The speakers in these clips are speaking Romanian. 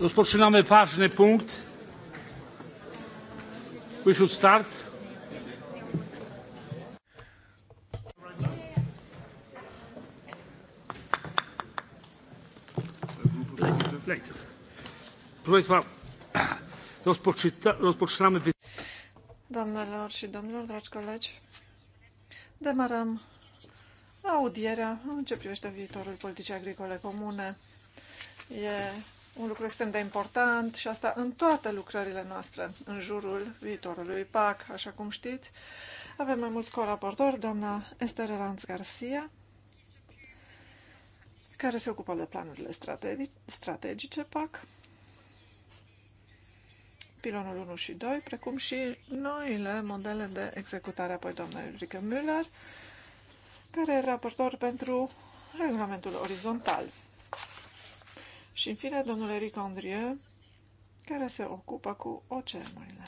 Rozpoczynamy ważny punkt. We should start. Proszę Państwa, rozpoczynamy... Domnilor și domnilor, dragi colegi, demarăm audierea în ce privește viitorul politicii agricole comune. E un lucru extrem de important și asta în toate lucrările noastre în jurul viitorului PAC. Așa cum știți, avem mai mulți colaboratori, doamna Esther Lanz Garcia, care se ocupă de planurile strategice PAC, pilonul 1 și 2, precum și noile modele de executare, apoi doamna Ulrike Müller, care e raportor pentru regulamentul orizontal. Și, în fine, domnul Eric Andrie, care se ocupă cu oceanurile.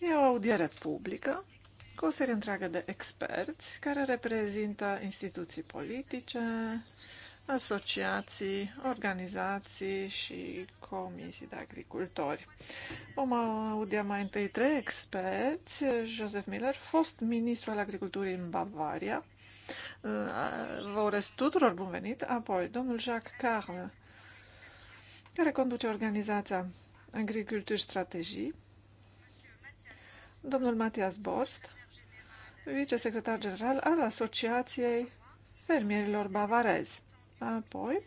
E o audiere publică cu o serie întreagă de experți care reprezintă instituții politice, asociații, organizații și comisii de agricultori. Vom audia mai întâi trei experți, Joseph Miller, fost ministru al agriculturii în Bavaria, Vă urez tuturor bun venit. Apoi, domnul Jacques Carme, care conduce organizația Agriculture Strategii, domnul Matias Borst, vicesecretar general al Asociației Fermierilor Bavarezi. Apoi,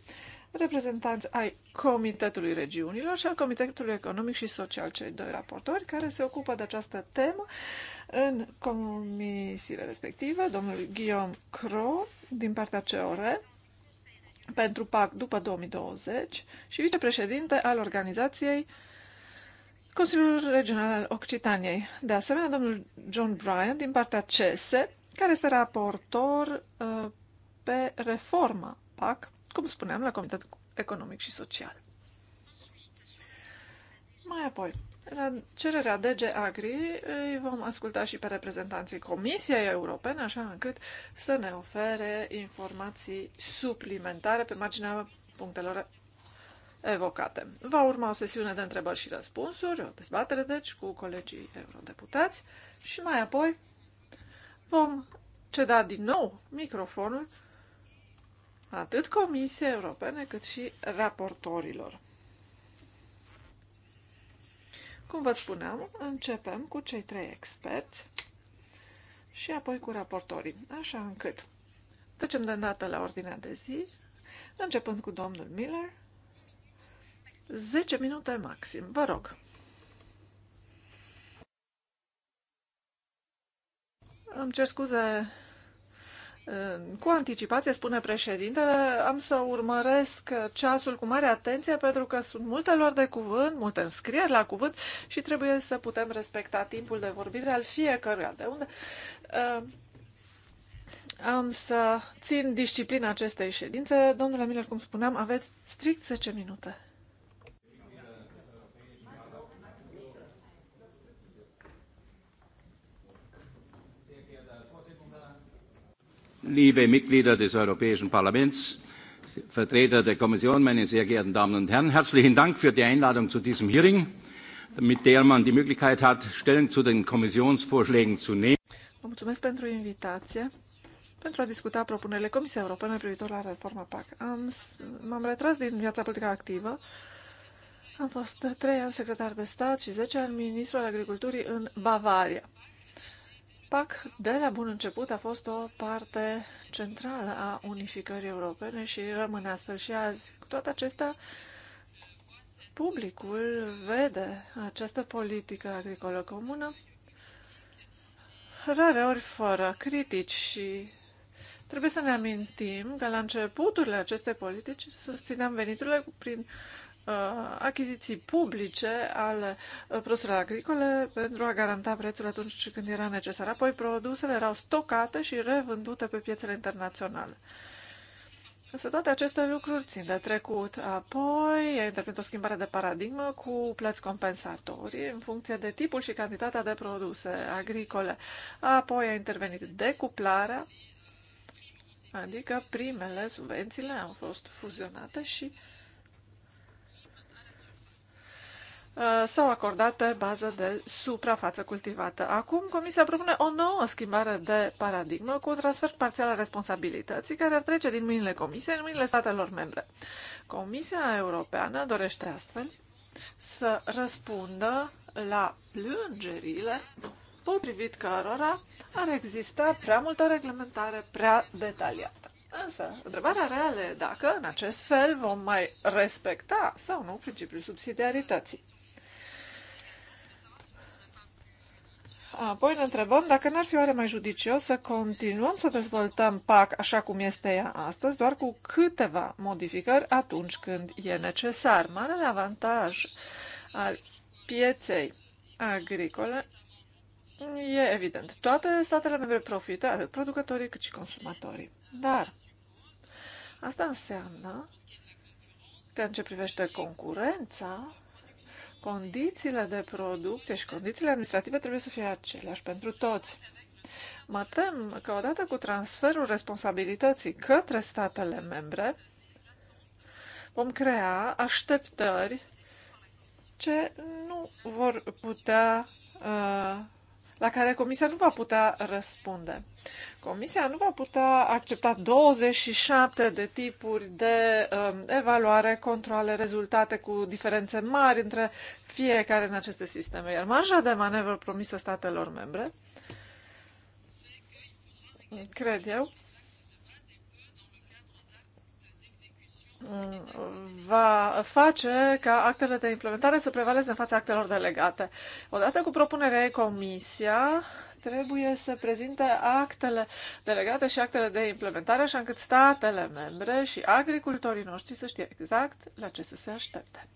reprezentanți ai Comitetului Regiunilor și al Comitetului Economic și Social, cei doi raportori care se ocupă de această temă în comisiile respective, domnul Guillaume Cro din partea COR pentru PAC după 2020 și vicepreședinte al organizației Consiliul Regional al Occitaniei. De asemenea, domnul John Bryan din partea CESE, care este raportor uh, pe reforma PAC cum spuneam, la Comitetul Economic și Social. Mai apoi, la cererea DG Agri îi vom asculta și pe reprezentanții Comisiei Europene, așa încât să ne ofere informații suplimentare pe marginea punctelor evocate. Va urma o sesiune de întrebări și răspunsuri, o dezbatere, deci, cu colegii eurodeputați și mai apoi vom ceda din nou microfonul atât Comisiei Europene cât și raportorilor. Cum vă spuneam, începem cu cei trei experți și apoi cu raportorii, așa încât trecem de dată la ordinea de zi, începând cu domnul Miller, 10 minute maxim, vă rog. Îmi cer scuze cu anticipație, spune președintele, am să urmăresc ceasul cu mare atenție pentru că sunt multe lor de cuvânt, multe înscrieri la cuvânt și trebuie să putem respecta timpul de vorbire al fiecăruia. De unde uh, am să țin disciplina acestei ședințe. Domnule Miller, cum spuneam, aveți strict 10 minute. liebe Mitglieder des Europäischen Parlaments, Vertreter der Kommission, meine sehr geehrten Damen und Herren, herzlichen Dank für die Einladung zu diesem Hearing, mit der man die Möglichkeit hat, Stellung zu den Kommissionsvorschlägen zu nehmen. Vă mulțumesc pentru invitație pentru a discuta propunerile Comisiei Europene privitor la reforma PAC. m-am retras din viața politică activă. Am fost trei ani secretar de stat și 10 ani ministru al agriculturii în Bavaria. PAC de la bun început a fost o parte centrală a unificării europene și rămâne astfel și azi. Cu toate acestea, publicul vede această politică agricolă comună rareori fără critici și trebuie să ne amintim că la începuturile acestei politici susțineam veniturile prin uh, Uh, achiziții publice ale uh, produselor agricole pentru a garanta prețul atunci când era necesar. Apoi produsele erau stocate și revândute pe piețele internaționale. Însă toate aceste lucruri țin de trecut. Apoi a intervenit o schimbare de paradigmă cu plăți compensatorii în funcție de tipul și cantitatea de produse agricole. Apoi a intervenit decuplarea, adică primele subvențiile au fost fuzionate și uh, Uh, s-au acordat pe bază de suprafață cultivată. Acum, Comisia propune o nouă schimbare de paradigmă cu un transfer parțial al responsabilității care ar trece din mâinile Comisiei în mâinile statelor membre. Comisia Europeană dorește astfel să răspundă la plângerile potrivit cărora ar exista prea multă reglementare prea detaliată. Însă, întrebarea reală e dacă, în acest fel, vom mai respecta sau nu principiul subsidiarității. Apoi ne întrebăm dacă n-ar fi oare mai judicios să continuăm să dezvoltăm PAC așa cum este ea astăzi, doar cu câteva modificări atunci când e necesar. Marele avantaj al pieței agricole e evident. Toate statele membre profită, atât producătorii cât și consumatorii. Dar asta înseamnă că în ce privește concurența, Condițiile de producție și condițiile administrative trebuie să fie aceleași pentru toți. Mă tem că odată cu transferul responsabilității către statele membre, vom crea așteptări ce nu vor putea, uh, la care Comisia nu va putea răspunde. Comisia nu va putea accepta 27 de tipuri de um, evaluare, controle, rezultate cu diferențe mari între fiecare din aceste sisteme. Iar marja de manevră promisă statelor membre, cred eu, va face ca actele de implementare să prevaleze în fața actelor delegate. Odată cu propunerea Comisia trebuie să prezinte actele delegate și actele de implementare, așa încât statele membre și agricultorii noștri să știe exact la ce să se aștepte.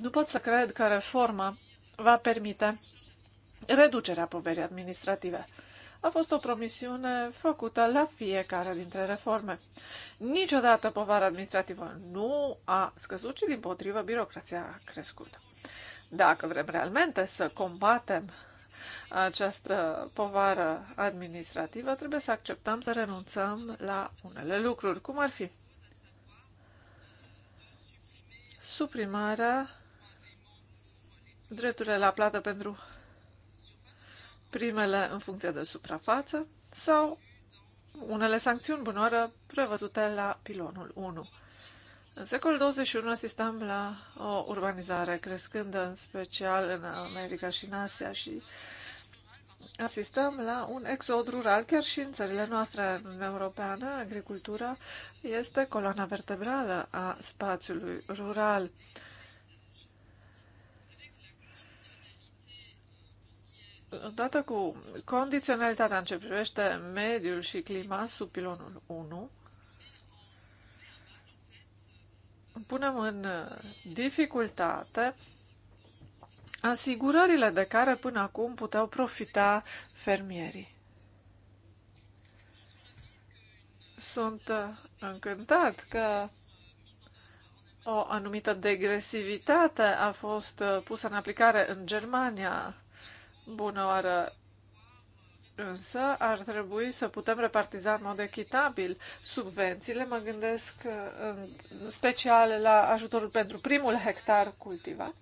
Nu pot să cred că reforma va permite reducerea poverii administrative. A fost o promisiune făcută la fiecare dintre reforme. Niciodată povara administrativă nu a scăzut, ci din potrivă birocrația a crescut. Dacă vrem realmente să combatem această povară administrativă, trebuie să acceptăm să renunțăm la unele lucruri, cum ar fi suprimarea drepturile la plată pentru primele în funcție de suprafață sau unele sancțiuni bunoară prevăzute la pilonul 1. În secolul 21 asistăm la o urbanizare crescândă, în special în America și în Asia și asistăm la un exod rural, chiar și în țările noastre, în Europeană, agricultura este coloana vertebrală a spațiului rural. Odată cu condiționalitatea în ce privește mediul și clima sub pilonul 1, punem în uh, dificultate asigurările de care până acum puteau profita fermierii. Sunt uh, încântat că o anumită degresivitate a fost uh, pusă în aplicare în Germania. Bună oară, Însă ar trebui să putem repartiza în mod echitabil subvențiile. Mă gândesc uh, în special la ajutorul pentru primul hectar cultivat.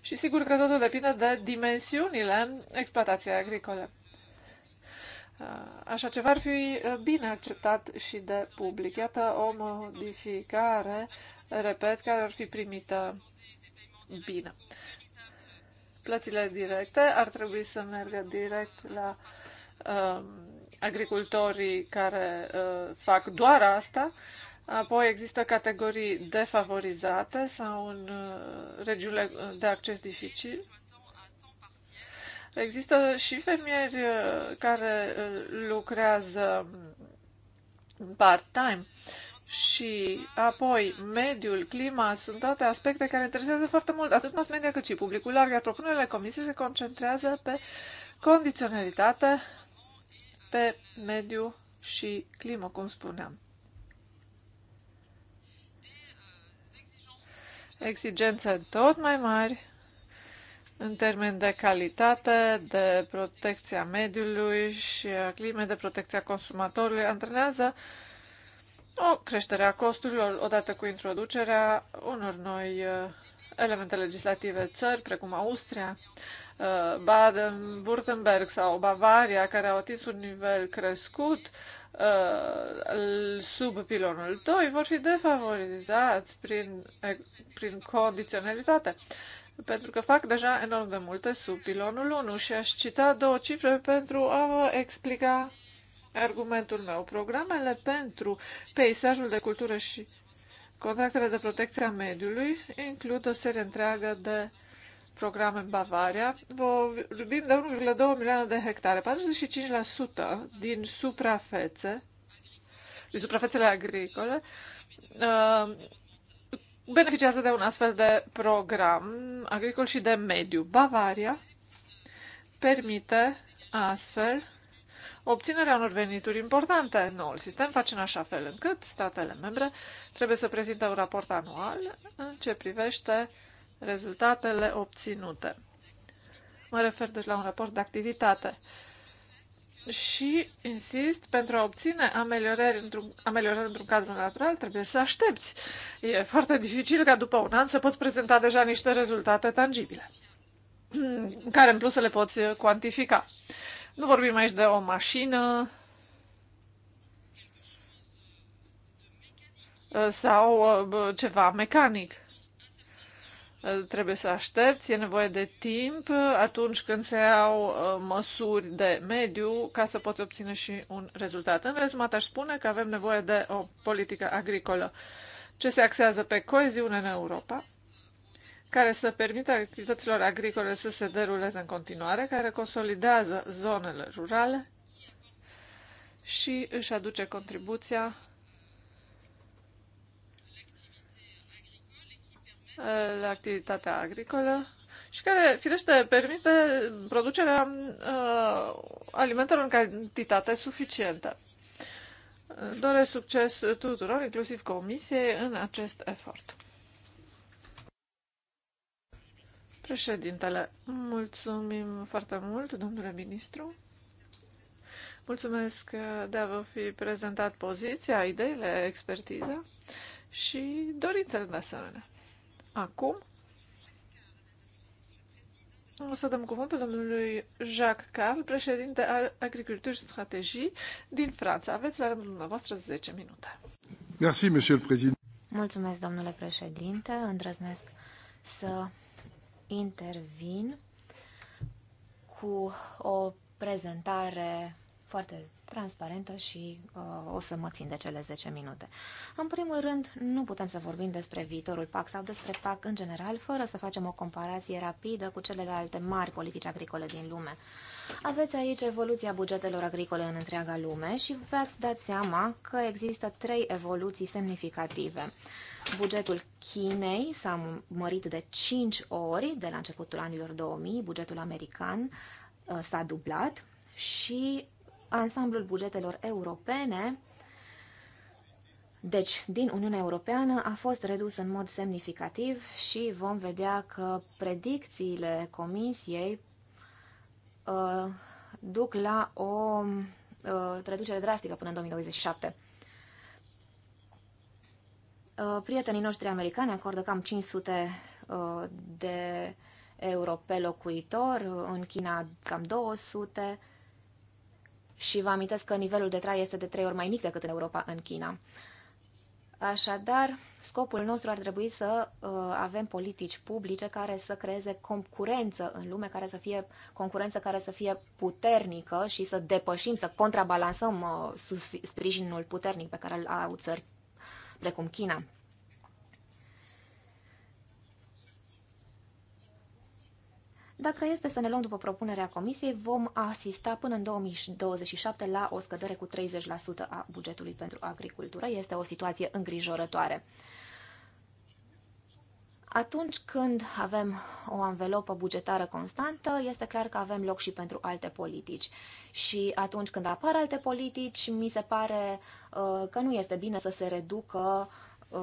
Și sigur că totul depinde de dimensiunile exploatației agricole. Uh, așa ceva ar fi uh, bine acceptat și de public. Iată o modificare, repet, care ar fi primită bine. Plățile directe ar trebui să meargă direct la uh, Um, agricultorii care uh, fac doar asta, Apoi există categorii defavorizate sau în uh, regiunile de acces dificil. Există și fermieri uh, care lucrează part-time și apoi mediul, clima, sunt toate aspecte care interesează foarte mult atât mass media cât și publicul larg, iar propunerile comisiei se concentrează pe condiționalitate, pe mediu și climă, cum spuneam. Exigențe tot mai mari în termeni de calitate, de protecția mediului și a climei, de protecția consumatorului, antrenează o creștere a costurilor odată cu introducerea unor noi uh, elemente legislative țări, precum Austria, Uh, Baden-Württemberg sau Bavaria, care au atins un nivel crescut uh, sub pilonul 2, vor fi defavorizați prin, prin condiționalitate pentru că fac deja enorm de multe sub pilonul 1 și aș cita două cifre pentru a vă explica argumentul meu. Programele pentru peisajul de cultură și contractele de protecție a mediului includ o serie întreagă de program în Bavaria, vorbim de 1,2 milioane de hectare, 45% din suprafețe, din suprafețele agricole, uh, beneficiază de un astfel de program agricol și de mediu. Bavaria permite astfel obținerea unor venituri importante. Noul sistem face în așa fel încât statele membre trebuie să prezinte un raport anual în ce privește uh, rezultatele obținute. Mă refer deci la un raport de activitate. Și, insist, pentru a obține ameliorări într-un, ameliorări într-un cadru natural, trebuie să aștepți. E foarte dificil ca după un an să poți prezenta deja niște rezultate tangibile, care în plus să le poți cuantifica. Nu vorbim aici de o mașină sau uh, ceva mecanic trebuie să aștepți, e nevoie de timp atunci când se au uh, măsuri de mediu ca să poți obține și un rezultat. În rezumat, aș spune că avem nevoie de o politică agricolă ce se axează pe coeziune în Europa, care să permită activităților agricole să se deruleze în continuare, care consolidează zonele rurale și își aduce contribuția Uh, la activitatea agricolă și care, firește, permite producerea uh, alimentelor în cantitate suficientă. Doresc succes tuturor, inclusiv comisiei, în acest efort. Președintele, mulțumim foarte mult, domnule ministru. Mulțumesc de a vă fi prezentat poziția, ideile, expertiza și dorințele de asemenea. Acum o să dăm cuvântul domnului Jacques Carl, președinte al Agriculturii și Strategii din Franța. Aveți la rândul dumneavoastră 10 minute. Merci, monsieur le président. Mulțumesc, domnule președinte. Îndrăznesc să intervin cu o prezentare foarte transparentă și uh, o să mă țin de cele 10 minute. În primul rând, nu putem să vorbim despre viitorul PAC sau despre PAC în general, fără să facem o comparație rapidă cu celelalte mari politici agricole din lume. Aveți aici evoluția bugetelor agricole în întreaga lume și v-ați dat seama că există trei evoluții semnificative. Bugetul Chinei s-a mărit de 5 ori de la începutul anilor 2000, bugetul american uh, s-a dublat și ansamblul bugetelor europene, deci din Uniunea Europeană, a fost redus în mod semnificativ și vom vedea că predicțiile Comisiei uh, duc la o uh, reducere drastică până în 2027. Uh, prietenii noștri americani acordă cam 500 uh, de euro pe locuitor, uh, în China cam 200, și vă amintesc că nivelul de trai este de trei ori mai mic decât în Europa, în China. Așadar, scopul nostru ar trebui să uh, avem politici publice care să creeze concurență în lume, care să fie concurență care să fie puternică și să depășim, să contrabalansăm uh, sus, sprijinul puternic pe care îl au țări precum China. Dacă este să ne luăm după propunerea Comisiei, vom asista până în 2027 la o scădere cu 30% a bugetului pentru agricultură. Este o situație îngrijorătoare. Atunci când avem o anvelopă bugetară constantă, este clar că avem loc și pentru alte politici. Și atunci când apar alte politici, mi se pare uh, că nu este bine să se reducă uh, Um,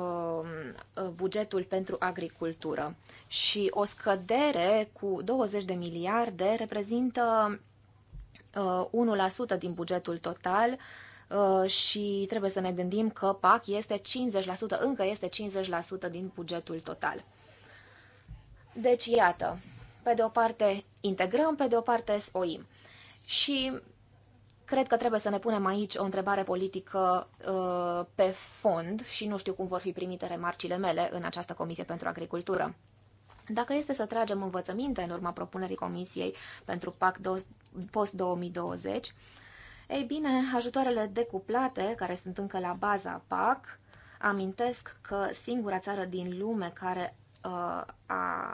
uh, bugetul pentru agricultură și o scădere cu 20 de miliarde reprezintă 1% uh, din bugetul total uh, și trebuie să ne gândim că PAC este 50%, încă este 50% din bugetul total. Deci, iată, pe de o parte integrăm, pe de o parte spoim. Și Cred că trebuie să ne punem aici o întrebare politică uh, pe fond și nu știu cum vor fi primite remarcile mele în această Comisie pentru Agricultură. Dacă este să tragem învățăminte în urma propunerii Comisiei pentru PAC post-2020, ei bine, ajutoarele decuplate, care sunt încă la baza PAC, amintesc că singura țară din lume care uh, a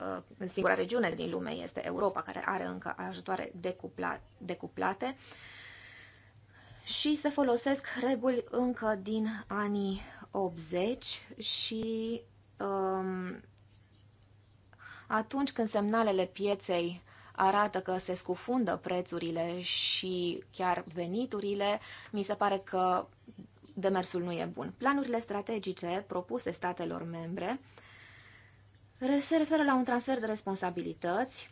Uh, în singura regiune din lume este Europa, care are încă ajutoare decupla, decuplate și se folosesc reguli încă din anii 80 și um, atunci când semnalele pieței arată că se scufundă prețurile și chiar veniturile, mi se pare că demersul nu e bun. Planurile strategice propuse statelor membre uh, se referă la un transfer de responsabilități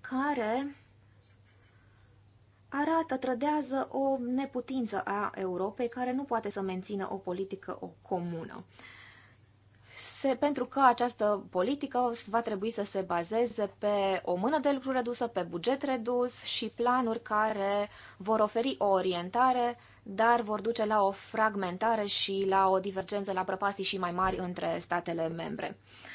care arată, trădează o neputință a Europei care nu poate să mențină o politică o comună. Se, pentru că această politică va trebui să se bazeze pe o mână de lucru redusă, pe buget redus și planuri care vor oferi o orientare, dar vor duce la o fragmentare și la o divergență, la prăpastii și mai mari între statele membre. Uh,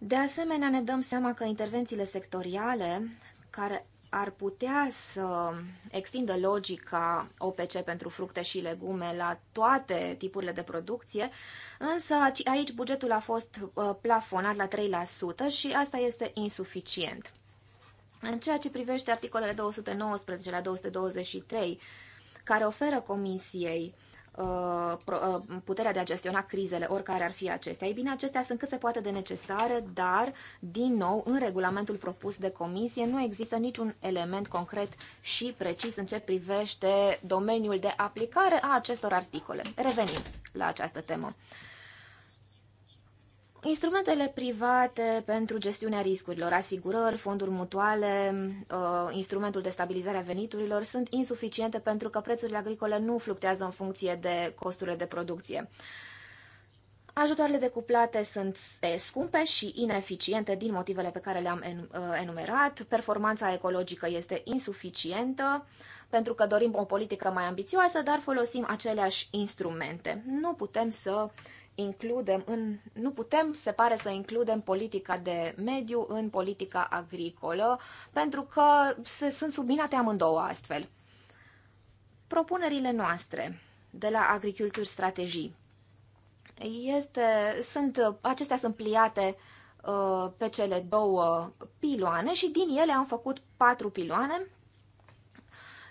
de asemenea, ne dăm seama că intervențiile sectoriale, care ar putea să extindă logica OPC pentru fructe și legume la toate tipurile de producție, însă aici bugetul a fost uh, plafonat la 3% și asta este insuficient. În ceea ce privește articolele 219 la 223, care oferă Comisiei Uh, uh, puterea de a gestiona crizele, oricare ar fi acestea. Ei bine, acestea sunt cât se poate de necesare, dar, din nou, în regulamentul propus de comisie nu există niciun element concret și precis în ce privește domeniul de aplicare a acestor articole. Revenim la această temă. Uh, Instrumentele private pentru gestiunea riscurilor, asigurări, fonduri mutuale, uh, instrumentul de stabilizare a veniturilor sunt insuficiente pentru că prețurile agricole nu fluctuează în funcție de costurile de producție. Ajutoarele decuplate sunt eh, scumpe și ineficiente din motivele pe care le-am eh, enumerat. Performanța ecologică este insuficientă pentru că dorim o politică mai ambițioasă, dar folosim aceleași instrumente. Nu putem să includem în, nu putem, se pare, să includem politica de mediu în politica agricolă, pentru că se, sunt subminate amândouă astfel. Propunerile noastre de la Agriculture Strategii este, sunt, acestea sunt pliate uh, pe cele două piloane și din ele am făcut patru piloane.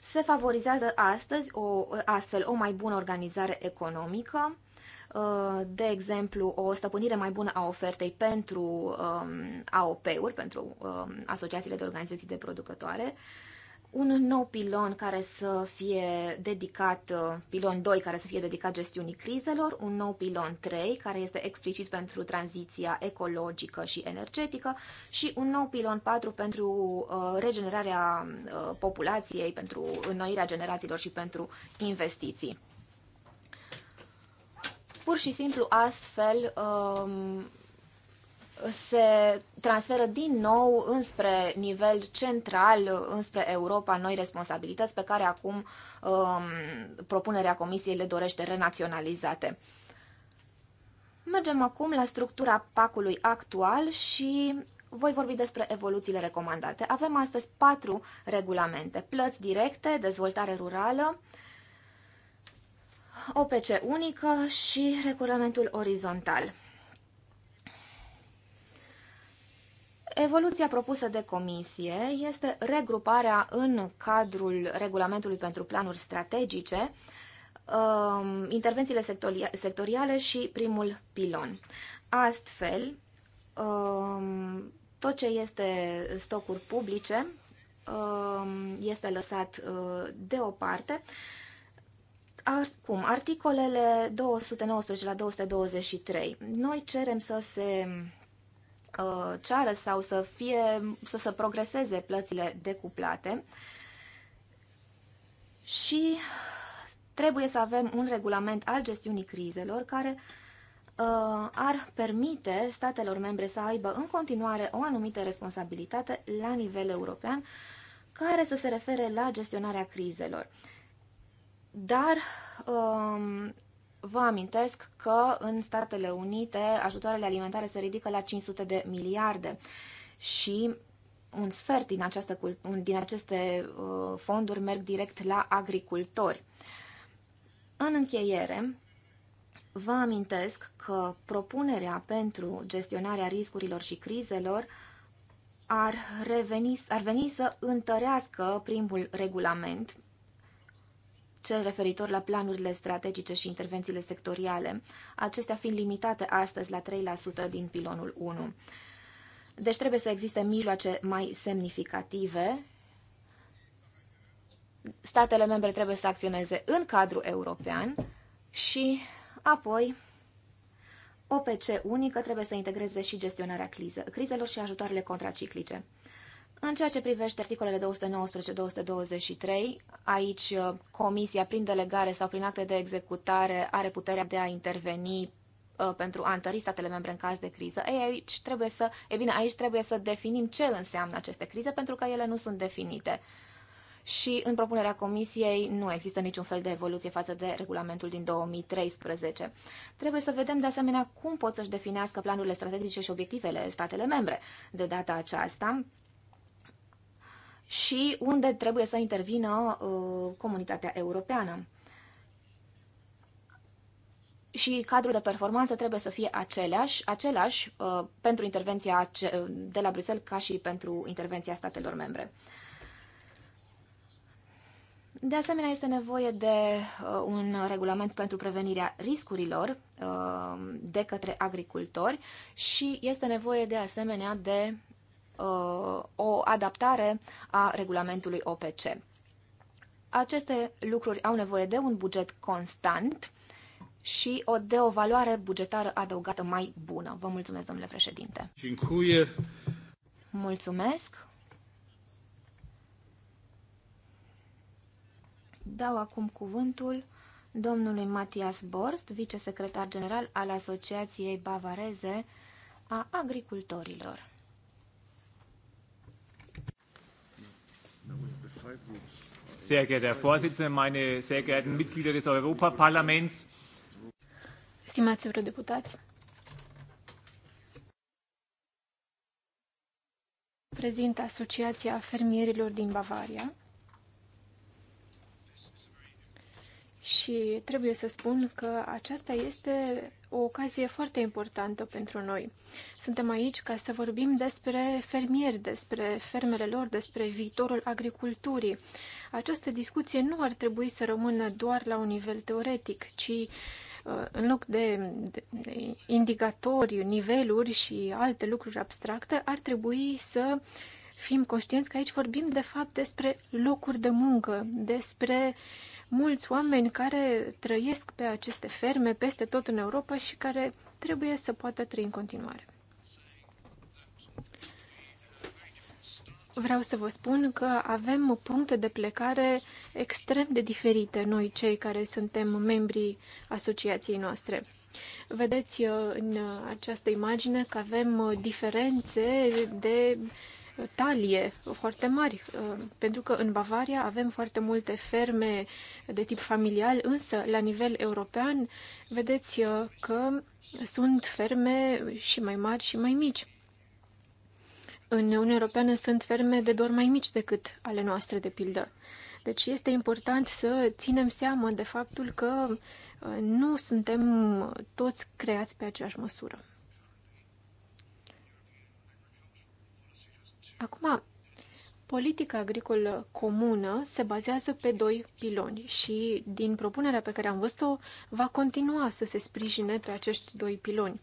Se favorizează astăzi o, astfel o mai bună organizare economică, Uh, de exemplu, o stăpânire mai bună a ofertei pentru um, AOP-uri, pentru um, asociațiile de organizații de producătoare, un nou pilon care să fie dedicat, uh, pilon 2 care să fie dedicat gestiunii crizelor, un nou pilon 3 care este explicit pentru tranziția ecologică și energetică și un nou pilon 4 pentru uh, regenerarea populației, pentru înnoirea generațiilor și pentru investiții. Pur și simplu astfel um, se transferă din nou înspre nivel central, înspre Europa, noi responsabilități pe care acum um, propunerea Comisiei le dorește renaționalizate. Mergem acum la structura pacului actual și voi vorbi despre evoluțiile recomandate. Avem astăzi patru regulamente. Plăți directe, dezvoltare rurală, uh, OPC unică și regulamentul orizontal. Evoluția propusă de comisie este regruparea în cadrul regulamentului pentru planuri strategice, um, intervențiile sectoriale și primul pilon. Astfel, um, tot ce este stocuri publice um, este lăsat uh, deoparte Acum, articolele 219 la 223. Noi cerem să se uh, ceară sau să fie, să se progreseze plățile decuplate și trebuie să avem un regulament al gestiunii crizelor care uh, ar permite statelor membre să aibă în continuare o anumită responsabilitate la nivel european care să se refere la gestionarea crizelor. Uh, dar um, vă amintesc că în Statele Unite ajutoarele alimentare se ridică la 500 de miliarde și un sfert din, această, din aceste uh, fonduri merg direct la agricultori. În încheiere, vă amintesc că propunerea pentru gestionarea riscurilor și crizelor ar, reveni, ar veni să întărească primul regulament cel referitor la planurile strategice și intervențiile sectoriale, acestea fiind limitate astăzi la 3% din pilonul 1. Deci trebuie să existe mijloace mai semnificative. Statele membre trebuie să acționeze în cadrul european și apoi OPC unică trebuie să integreze și gestionarea crizelor și ajutoarele contraciclice. În ceea ce privește articolele 219-223, aici uh, Comisia, prin delegare sau prin acte de executare, are puterea de a interveni uh, pentru a întări statele membre în caz de criză. Ei, aici trebuie să, e bine, aici trebuie să definim ce înseamnă aceste crize, pentru că ele nu sunt definite. Și în propunerea Comisiei nu există niciun fel de evoluție față de regulamentul din 2013. Trebuie să vedem, de asemenea, cum pot să-și definească planurile strategice și obiectivele statele membre. De data aceasta, și unde trebuie să intervină uh, comunitatea europeană. Și cadrul de performanță trebuie să fie aceleași, același uh, pentru intervenția uh, de la Bruxelles ca și pentru intervenția statelor membre. De asemenea, este nevoie de uh, un regulament pentru prevenirea riscurilor uh, de către agricultori și este nevoie de asemenea de Uh, o adaptare a regulamentului OPC. Aceste lucruri au nevoie de un buget constant și o, de o valoare bugetară adăugată mai bună. Vă mulțumesc, domnule președinte. Cincuie. Mulțumesc. Dau acum cuvântul domnului Matias Borst, vicesecretar general al Asociației Bavareze a Agricultorilor. Sehr geehrter Herr Vorsitzender, meine sehr geehrten Mitglieder des Europaparlaments. Stimați eurodeputați, prezint Asociația Fermierilor din Bavaria și trebuie să spun că aceasta este o ocazie foarte importantă pentru noi. Suntem aici ca să vorbim despre fermieri, despre fermele lor, despre viitorul agriculturii. Această discuție nu ar trebui să rămână doar la un nivel teoretic, ci uh, în loc de, de indicatori, niveluri și alte lucruri abstracte, ar trebui să fim conștienți că aici vorbim de fapt despre locuri de muncă, despre uh, mulți oameni care trăiesc pe aceste ferme peste tot în Europa și care trebuie să poată trăi în continuare. Vreau să vă spun că avem puncte de plecare extrem de diferite noi cei care suntem membrii asociației noastre. Vedeți uh, în această imagine că avem uh, diferențe de talie foarte mari, uh, pentru că în Bavaria avem foarte multe ferme de tip familial, însă la nivel european vedeți uh, că sunt ferme și mai mari și mai mici. În Uniunea Europeană sunt ferme de doar mai mici decât ale noastre, de pildă. Deci este important să ținem seama de faptul că uh, nu suntem toți creați pe aceeași măsură. Acum, politica agricolă comună se bazează pe doi piloni și din propunerea pe care am văzut-o va continua să se sprijine pe acești doi piloni.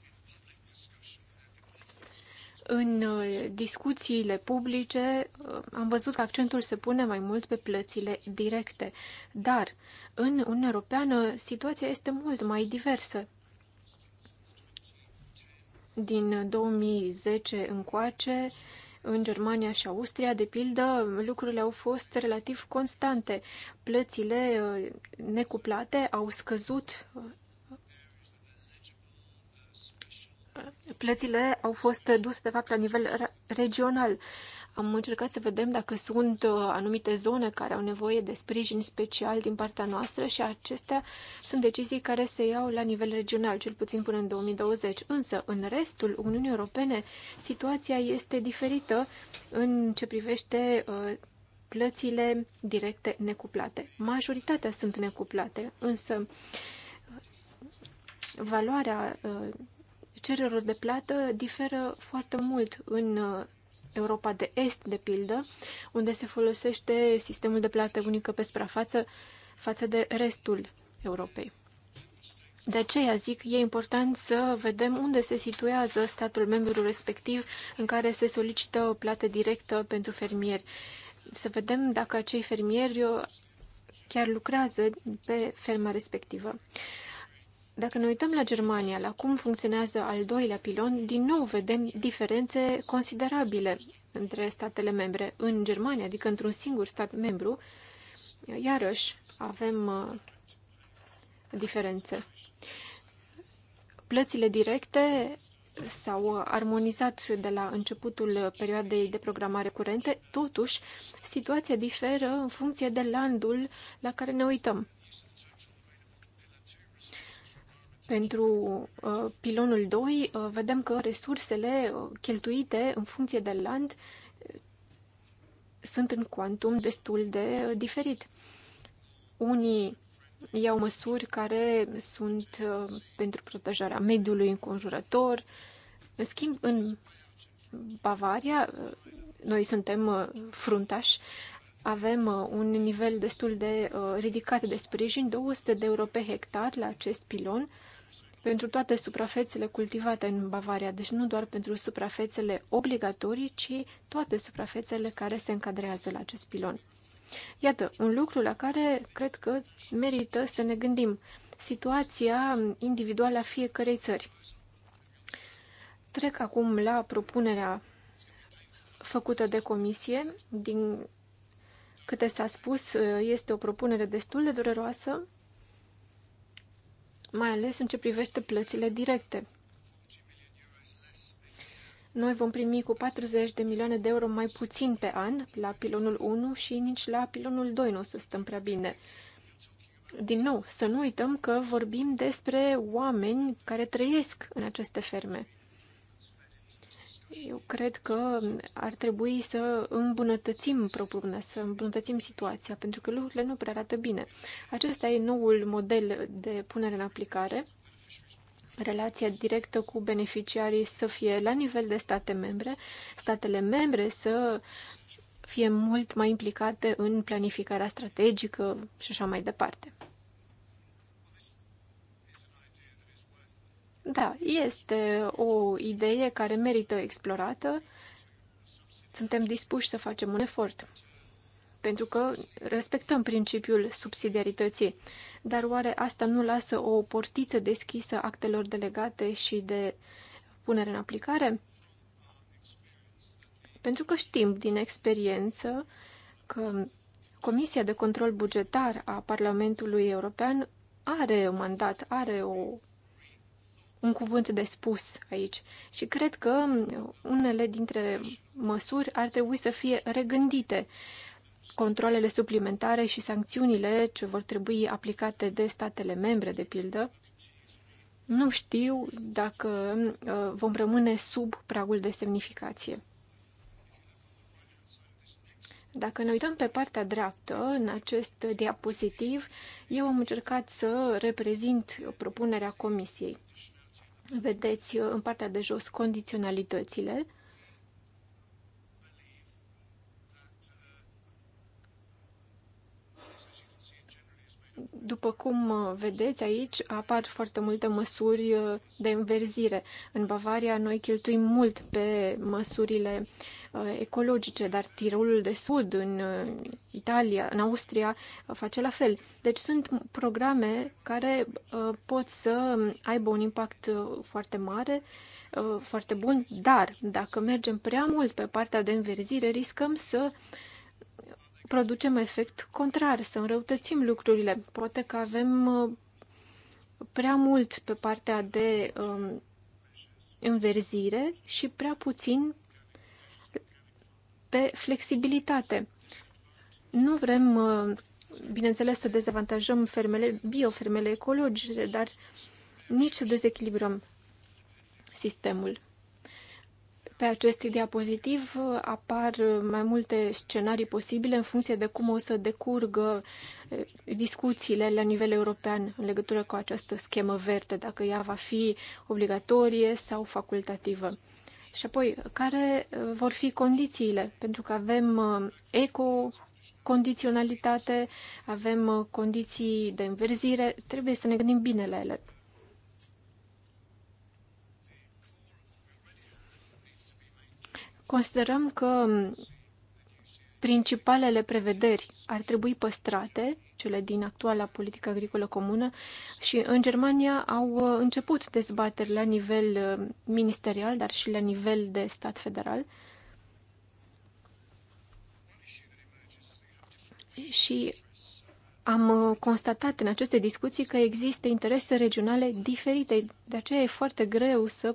În uh, discuțiile publice uh, am văzut că accentul se pune mai mult pe plățile directe, dar în Uniunea Europeană situația este mult mai diversă. Din 2010 încoace, în Germania și Austria, de pildă, lucrurile au fost relativ constante. Plățile uh, necuplate au scăzut uh, plățile au fost duse, de fapt, la nivel regional. Am încercat să vedem dacă sunt uh, anumite zone care au nevoie de sprijin special din partea noastră și acestea sunt decizii care se iau la nivel regional, cel puțin până în 2020. Însă, în restul Uniunii Europene, situația este diferită în ce privește uh, plățile directe necuplate. Majoritatea sunt necuplate, însă uh, valoarea cererilor de plată diferă foarte mult în Europa de Est, de pildă, unde se folosește sistemul de plată unică pe suprafață față de restul Europei. De aceea zic, e important să vedem unde se situează statul membru respectiv în care se solicită o plată directă pentru fermieri. Să vedem dacă acei fermieri chiar lucrează pe ferma respectivă. Dacă ne uităm la Germania, la cum funcționează al doilea pilon, din nou vedem diferențe considerabile între statele membre. În Germania, adică într-un singur stat membru, iarăși avem uh, diferențe. Plățile directe s-au uh, armonizat de la începutul perioadei de programare curente, totuși situația diferă în funcție de landul la care ne uităm. Pentru uh, pilonul 2 uh, vedem că resursele uh, cheltuite în funcție de land sunt în cuantum destul de diferit. Unii iau măsuri care sunt pentru protejarea mediului înconjurător. În schimb, în Bavaria, noi suntem fruntași, avem un nivel destul de ridicat de sprijin, 200 de euro pe hectar la acest pilon, pentru toate suprafețele cultivate în Bavaria, deci nu doar pentru suprafețele obligatorii, ci toate suprafețele care se încadrează la acest pilon. Iată, un lucru la care cred că merită să ne gândim. Situația individuală a fiecărei țări. Trec acum la propunerea făcută de comisie. Din câte s-a spus, este o propunere destul de dureroasă, mai ales în ce privește plățile directe. Noi vom primi cu 40 de milioane de euro mai puțin pe an la pilonul 1 și nici la pilonul 2 nu o să stăm prea bine. Din nou, să nu uităm că vorbim despre oameni care trăiesc în aceste ferme. Eu cred că ar trebui să îmbunătățim propunerea, să îmbunătățim situația, pentru că lucrurile nu prea arată bine. Acesta e noul model de punere în aplicare. Relația directă cu beneficiarii să fie la nivel de state membre, statele membre să fie mult mai implicate în planificarea strategică și așa mai departe. Da, este o idee care merită explorată. Suntem dispuși să facem un efort, pentru că respectăm principiul subsidiarității. Dar oare asta nu lasă o portiță deschisă actelor delegate și de punere în aplicare? Pentru că știm din experiență că Comisia de Control Bugetar a Parlamentului European are un mandat, are o un cuvânt de spus aici. Și cred că mm, unele dintre măsuri ar trebui să fie regândite. Controlele suplimentare și sancțiunile ce vor trebui aplicate de statele membre, de pildă, nu știu dacă mm, uh, vom rămâne sub pragul de semnificație. Dacă ne uităm pe partea dreaptă, în acest diapozitiv, eu am încercat să reprezint propunerea comisiei vedeți uh, în partea de jos condiționalitățile După cum uh, vedeți aici, apar foarte multe măsuri uh, de înverzire. În Bavaria noi cheltuim mult pe măsurile uh, ecologice, dar Tirolul de Sud, în Italia, în Austria, face la fel. Deci sunt programe care pot să aibă un impact foarte mare, foarte bun, dar dacă mergem prea mult pe partea de înverzire, riscăm să producem efect contrar, să înrăutățim lucrurile. Poate că avem uh, prea mult pe partea de um, înverzire și prea puțin pe flexibilitate. Nu vrem, uh, bineînțeles, să dezavantajăm fermele, biofermele ecologice, dar nici să dezechilibrăm sistemul. Pe acest diapozitiv apar mai multe scenarii posibile în funcție de cum o să decurgă eh, discuțiile la nivel european în legătură cu această schemă verde, dacă ea va fi obligatorie sau facultativă. Și apoi, care eh, vor fi condițiile? Pentru că avem eh, eco, condiționalitate, avem condiții de înverzire, trebuie să ne gândim bine la ele. Considerăm că principalele prevederi ar trebui păstrate, cele din actuala politică agricolă comună, și în Germania au uh, început dezbateri la nivel uh, ministerial, dar și la nivel de stat federal. Și am uh, constatat în aceste discuții că există interese regionale diferite, de aceea e foarte greu să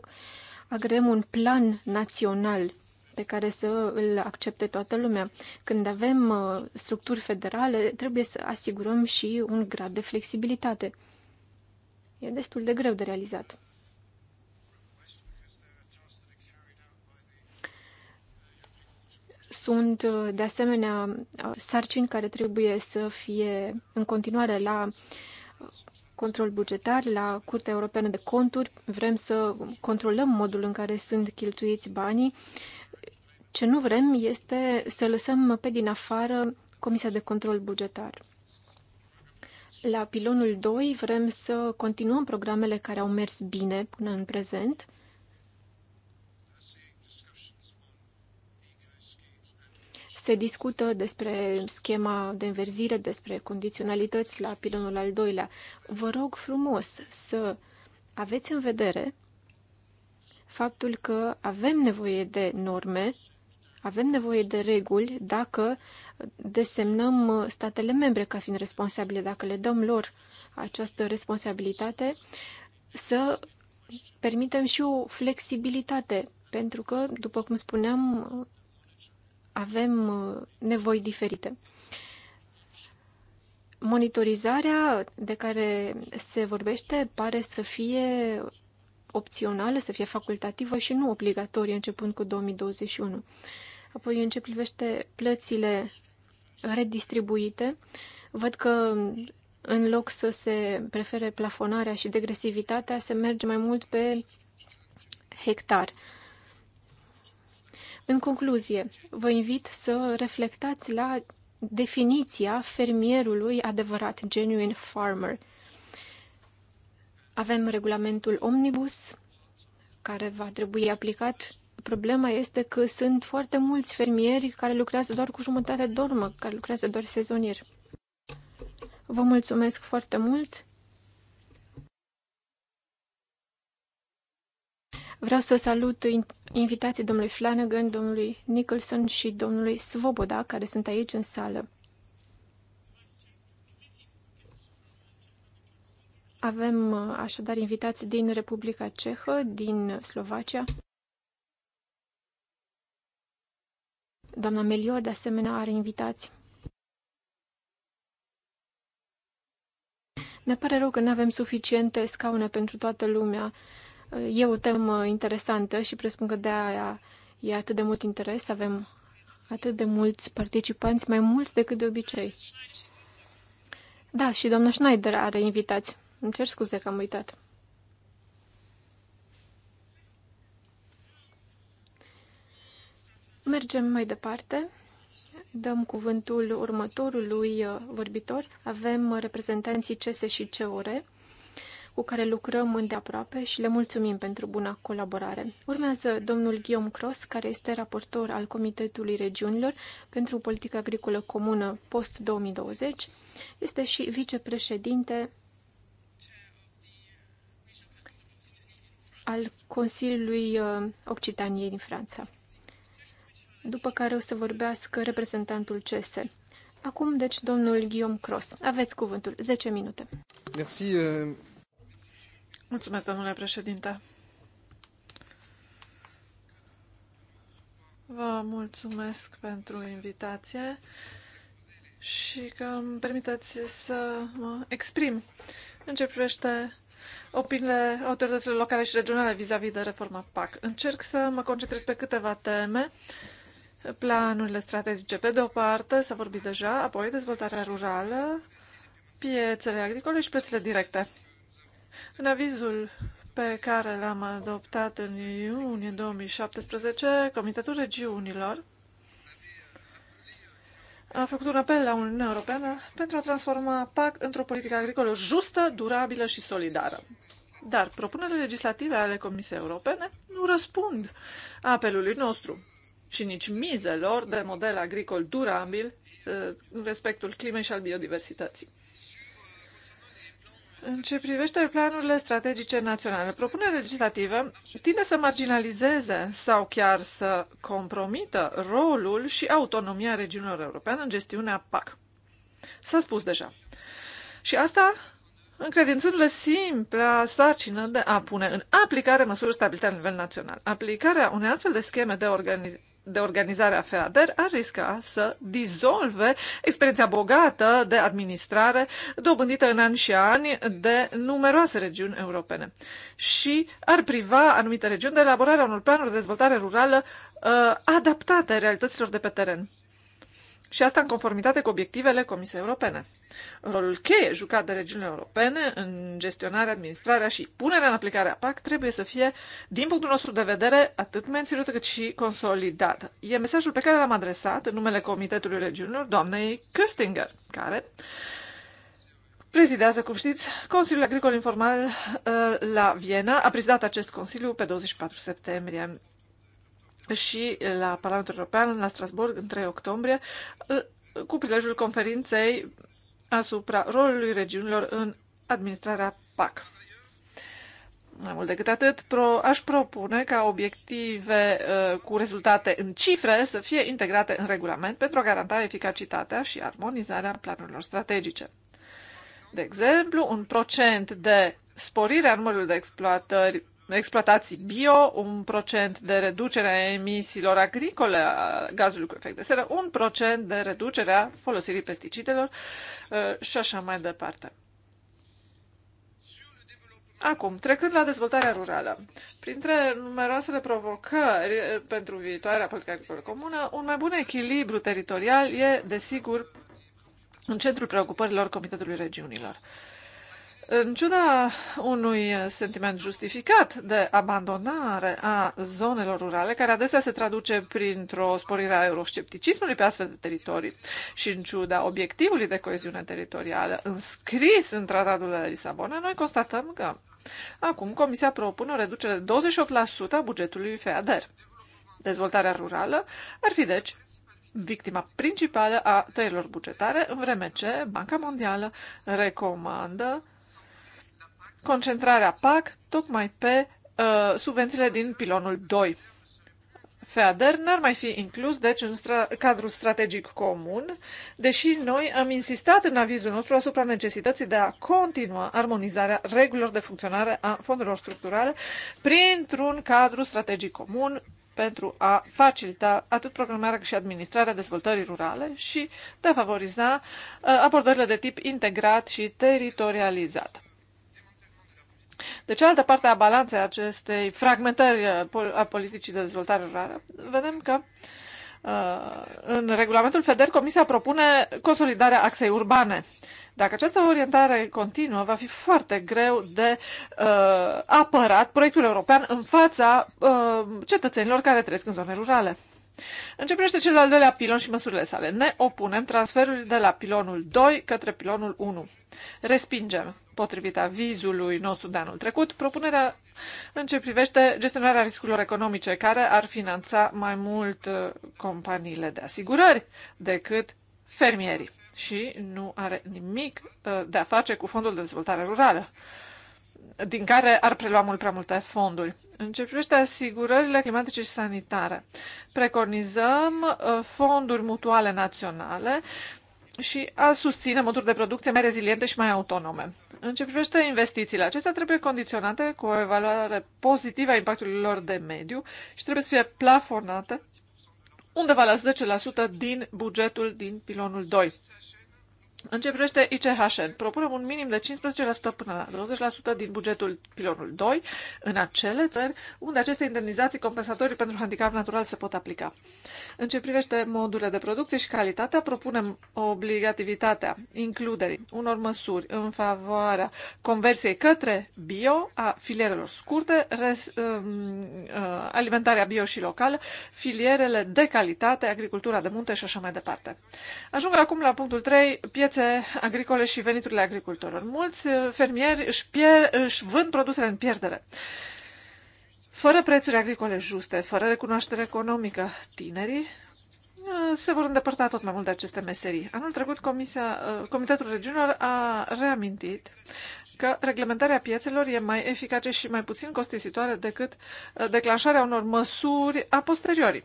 agrem un plan național pe care să îl accepte toată lumea. Când avem uh, structuri federale, trebuie să asigurăm și un grad de flexibilitate. E destul de greu de realizat. Sunt, uh, de asemenea, uh, sarcini care trebuie să fie în continuare la control bugetar, la Curtea Europeană de Conturi. Vrem să controlăm modul în care sunt cheltuiți banii ce nu vrem este să lăsăm pe din afară Comisia de Control Bugetar. La pilonul 2 vrem să continuăm programele care au mers bine până în prezent. Se discută despre schema de înverzire, despre condiționalități la pilonul al doilea. Vă rog frumos să aveți în vedere faptul că avem nevoie de norme avem nevoie de reguli dacă desemnăm statele membre ca fiind responsabile, dacă le dăm lor această responsabilitate, să permitem și o flexibilitate, pentru că, după cum spuneam, avem nevoi diferite. Monitorizarea de care se vorbește pare să fie opțională, să fie facultativă și nu obligatorie începând cu 2021. Apoi, în ce privește plățile redistribuite, văd că în loc să se prefere plafonarea și degresivitatea, se merge mai mult pe hectar. În concluzie, vă invit să reflectați la definiția fermierului adevărat, genuine farmer. Avem regulamentul Omnibus, care va trebui aplicat Problema este că sunt foarte mulți fermieri care lucrează doar cu jumătate de dormă, care lucrează doar sezonier. Vă mulțumesc foarte mult! Vreau să salut invitații domnului Flanagan, domnului Nicholson și domnului Svoboda, care sunt aici în sală. Avem uh, așadar invitații din Republica Cehă, din Slovacia. Doamna Melior, de asemenea, are invitați. Ne pare rău că nu avem suficiente scaune pentru toată lumea. E o temă interesantă și presupun că de aia e atât de mult interes. Avem atât de mulți participanți, mai mulți decât de obicei. Da, și doamna Schneider are invitați. Îmi cer scuze că am uitat. Mergem mai departe. Dăm cuvântul următorului uh, vorbitor. Avem uh, reprezentanții CS și CEORE cu care lucrăm îndeaproape și le mulțumim pentru buna colaborare. Urmează domnul Guillaume Cross, care este raportor al Comitetului Regiunilor pentru Politica Agricolă Comună post-2020. Este și vicepreședinte al Consiliului uh, Occitaniei din Franța după care o să vorbească reprezentantul CS. Acum, deci, domnul Guillaume Cross. Aveți cuvântul. 10 minute. Merci. Uh. Mulțumesc, domnule președinte. Vă mulțumesc pentru invitație și că îmi permiteți să mă exprim în ce privește opiniile autorităților locale și regionale vis-a-vis -vis de reforma PAC. Încerc să mă concentrez pe câteva teme planurile strategice. Pe de o parte, s-a vorbit deja, apoi dezvoltarea rurală, piețele agricole și plățile directe. În avizul pe care l-am adoptat în iunie 2017, Comitetul Regiunilor a făcut un apel la Uniunea Europeană pentru a transforma PAC într-o politică agricolă justă, durabilă și solidară. Dar propunerile legislative ale Comisiei Europene nu răspund apelului nostru și nici mizelor de model agricol durabil uh, în respectul climei și al biodiversității. În ce privește planurile strategice naționale, propunerea legislativă tinde să marginalizeze sau chiar să compromită rolul și autonomia regiunilor europene în gestiunea PAC. S-a spus deja. Și asta încredințându-le simpla sarcină de a pune în aplicare măsuri stabilite la nivel național. Aplicarea unei astfel de scheme de organi- de organizare a FEADER ar risca să dizolve experiența bogată de administrare dobândită în ani și ani de numeroase regiuni europene și ar priva anumite regiuni de elaborarea unor planuri de dezvoltare rurală uh, adaptate realităților de pe teren și asta în conformitate cu obiectivele Comisiei Europene. Rolul cheie jucat de regiunile europene în gestionarea, administrarea și punerea în aplicare a PAC trebuie să fie, din punctul nostru de vedere, atât menținută cât și consolidată. E mesajul pe care l-am adresat în numele Comitetului Regiunilor doamnei Köstinger, care prezidează, cum știți, Consiliul Agricol Informal uh, la Viena. A prezidat acest Consiliu pe 24 septembrie și la Parlamentul European, la Strasburg, în 3 octombrie, cu prilejul conferinței asupra rolului regiunilor în administrarea PAC. Mai mult decât atât, pro, aș propune ca obiective uh, cu rezultate în cifre să fie integrate în regulament pentru a garanta eficacitatea și armonizarea planurilor strategice. De exemplu, un procent de sporire a numărului de exploatări exploatații bio, un procent de reducere a emisiilor agricole a gazului cu efect de seră, un procent de reducere a folosirii pesticidelor uh, și așa mai departe. Acum, trecând la dezvoltarea rurală, printre numeroasele provocări uh, pentru viitoarea politică agricolă comună, un mai bun echilibru teritorial e, desigur, în centrul preocupărilor Comitetului Regiunilor. În ciuda unui sentiment justificat de abandonare a zonelor rurale, care adesea se traduce printr-o sporire a euroscepticismului pe astfel de teritorii, și în ciuda obiectivului de coeziune teritorială înscris în tratatul de la Lisabona, noi constatăm că acum Comisia propune o reducere de 28% a bugetului FEADER. Dezvoltarea rurală ar fi, deci, victima principală a tăierilor bugetare, în vreme ce Banca Mondială recomandă concentrarea PAC tocmai pe uh, subvențiile din pilonul 2. FEADER n-ar mai fi inclus, deci, în stra- cadrul strategic comun, deși noi am insistat în avizul nostru asupra necesității de a continua armonizarea regulilor de funcționare a fondurilor structurale printr-un cadru strategic comun pentru a facilita atât programarea cât și administrarea dezvoltării rurale și de a favoriza uh, abordările de tip integrat și teritorializat. De cealaltă parte a balanței acestei fragmentări a politicii de dezvoltare rurală, vedem că uh, în regulamentul FEDER Comisia propune consolidarea axei urbane. Dacă această orientare continuă, va fi foarte greu de uh, apărat proiectul european în fața uh, cetățenilor care trăiesc în zone rurale. În ce privește cel de-al doilea pilon și măsurile sale, ne opunem transferului de la pilonul 2 către pilonul 1. Respingem potrivit avizului nostru de anul trecut, propunerea în ce privește gestionarea riscurilor economice, care ar finanța mai mult uh, companiile de asigurări decât fermierii și nu are nimic uh, de a face cu Fondul de Dezvoltare Rurală din care ar prelua mult prea multe fonduri. În ce privește asigurările climatice și sanitare, preconizăm uh, fonduri mutuale naționale și a susține moduri de producție mai reziliente și mai autonome. În ce privește investițiile, acestea trebuie condiționate cu o evaluare pozitivă a impactului lor de mediu și trebuie să fie plafonate undeva la 10% din bugetul din pilonul 2. În ce privește ICHN, propunem un minim de 15% până la 20% din bugetul pilonul 2 în acele țări unde aceste indemnizații compensatorii pentru handicap natural se pot aplica. În ce privește modurile de producție și calitatea, propunem obligativitatea includerii unor măsuri în favoarea conversiei către bio a filierelor scurte, res, um, uh, alimentarea bio și locală, filierele de calitate, agricultura de munte și așa mai departe. Ajung acum la punctul 3, piețe agricole și veniturile agricultorilor. Mulți uh, fermieri își, pier- își vând produsele în pierdere. Fără prețuri agricole juste, fără recunoaștere economică, tinerii uh, se vor îndepărta tot mai mult de aceste meserii. Anul trecut, Comisia, uh, Comitetul Regiunilor a reamintit că reglementarea piețelor e mai eficace și mai puțin costisitoare decât declanșarea unor măsuri a posteriori.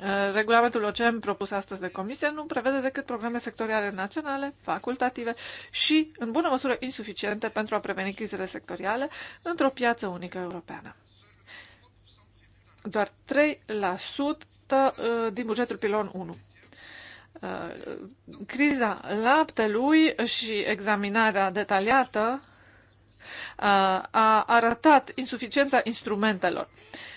Uh, regulamentul OCM propus astăzi de comisie nu prevede decât programe sectoriale naționale, facultative și, în bună măsură, insuficiente pentru a preveni crizele sectoriale într-o piață unică europeană. Doar 3% uh, din bugetul pilon 1. Uh, criza laptelui și examinarea detaliată a arătat insuficiența instrumentelor. Uh,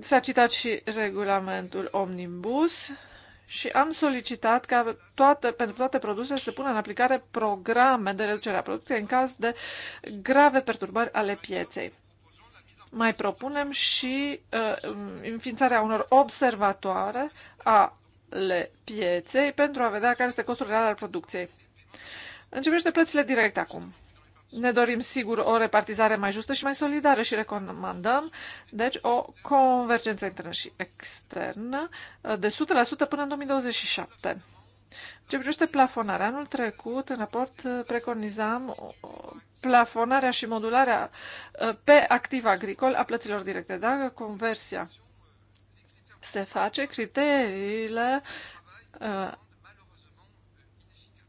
S-a citat și regulamentul Omnibus și am solicitat ca toate, pentru toate produsele să pună în aplicare programe de reducere a producției în caz de grave perturbări ale pieței. Mai propunem și uh, înființarea unor observatoare ale pieței pentru a vedea care este costul real al producției. Începește plățile directe acum. Ne dorim, sigur, o repartizare mai justă și mai solidară și recomandăm, deci, o convergență internă și externă uh, de 100% până în 2027. Ce privește plafonarea, anul trecut, în raport, uh, preconizam uh, plafonarea și modularea pe activ agricol a plăților directe. Dacă conversia se face, criteriile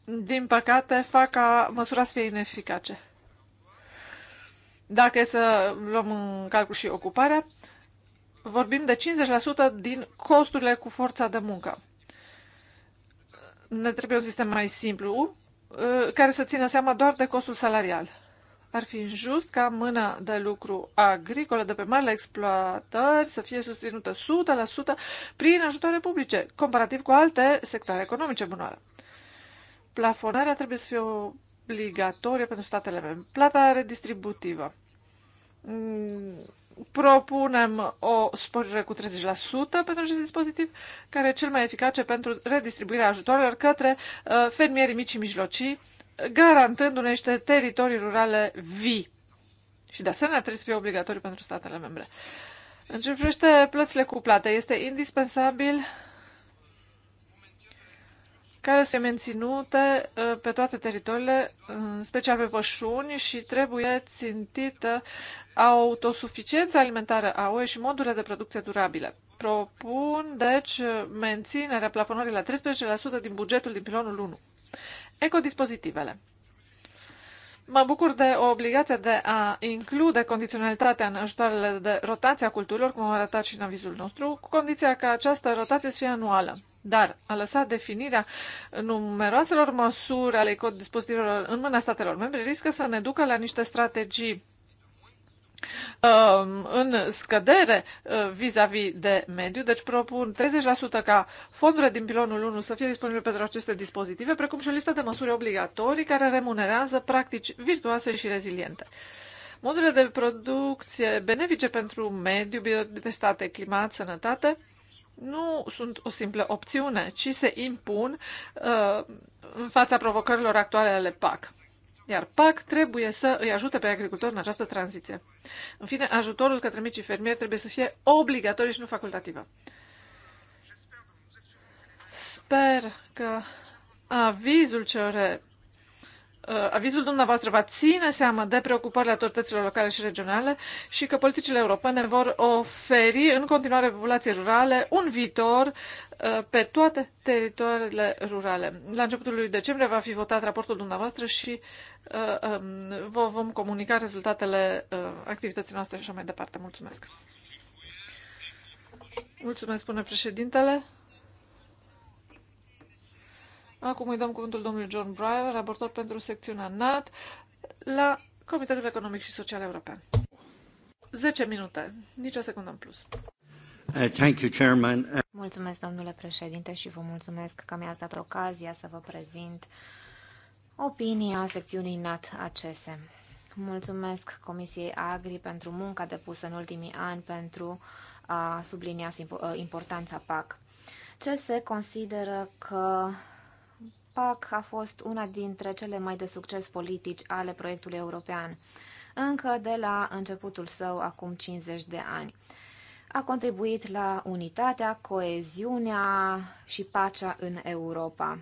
din păcate, fac ca măsura să fie ineficace. Dacă e să luăm în calcul și ocuparea, vorbim de 50% din costurile cu forța de muncă. Ne trebuie un sistem mai simplu, uh, care să țină seama doar de costul salarial. Ar fi injust ca mâna de lucru agricolă de pe marile exploatări să fie susținută 100% prin ajutoare publice, comparativ cu alte sectoare economice bunoare plafonarea trebuie să fie obligatorie pentru statele membre. Plata redistributivă. Mm, propunem o sporire cu 30% pentru acest dispozitiv, care e cel mai eficace pentru redistribuirea ajutoarelor către uh, fermierii mici și mijlocii, garantându-ne niște teritorii rurale vii. Și de asemenea trebuie să fie obligatoriu pentru statele membre. În ce privește plățile cuplate, este indispensabil care să fie menținute uh, pe toate teritoriile, în special pe pășuni și trebuie țintită autosuficiența alimentară a UE și modurile de producție durabile. Propun, deci, menținerea plafonării la 13% din bugetul din pilonul 1. Ecodispozitivele. Mă bucur de o obligație de a include condiționalitatea în ajutoarele de rotație a culturilor, cum am arătat și în avizul nostru, cu condiția ca această rotație să fie anuală dar a lăsat definirea numeroaselor măsuri ale dispozitivelor în mâna statelor membre riscă să ne ducă la niște strategii um, în scădere uh, vis-a-vis -vis de mediu, deci propun 30% ca fondurile din pilonul 1 să fie disponibile pentru aceste dispozitive, precum și o listă de măsuri obligatorii care remunerează practici virtuoase și reziliente. Modurile de producție benefice pentru mediu, biodiversitate, climat, sănătate nu sunt o simplă opțiune, ci se impun uh, în fața provocărilor actuale ale PAC. Iar PAC trebuie să îi ajute pe agricultori în această tranziție. În fine, ajutorul către micii fermieri trebuie să fie obligatoriu și nu facultativă. Sper că avizul CR Uh, avizul dumneavoastră va ține seama de preocupările autorităților locale și regionale și că politicile europene vor oferi în continuare populației rurale un viitor uh, pe toate teritoriile rurale. La începutul lui decembrie va fi votat raportul dumneavoastră și uh, um, vă vom comunica rezultatele activității noastre și așa mai departe. Mulțumesc! Mulțumesc, spune președintele. Acum îi dăm cuvântul domnului John Breyer, raportor pentru secțiunea NAT la Comitetul Economic și Social European. 10 minute, nicio secundă în plus. Uh, thank you, Chairman. Uh, mulțumesc, domnule președinte, și vă mulțumesc că mi-ați dat ocazia să vă prezint opinia secțiunii NAT ACS. Mulțumesc Comisiei Agri pentru munca depusă în ultimii ani pentru a sublinia uh, importanța PAC. Ce consideră că PAC a fost una dintre cele mai de succes politici ale proiectului european, încă de la începutul său acum 50 de ani. A contribuit la unitatea, coeziunea și pacea în Europa.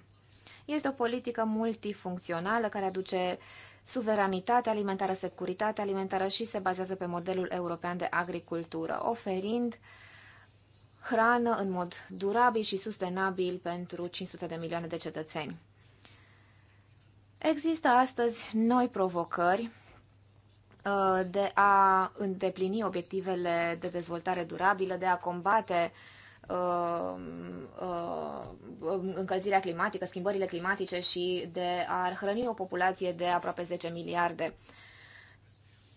Este o politică multifuncțională care aduce suveranitate alimentară, securitate alimentară și se bazează pe modelul european de agricultură, oferind hrană în mod durabil și sustenabil pentru 500 de milioane de cetățeni. Există astăzi noi provocări uh, de a îndeplini obiectivele de dezvoltare durabilă, de a combate uh, uh, încălzirea climatică, schimbările climatice și de a hrăni o populație de aproape 10 miliarde.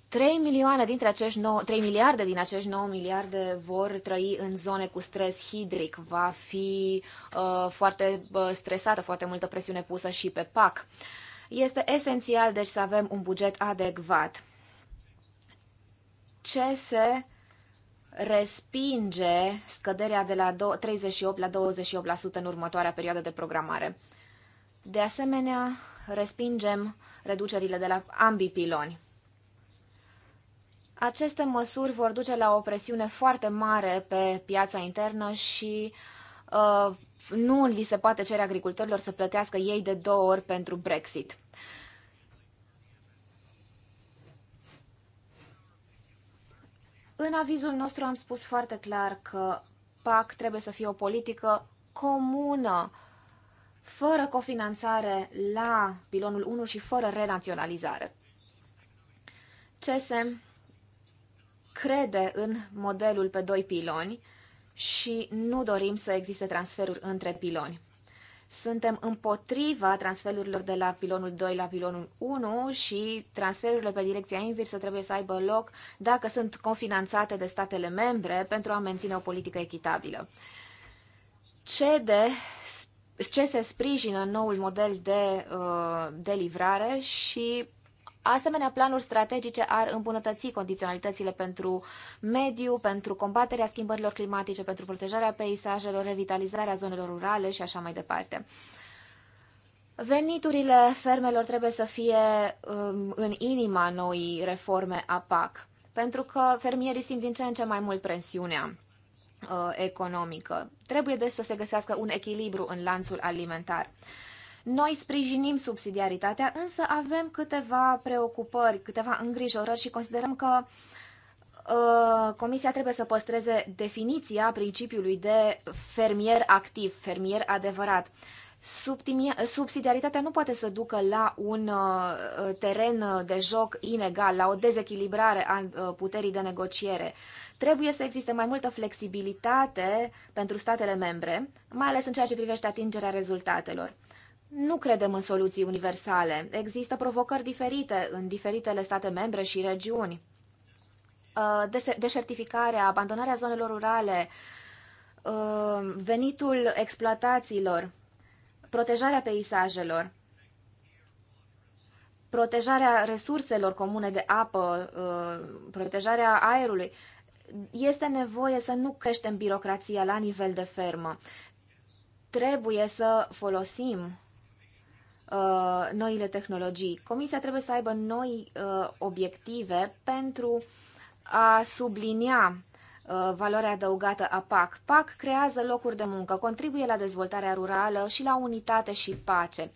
3 milioane dintre acești 9, 3 miliarde din acești 9 miliarde vor trăi în zone cu stres hidric. Va fi uh, foarte stresată, foarte multă presiune pusă și pe PAC. Uh, este esențial, deci, să avem un buget adecvat. Ce se respinge scăderea de la 38 la 28% în următoarea perioadă de programare. De asemenea, respingem reducerile de la ambii piloni. Aceste măsuri vor duce la o presiune foarte mare pe piața internă și uh, nu li se poate cere agricultorilor să plătească ei de două ori pentru Brexit. În avizul nostru am spus foarte clar că PAC trebuie să fie o politică comună, fără cofinanțare la pilonul 1 și fără renaționalizare. CSM crede în modelul pe doi piloni, și nu dorim să existe transferuri între piloni. Suntem împotriva transferurilor de la pilonul 2 la pilonul 1 și transferurile pe direcția inversă trebuie să aibă loc dacă sunt cofinanțate de statele membre pentru a menține o politică echitabilă. CEDE ce se sprijină noul model de uh, de livrare și Asemenea, planuri strategice ar îmbunătăți condiționalitățile pentru mediu, pentru combaterea schimbărilor climatice, pentru protejarea peisajelor, revitalizarea zonelor rurale și așa mai departe. Veniturile fermelor trebuie să fie um, în inima noii reforme a PAC, pentru că fermierii simt din ce în ce mai mult presiunea uh, economică. Trebuie deci să se găsească un echilibru în lanțul alimentar. Noi sprijinim subsidiaritatea, însă avem câteva preocupări, câteva îngrijorări și considerăm că uh, Comisia trebuie să păstreze definiția principiului de fermier activ, fermier adevărat. Subsidiaritatea nu poate să ducă la un uh, teren de joc inegal, la o dezechilibrare a uh, puterii de negociere. Trebuie să existe mai multă flexibilitate pentru statele membre, mai ales în ceea ce privește atingerea rezultatelor. Nu credem în soluții universale. Există provocări diferite în diferitele state membre și regiuni. Uh, deșertificarea, abandonarea zonelor rurale, uh, venitul exploatațiilor, protejarea peisajelor, protejarea resurselor comune de apă, uh, protejarea aerului. Este nevoie să nu creștem birocrația la nivel de fermă. Trebuie să folosim Uh, noile tehnologii. Comisia trebuie să aibă noi uh, obiective pentru a sublinia uh, valoarea adăugată a PAC. PAC creează locuri de muncă, contribuie la dezvoltarea rurală și la unitate și pace.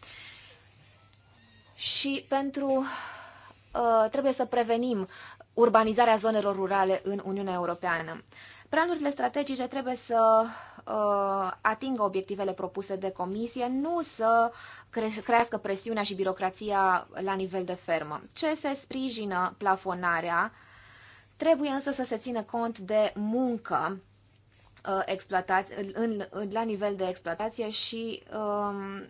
Și pentru uh, trebuie să prevenim urbanizarea zonelor rurale în Uniunea Europeană. Planurile strategice trebuie să Uh, atingă obiectivele propuse de comisie, nu să crească presiunea și birocrația la nivel de fermă. Ce se sprijină plafonarea? Trebuie însă să se țină cont de muncă uh, în, în, la nivel de exploatație și um,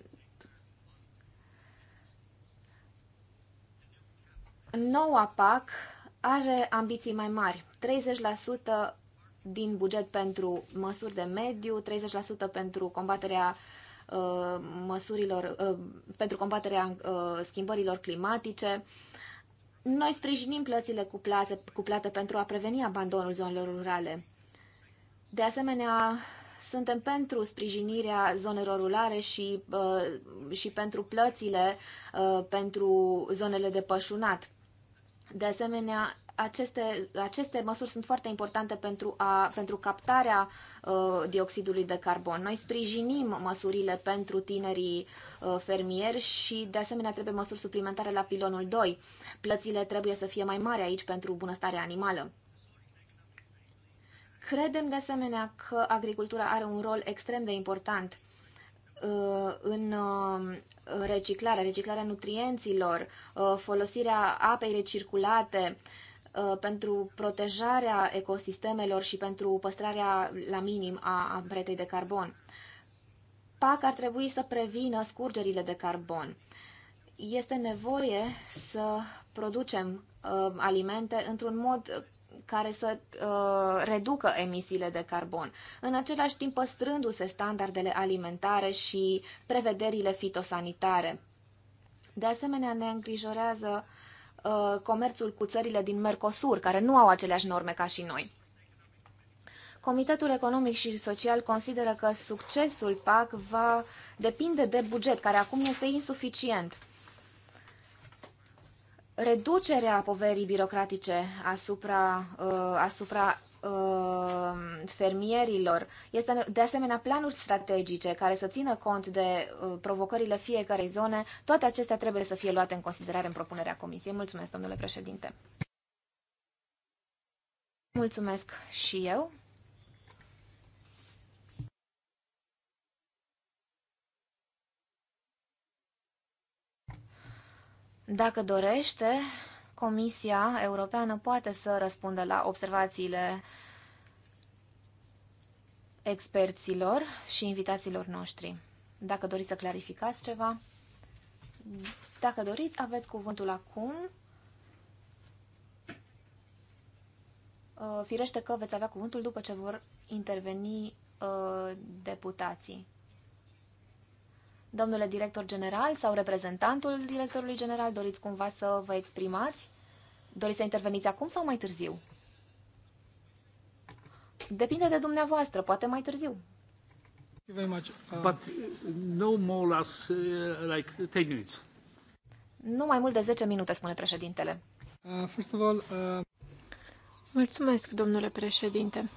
noua PAC are ambiții mai mari din buget pentru măsuri de mediu, 30% pentru combaterea uh, măsurilor uh, pentru combaterea uh, schimbărilor climatice. Noi sprijinim plățile cuplate, cuplate pentru a preveni abandonul zonelor rurale. De asemenea, suntem pentru sprijinirea zonelor rurale și, și pentru plățile pentru zonele de pășunat. De asemenea, aceste, aceste măsuri sunt foarte importante pentru, a, pentru captarea uh, dioxidului de carbon. Noi sprijinim măsurile pentru tinerii uh, fermieri și, de asemenea, trebuie măsuri suplimentare la pilonul 2. Plățile trebuie să fie mai mari aici pentru bunăstarea animală. Credem, de asemenea, că agricultura are un rol extrem de important uh, în uh, reciclarea, reciclarea nutrienților, uh, folosirea apei recirculate, Uh, pentru protejarea ecosistemelor și pentru păstrarea la minim a ampretei de carbon. PAC ar trebui să prevină scurgerile de carbon. Este nevoie să producem uh, alimente într-un mod care să uh, reducă emisiile de carbon, în același timp păstrându-se standardele alimentare și prevederile fitosanitare. De asemenea, ne îngrijorează uh, Uh, comerțul cu țările din Mercosur, care nu au aceleași norme ca și noi. Comitetul Economic și Social consideră că succesul PAC va depinde de buget, care acum este insuficient. Reducerea poverii birocratice asupra, uh, asupra Uh, fermierilor. Este de asemenea planuri strategice care să țină cont de uh, provocările fiecarei zone. Toate acestea trebuie să fie luate în considerare în propunerea Comisiei. Mulțumesc, domnule președinte. Mulțumesc și eu. Dacă dorește, Comisia Europeană poate să răspundă la observațiile experților și invitațiilor noștri. Dacă doriți să clarificați ceva, dacă doriți, aveți cuvântul acum. Uh, firește că veți avea cuvântul după ce vor interveni uh, deputații. Domnule director general sau reprezentantul directorului general, doriți cumva să vă exprimați? Doriți să interveniți acum sau mai târziu? Depinde de dumneavoastră, poate mai târziu. Uh, But uh, no more less, uh, like 10 minutes. Nu mai mult de 10 minute, spune președintele. Uh, first of all, uh... Mulțumesc, domnule președinte.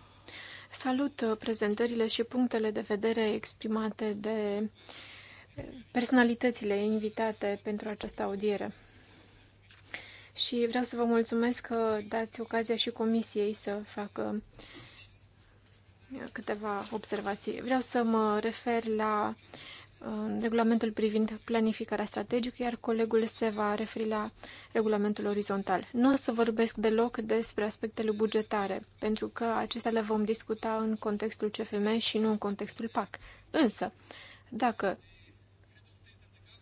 Salut uh, prezentările și punctele de vedere exprimate de personalitățile invitate pentru această audiere și vreau să vă mulțumesc că dați ocazia și comisiei să facă câteva observații. Vreau să mă refer la uh, regulamentul privind planificarea strategică, iar colegul se va referi la regulamentul orizontal. Nu o să vorbesc deloc despre aspectele bugetare, pentru că acestea le vom discuta în contextul CFM și nu în contextul PAC. Însă, dacă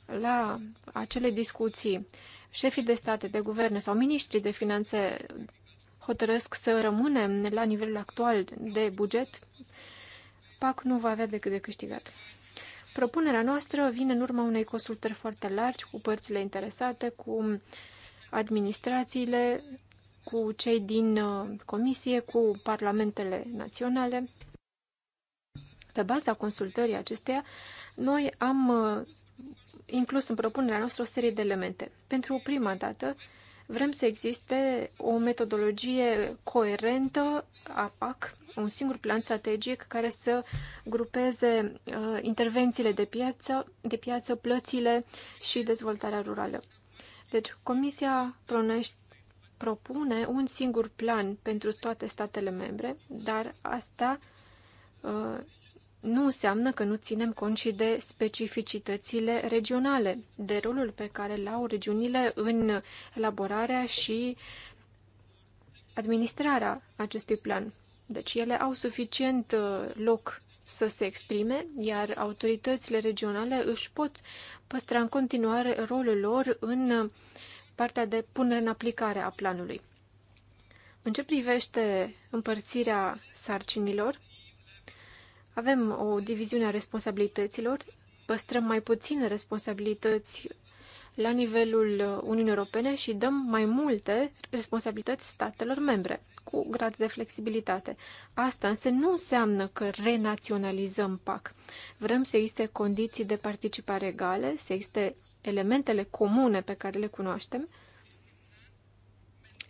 la acele discuții șefii de state, de guverne sau miniștrii de finanțe hotărăsc să rămânem la nivelul actual de buget, PAC nu va avea decât de câștigat. Propunerea noastră vine în urma unei consultări foarte largi cu părțile interesate, cu administrațiile, cu cei din uh, comisie, cu parlamentele naționale. Pe baza consultării acesteia, noi am uh, inclus în propunerea noastră o serie de elemente. Pentru prima dată, vrem să existe o metodologie coerentă a PAC, un singur plan strategic care să grupeze uh, intervențiile de piață, de piață, plățile și dezvoltarea rurală. Deci, Comisia pronește propune un singur plan pentru toate statele membre, dar asta uh, nu înseamnă că nu ținem cont și de specificitățile regionale, de rolul pe care îl au regiunile în elaborarea și administrarea acestui plan. Deci ele au suficient uh, loc să se exprime, iar autoritățile regionale își pot păstra în continuare rolul lor în partea de punere în aplicare a planului. În ce privește împărțirea sarcinilor, avem o diviziune a responsabilităților, păstrăm mai puține responsabilități la nivelul Uniunii Europene și dăm mai multe responsabilități statelor membre, cu grad de flexibilitate. Asta însă nu înseamnă că renaționalizăm PAC. Vrem să existe condiții de participare egale, să existe elementele comune pe care le cunoaștem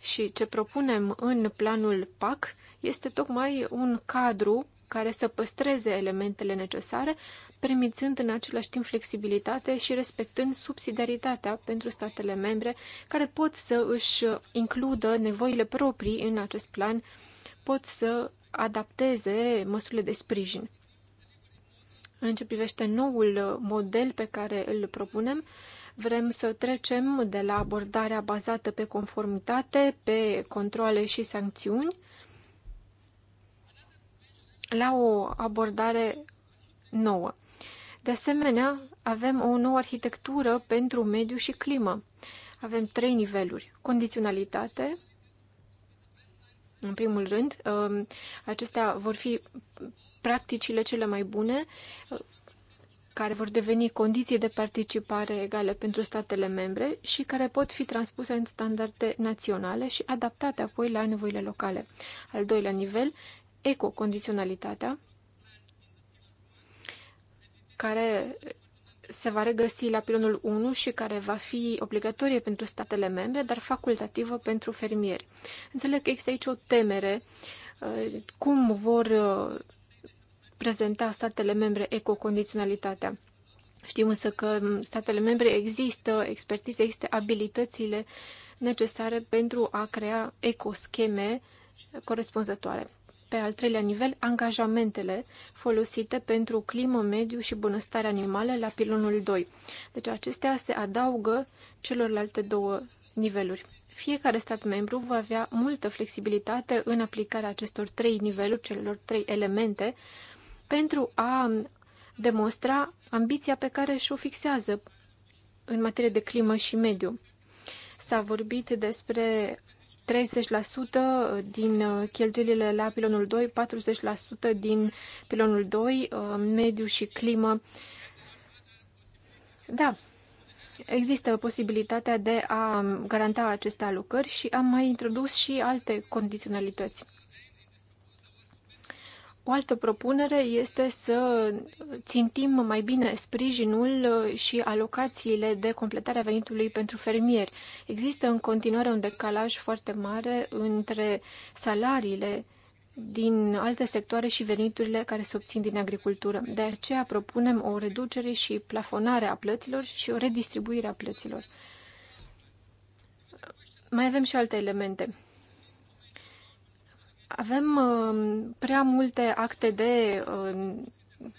și ce propunem în planul PAC este tocmai un cadru care să păstreze elementele necesare, permițând în același timp flexibilitate și respectând subsidiaritatea pentru statele membre care pot să își includă nevoile proprii în acest plan, pot să adapteze măsurile de sprijin. În ce privește noul model pe care îl propunem, vrem să trecem de la abordarea bazată pe conformitate, pe controle și sancțiuni, la o abordare nouă. De asemenea, avem o nouă arhitectură pentru mediu și climă. Avem trei niveluri. Condiționalitate, în primul rând, um, acestea vor fi practicile cele mai bune uh, care vor deveni condiții de participare egale pentru statele membre și care pot fi transpuse în standarde naționale și adaptate apoi la nevoile locale. Al doilea nivel ecocondiționalitatea, care se va regăsi la pilonul 1 și care va fi obligatorie pentru statele membre, dar facultativă pentru fermieri. Înțeleg că există aici o temere uh, cum vor uh, prezenta statele membre ecocondiționalitatea. Știm însă că statele membre există expertize, există abilitățile necesare pentru a crea ecoscheme corespunzătoare pe al treilea nivel, angajamentele folosite pentru climă, mediu și bunăstare animală la pilonul 2. Deci acestea se adaugă celorlalte două niveluri. Fiecare stat membru va avea multă flexibilitate în aplicarea acestor trei niveluri, celor trei elemente, pentru a demonstra ambiția pe care și-o fixează în materie de climă și mediu. S-a vorbit despre 30% din uh, cheltuielile la pilonul 2, 40% din pilonul 2, uh, mediu și climă. Da, există posibilitatea de a garanta aceste alocări și am mai introdus și alte condiționalități. O altă propunere este să țintim mai bine sprijinul uh, și alocațiile de completare a venitului pentru fermieri. Există în continuare un decalaj foarte mare între salariile din alte sectoare și veniturile care se obțin din agricultură. De aceea propunem o reducere și plafonare a plăților și o redistribuire a plăților. Mai avem și alte elemente. Avem um, prea multe acte de um,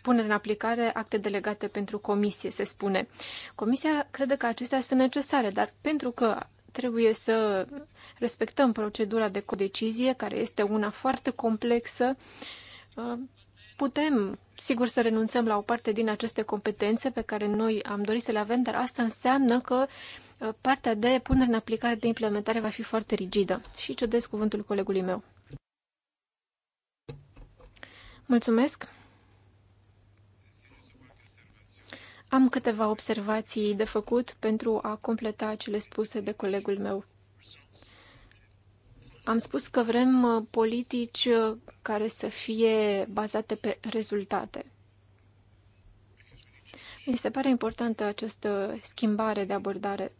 punere în aplicare, acte delegate pentru comisie, se spune. Comisia crede că acestea sunt necesare, dar pentru că trebuie să respectăm procedura de codecizie, care este una foarte complexă, um, putem, sigur, să renunțăm la o parte din aceste competențe pe care noi am dorit să le avem, dar asta înseamnă că uh, partea de punere în aplicare, de implementare va fi foarte rigidă. Și cedez cuvântul colegului meu. Mulțumesc! Am câteva observații de făcut pentru a completa cele spuse de colegul meu. Am spus că vrem uh, politici uh, care să fie bazate pe rezultate. Mi se pare importantă această schimbare de abordare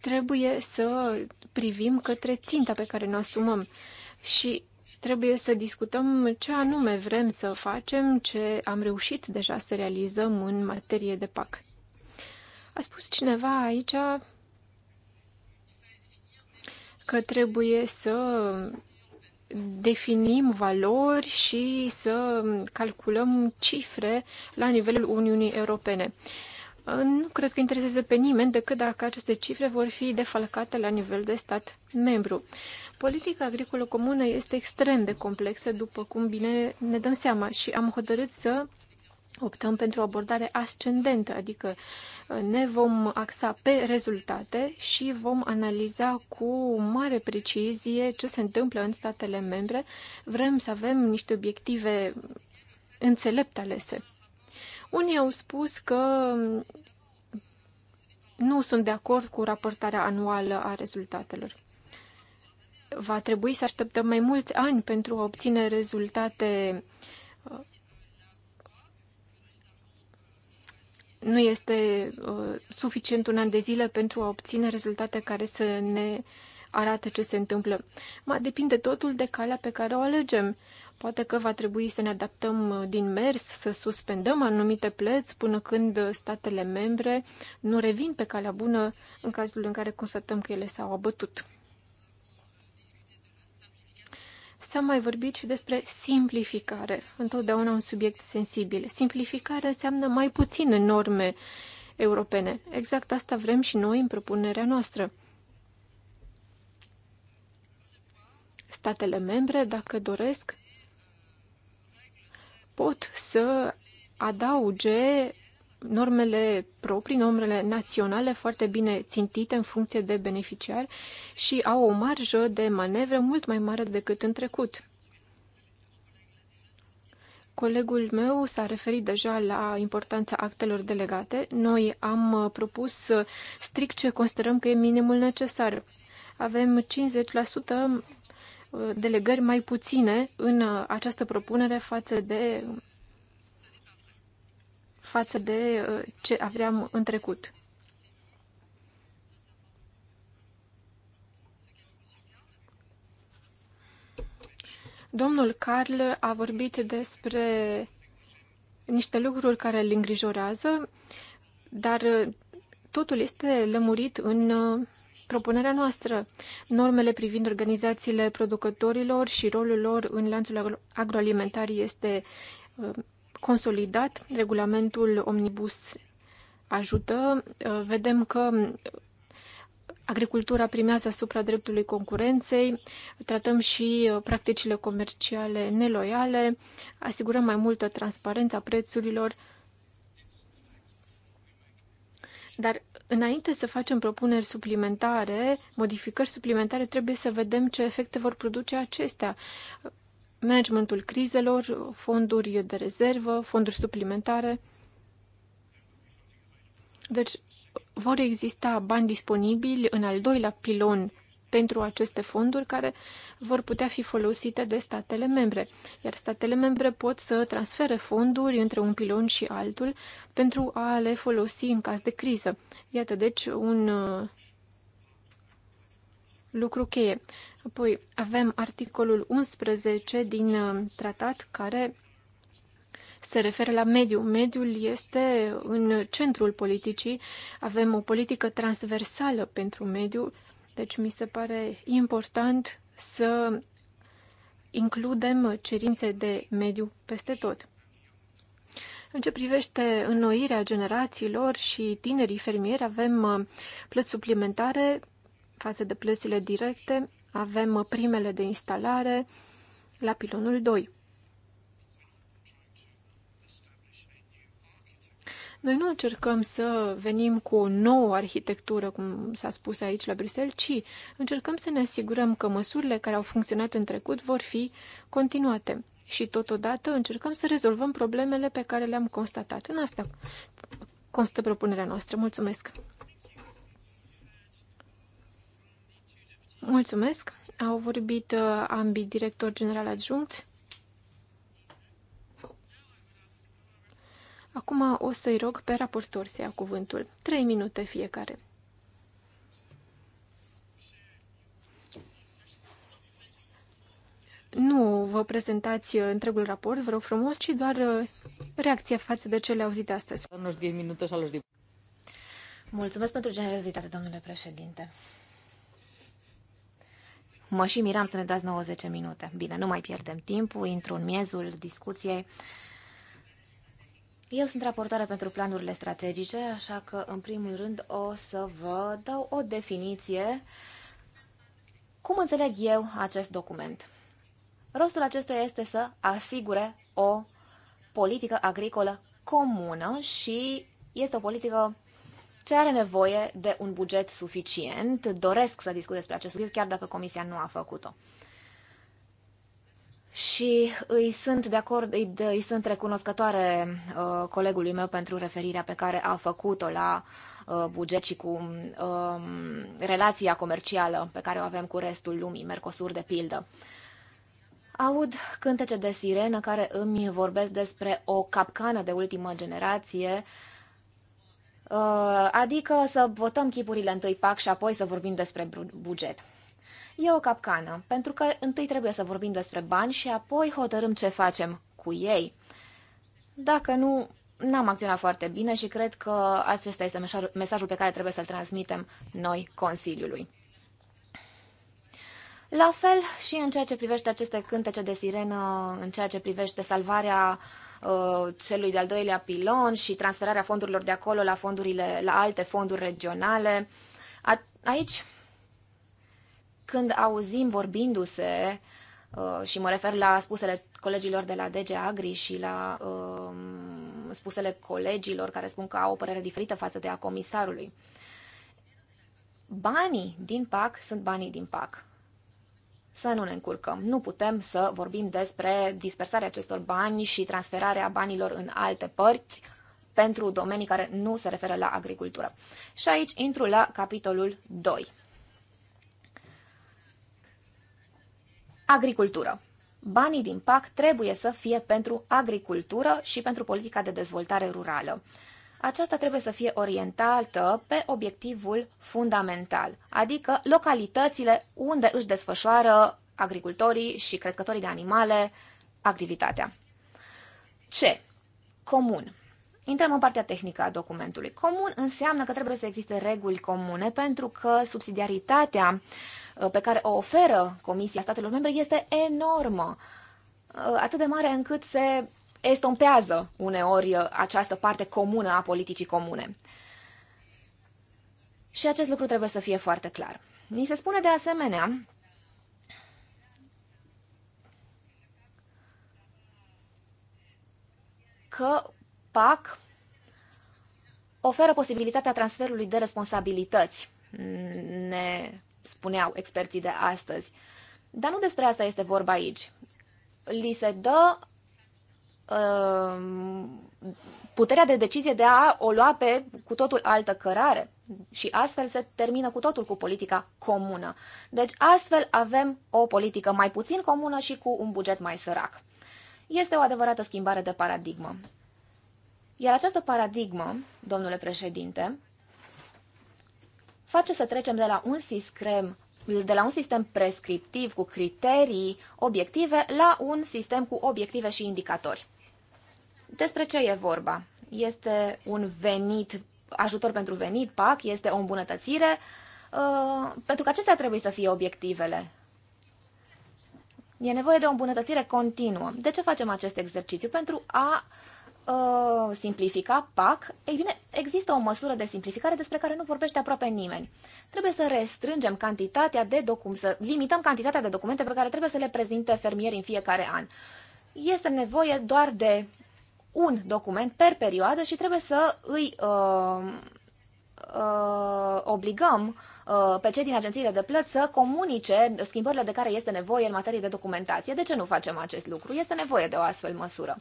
trebuie să privim către ținta pe care ne asumăm și trebuie să discutăm ce anume vrem să facem, ce am reușit deja să realizăm în materie de PAC. A spus cineva aici că trebuie să definim valori și să calculăm cifre la nivelul Uniunii Europene. Uh, Uh, nu cred că interesează pe nimeni decât dacă aceste cifre vor fi defalcate la nivel de stat membru. Politica agricolă comună este extrem de complexă, după cum bine ne dăm seama, și am hotărât să optăm pentru o abordare ascendentă, adică uh, ne vom axa pe rezultate și vom analiza cu mare precizie ce se întâmplă în statele membre. Vrem să avem niște obiective înțelepte alese. Unii au spus că nu sunt de acord cu raportarea anuală a rezultatelor. Va trebui să așteptăm mai mulți ani pentru a obține rezultate. Uh, nu este uh, suficient un an de zile pentru a obține rezultate care să ne arate ce se întâmplă. Ma, depinde totul de calea pe care o alegem. Poate că va trebui să ne adaptăm uh, din mers, să suspendăm anumite plăți până când statele membre nu revin pe calea bună în cazul în care constatăm că ele s-au abătut. S-a mai vorbit și despre simplificare, întotdeauna un subiect sensibil. Simplificare înseamnă mai puține norme europene. Exact asta vrem și noi în propunerea noastră. Statele membre, dacă doresc, pot să adauge normele proprii, normele naționale foarte bine țintite în funcție de beneficiar, și au o marjă de manevră mult mai mare decât în trecut. Colegul meu s-a referit deja la importanța actelor delegate. Noi am propus strict ce considerăm că e minimul necesar. Avem 50% delegări mai puține în uh, această propunere față de față de uh, ce aveam în trecut. Domnul Carl a vorbit despre niște lucruri care îl îngrijorează, dar uh, totul este lămurit în propunerea noastră. Normele privind organizațiile producătorilor și rolul lor în lanțul agroalimentar este uh, consolidat. Regulamentul Omnibus ajută. Uh, vedem că agricultura primează asupra dreptului concurenței, tratăm și uh, practicile comerciale neloiale, asigurăm mai multă transparență a prețurilor, dar Înainte să facem propuneri suplimentare, modificări suplimentare, trebuie să vedem ce efecte vor produce acestea. Managementul crizelor, fonduri de rezervă, fonduri suplimentare. Deci vor exista bani disponibili în al doilea pilon pentru aceste fonduri care vor putea fi folosite de statele membre, iar statele membre pot să transfere fonduri între un pilon și altul pentru a le folosi în caz de criză. Iată, deci, un uh, lucru cheie. Apoi avem articolul 11 din uh, tratat care se referă la mediu. Mediul este în centrul politicii. Avem o politică transversală pentru mediu deci mi se pare important să includem cerințe de mediu peste tot. În ce privește înnoirea generațiilor și tinerii fermieri, avem uh, plăți suplimentare față de plățile directe, avem uh, primele de instalare la pilonul 2. Noi nu încercăm să venim cu o nouă arhitectură, cum s-a spus aici la Bruxelles, ci încercăm să ne asigurăm că măsurile care au funcționat în trecut vor fi continuate. Și totodată încercăm să rezolvăm problemele pe care le-am constatat. În asta constă propunerea noastră. Mulțumesc! Mulțumesc! Au vorbit uh, ambii directori general adjunct Acum o să-i rog pe raportor să ia cuvântul. Trei minute fiecare. Nu vă prezentați uh, întregul raport, vă rog frumos, ci doar uh, reacția față de cele auzite astăzi. Mulțumesc pentru generozitate, domnule președinte. Mă și miram să ne dați 90 minute. Bine, nu mai pierdem timpul, intru în miezul discuției. Eu sunt raportoare pentru planurile strategice, așa că, în primul rând, o să vă dau o definiție. Cum înțeleg eu acest document? Rostul acestuia este să asigure o politică agricolă comună și este o politică ce are nevoie de un buget suficient. Doresc să discut despre acest subiect, chiar dacă Comisia nu a făcut-o și îi sunt de acord, îi, îi sunt recunoscătoare uh, colegului meu pentru referirea pe care a făcut-o la uh, buget și cu uh, relația comercială pe care o avem cu restul lumii, Mercosur de pildă. Aud cântece de sirenă care îmi vorbesc despre o capcană de ultimă generație, uh, adică să votăm chipurile întâi pac și apoi să vorbim despre buget. E o capcană, pentru că întâi trebuie să vorbim despre bani și apoi hotărâm ce facem cu ei. Dacă nu, n-am acționat foarte bine și cred că acesta este mesajul pe care trebuie să-l transmitem noi Consiliului. La fel și în ceea ce privește aceste cântece de sirenă, în ceea ce privește salvarea uh, celui de-al doilea pilon și transferarea fondurilor de acolo la fondurile, la alte fonduri regionale. A, aici când auzim vorbindu-se, uh, și mă refer la spusele colegilor de la DG Agri și la um, spusele colegilor care spun că au o părere diferită față de a comisarului, banii din PAC sunt banii din PAC. Să nu ne încurcăm. Nu putem să vorbim despre dispersarea acestor bani și transferarea banilor în alte părți pentru domenii care nu se referă la agricultură. Și aici intru la capitolul 2. Agricultură. Banii din PAC trebuie să fie pentru agricultură și pentru politica de dezvoltare rurală. Aceasta trebuie să fie orientată pe obiectivul fundamental, adică localitățile unde își desfășoară agricultorii și crescătorii de animale activitatea. C. Comun. Intrăm în partea tehnică a documentului. Comun înseamnă că trebuie să existe reguli comune pentru că subsidiaritatea uh, Uh, pe care o oferă Comisia Statelor Membre este enormă, uh, atât de mare încât se estompează uneori uh, această parte comună a politicii comune. Și acest lucru trebuie să fie foarte clar. Ni se spune de asemenea că PAC oferă posibilitatea transferului de responsabilități. Ne spuneau experții de astăzi. Dar nu despre asta este vorba aici. Li se dă uh, puterea de decizie de a o lua pe cu totul altă cărare și astfel se termină cu totul cu politica comună. Deci astfel avem o politică mai puțin comună și cu un buget mai sărac. Este o adevărată schimbare de paradigmă. Iar această paradigmă, domnule președinte, face să trecem de la un sistem de la un sistem prescriptiv cu criterii obiective la un sistem cu obiective și indicatori. Despre ce e vorba? Este un venit, ajutor pentru venit, PAC, este o îmbunătățire, uh, pentru că acestea trebuie să fie obiectivele. E nevoie de o îmbunătățire continuă. De ce facem acest exercițiu? Pentru a Uh, simplifica PAC, ei bine, există o măsură de simplificare despre care nu vorbește aproape nimeni. Trebuie să restrângem cantitatea de documente, să limităm cantitatea de documente pe care trebuie să le prezinte fermieri în fiecare an. Este nevoie doar de un document per perioadă și trebuie să îi uh, uh, obligăm uh, pe cei din agențiile de plăți să comunice schimbările de care este nevoie în materie de documentație. De ce nu facem acest lucru? Este nevoie de o astfel măsură.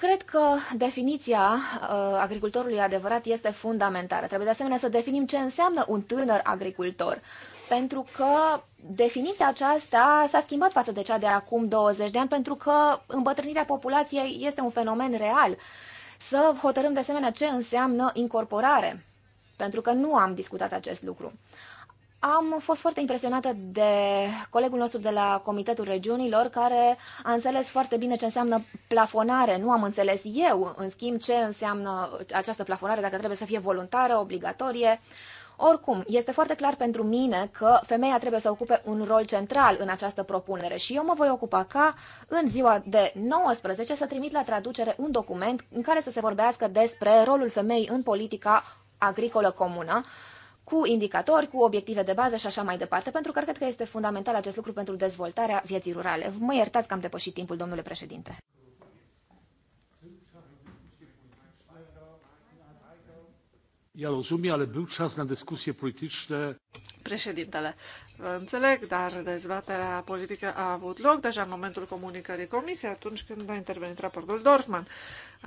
Cred că definiția uh, agricultorului adevărat este fundamentală. Trebuie de asemenea să definim ce înseamnă un tânăr agricultor, pentru că definiția aceasta s-a schimbat față de cea de acum 20 de ani, pentru că îmbătrânirea populației este un fenomen real. Să hotărâm de asemenea ce înseamnă incorporare, pentru că nu am discutat acest lucru. Am fost foarte impresionată de colegul nostru de la Comitetul Regiunilor, care a înțeles foarte bine ce înseamnă plafonare. Nu am înțeles eu, în schimb, ce înseamnă această plafonare, dacă trebuie să fie voluntară, obligatorie. Oricum, este foarte clar pentru mine că femeia trebuie să ocupe un rol central în această propunere și eu mă voi ocupa ca în ziua de 19 să trimit la traducere un document în care să se vorbească despre rolul femeii în politica agricolă comună cu indicatori, cu obiective de bază și așa mai departe, pentru că cred că este fundamental acest lucru pentru dezvoltarea vieții rurale. Mă iertați că am depășit timpul, domnule președinte. Ja rozumiem, ale był czas na dyskusje polityczne. Președintele, vă înțeleg, dar dezbaterea politică a avut loc deja în momentul comunicării comisiei, atunci când a intervenit raportul Dorfman.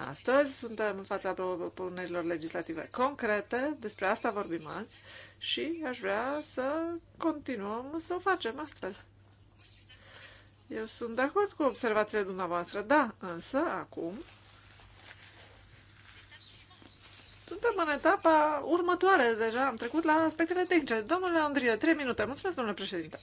Astăzi suntem în fața propunerilor legislative concrete, despre asta vorbim azi și aș vrea să continuăm să o facem astfel. Eu sunt de acord cu observațiile dumneavoastră, da, însă acum Suntem în etapa următoare deja, am trecut la aspectele tehnice. Domnule Andrie, trei minute. Mulțumesc, domnule președinte.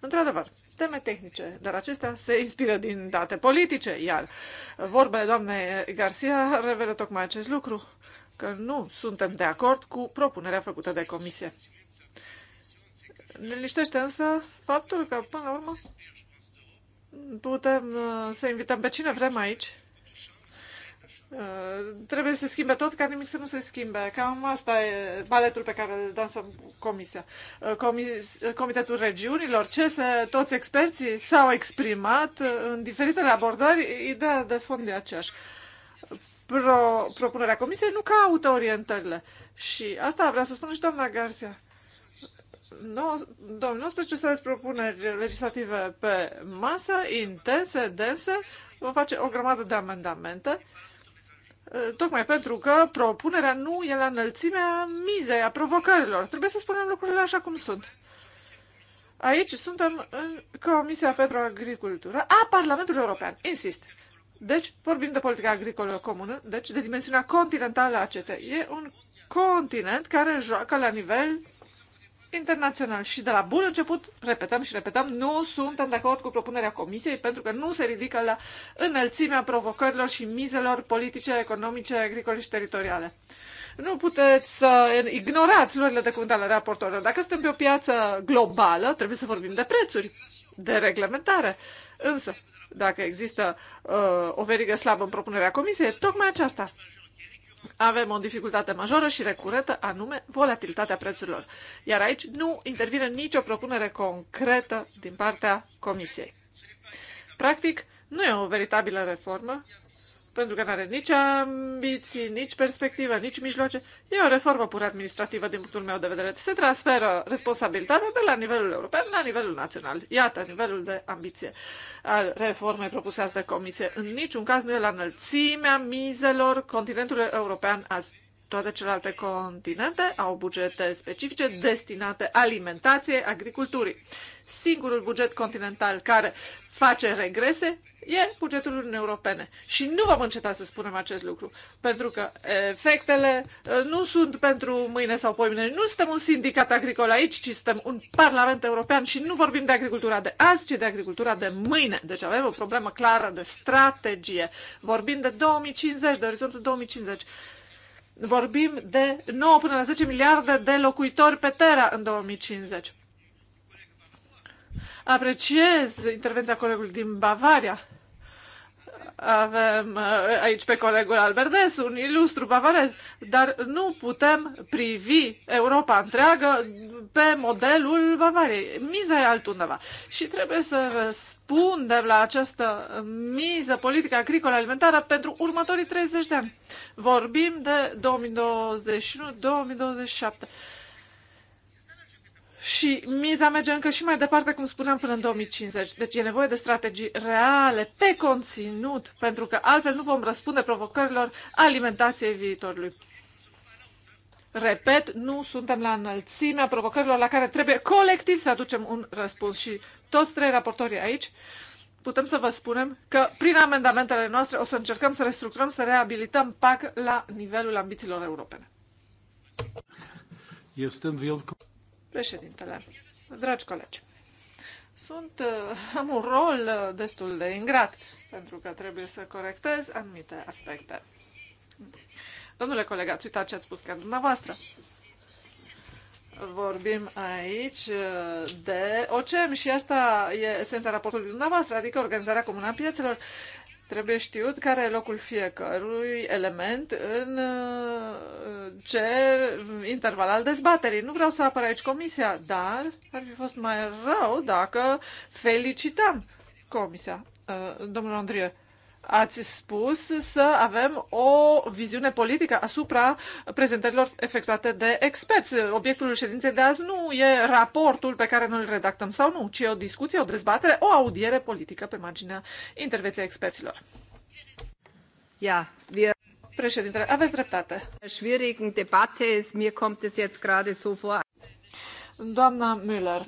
Într-adevăr, teme tehnice, dar acestea se inspiră din date politice, iar vorbele doamnei Garcia revelă tocmai acest lucru, că nu suntem de acord cu propunerea făcută de comisie. Ne liniștește însă faptul că, până la urmă, putem uh, să invităm pe cine vrem aici trebuie să se schimbe tot ca nimic să nu se schimbe. Cam asta e baletul pe care îl dansăm Comisia. Uh, comis, Comitetul Regiunilor, ce se, toți experții s-au exprimat în diferitele abordări, ideea de fond e aceeași. Pro, propunerea Comisiei nu caută orientările. Și asta vrea să spună și doamna Garcia. 2019 să aveți propuneri legislative pe masă, intense, dense, vom face o grămadă de amendamente Eh, tocmai pentru că propunerea nu e la înălțimea mizei, a provocărilor. Trebuie să spunem lucrurile așa cum sunt. Aici suntem în Comisia pentru Agricultură a Parlamentului European. Insist. Deci, vorbim de politica agricolă comună, deci de dimensiunea continentală a acestei. E un continent care joacă la nivel internațional. Și de la bun început, repetăm și repetăm, nu suntem de acord cu propunerea Comisiei pentru că nu se ridică la înălțimea provocărilor și mizelor politice, economice, agricole și teritoriale. Nu puteți să ignorați luările de cuvânt ale raportorilor. Dacă suntem pe o piață globală, trebuie să vorbim de prețuri, de reglementare. Însă, dacă există uh, o verigă slabă în propunerea Comisiei, tocmai aceasta avem o dificultate majoră și recurentă, anume volatilitatea prețurilor. Iar aici nu intervine nicio propunere concretă din partea Comisiei. Practic, nu e o veritabilă reformă, pentru că nu are nici ambiții, nici perspectivă, nici mijloace. E o reformă pur administrativă din punctul meu de vedere. Se transferă responsabilitatea de la nivelul european la nivelul național. Iată nivelul de ambiție al reformei propuse de comisie. În niciun caz nu e la înălțimea mizelor continentului european azi. Toate celelalte continente au bugete specifice destinate alimentației, agriculturii. Singurul buget continental care face regrese e bugetul Uniunii Europene. Și nu vom înceta să spunem acest lucru, pentru că efectele uh, nu sunt pentru mâine sau poimine. Nu suntem un sindicat agricol aici, ci suntem un Parlament European și nu vorbim de agricultura de azi, ci de agricultura de mâine. Deci avem o problemă clară de strategie. Vorbim de 2050, de orizontul 2050 vorbim de 9 până la 10 miliarde de locuitori pe Terra în 2050. Apreciez intervenția colegului din Bavaria. Avem uh, aici pe colegul Albertes, un ilustru bavarez, dar nu putem privi Europa întreagă pe modelul Bavariei. Miza e altundeva. Și trebuie să răspundem la această miză politică agricolă alimentară pentru următorii 30 de ani. Vorbim de 2021-2027 și miza merge încă și mai departe, cum spuneam, până în 2050. Deci e nevoie de strategii reale, pe conținut, pentru că altfel nu vom răspunde provocărilor alimentației viitorului. Repet, nu suntem la înălțimea provocărilor la care trebuie colectiv să aducem un răspuns. Și toți trei raportorii aici putem să vă spunem că prin amendamentele noastre o să încercăm să restructurăm, să reabilităm PAC la nivelul ambițiilor europene. Este în Președintele, dragi colegi, sunt, uh, am un rol uh, destul de ingrat, pentru că trebuie să corectez anumite aspecte. Domnule colega, ați uitat ce ați spus chiar dumneavoastră. Vorbim aici uh, de OCEM și asta e esența raportului dumneavoastră, adică Organizarea Comună a Piețelor. Trebuie știut care e locul fiecărui element în uh, ce interval al dezbaterii. Nu vreau să apar aici comisia, dar ar fi fost mai rău dacă felicităm comisia. Uh, domnul Andrie, ați spus să avem o viziune politică asupra prezentărilor efectuate de experți. Obiectul ședinței de azi nu e raportul pe care noi îl redactăm sau nu, ci o discuție, o dezbatere, o audiere politică pe marginea intervenției experților. Ja, wir Președintele, aveți dreptate. Schwierigen Debatte ist, mir kommt es jetzt gerade so vor. Doamna Müller,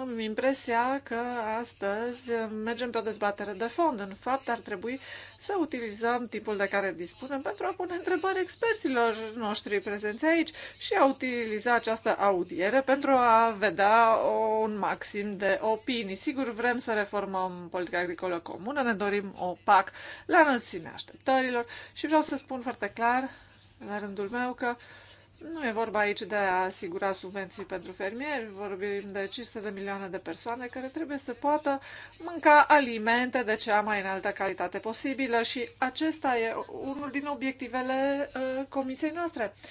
am impresia că astăzi mergem pe o dezbatere de fond. În fapt, ar trebui să utilizăm timpul de care dispunem pentru a pune întrebări experților noștri prezenți aici și a utiliza această audiere pentru a vedea un maxim de opinii. Sigur, vrem să reformăm politica agricolă comună, ne dorim o PAC la înălțimea așteptărilor și vreau să spun foarte clar, la rândul meu, că uh, nu e vorba aici de a asigura subvenții pentru fermieri, vorbim de 500 de milioane de persoane care trebuie să poată mânca alimente de cea mai înaltă calitate posibilă și acesta e unul din obiectivele uh, comisiei noastre. Uh,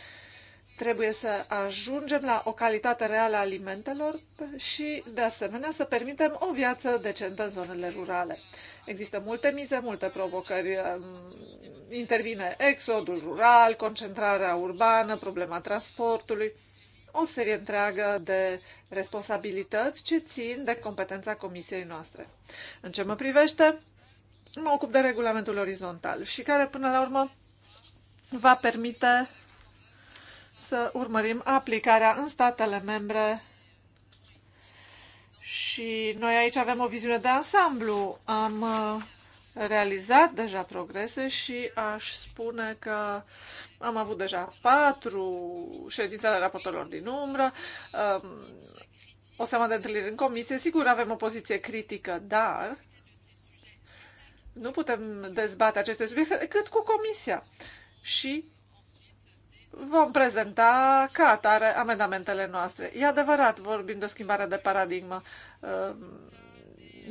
Trebuie să ajungem la o calitate reală a alimentelor și, de asemenea, să permitem o viață decentă în zonele rurale. Există multe mize, multe provocări. Um, intervine exodul rural, concentrarea urbană, problema transportului o serie întreagă de responsabilități ce țin de competența comisiei noastre. În ce mă privește, mă ocup de regulamentul orizontal și care până la urmă va permite să urmărim aplicarea în statele membre și noi aici avem o viziune de ansamblu. Am uh, realizat deja progrese și aș spune că am avut deja patru ședințe ale raportorilor din umbră, um, o seamă de întâlniri în comisie. Sigur, avem o poziție critică, dar nu putem dezbate aceste subiecte decât cu comisia. Și vom prezenta ca atare amendamentele noastre. E adevărat, vorbim de o schimbare de paradigmă. Ehm,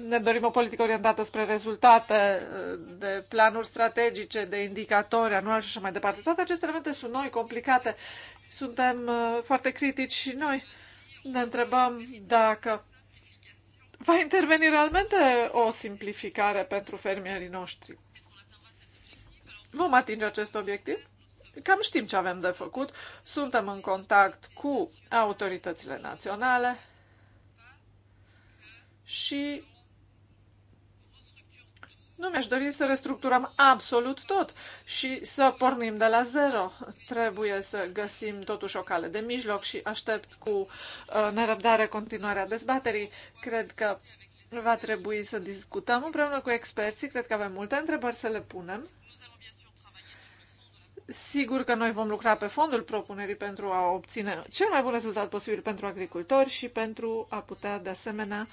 ne dorim o politică orientată spre rezultate, ehm, de planuri strategice, de indicatori anuali și așa mai departe. Toate aceste elemente sunt noi, complicate. Suntem ehm, foarte critici și noi ne întrebăm dacă va interveni realmente o simplificare pentru fermierii noștri. Vom atinge acest obiectiv? cam știm ce avem de făcut, suntem în contact cu autoritățile naționale și nu mi-aș dori să restructurăm absolut tot și să pornim de la zero. Trebuie să găsim totuși o cale de mijloc și aștept cu uh, nerăbdare continuarea dezbaterii. Cred că va trebui să discutăm împreună cu experții, cred că avem multe întrebări să le punem Sigur că noi vom lucra pe fondul propunerii pentru a obține cel mai bun rezultat posibil pentru agricultori și pentru a putea, de asemenea,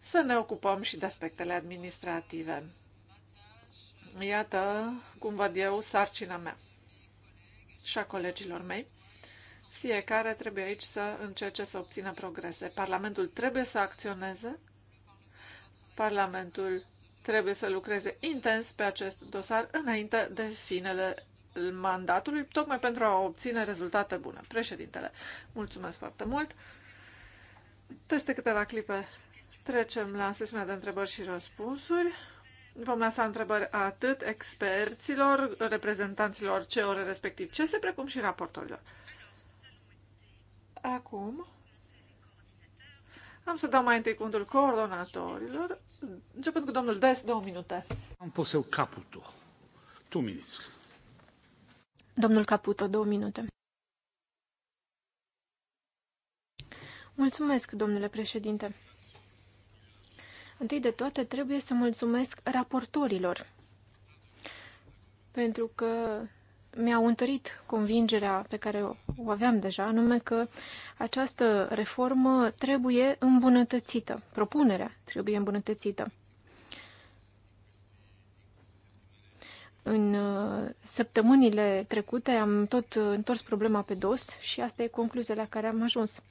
să ne ocupăm și de aspectele administrative. Iată cum văd eu sarcina mea și a colegilor mei. Fiecare trebuie aici să încerce să obțină progrese. Parlamentul trebuie să acționeze. Parlamentul trebuie să lucreze intens pe acest dosar înainte de finele mandatului, tocmai pentru a obține rezultate bune. Președintele, mulțumesc foarte mult. Peste câteva clipe trecem la sesiunea de întrebări și răspunsuri. Vom lăsa întrebări atât experților, reprezentanților ce ore respectiv CESE, precum și raportorilor. Acum am să dau mai întâi cuvântul coordonatorilor, începând cu domnul Des, două minute. Am pus eu caputul. Tu, ministru. Domnul Caputo, două minute. Mulțumesc, domnule președinte. Întâi de toate, trebuie să mulțumesc raportorilor, pentru că mi-au întărit convingerea pe care o aveam deja, anume că această reformă trebuie îmbunătățită, propunerea trebuie îmbunătățită. În uh, săptămânile trecute am tot uh, întors problema pe dos și asta e concluzia la care am ajuns.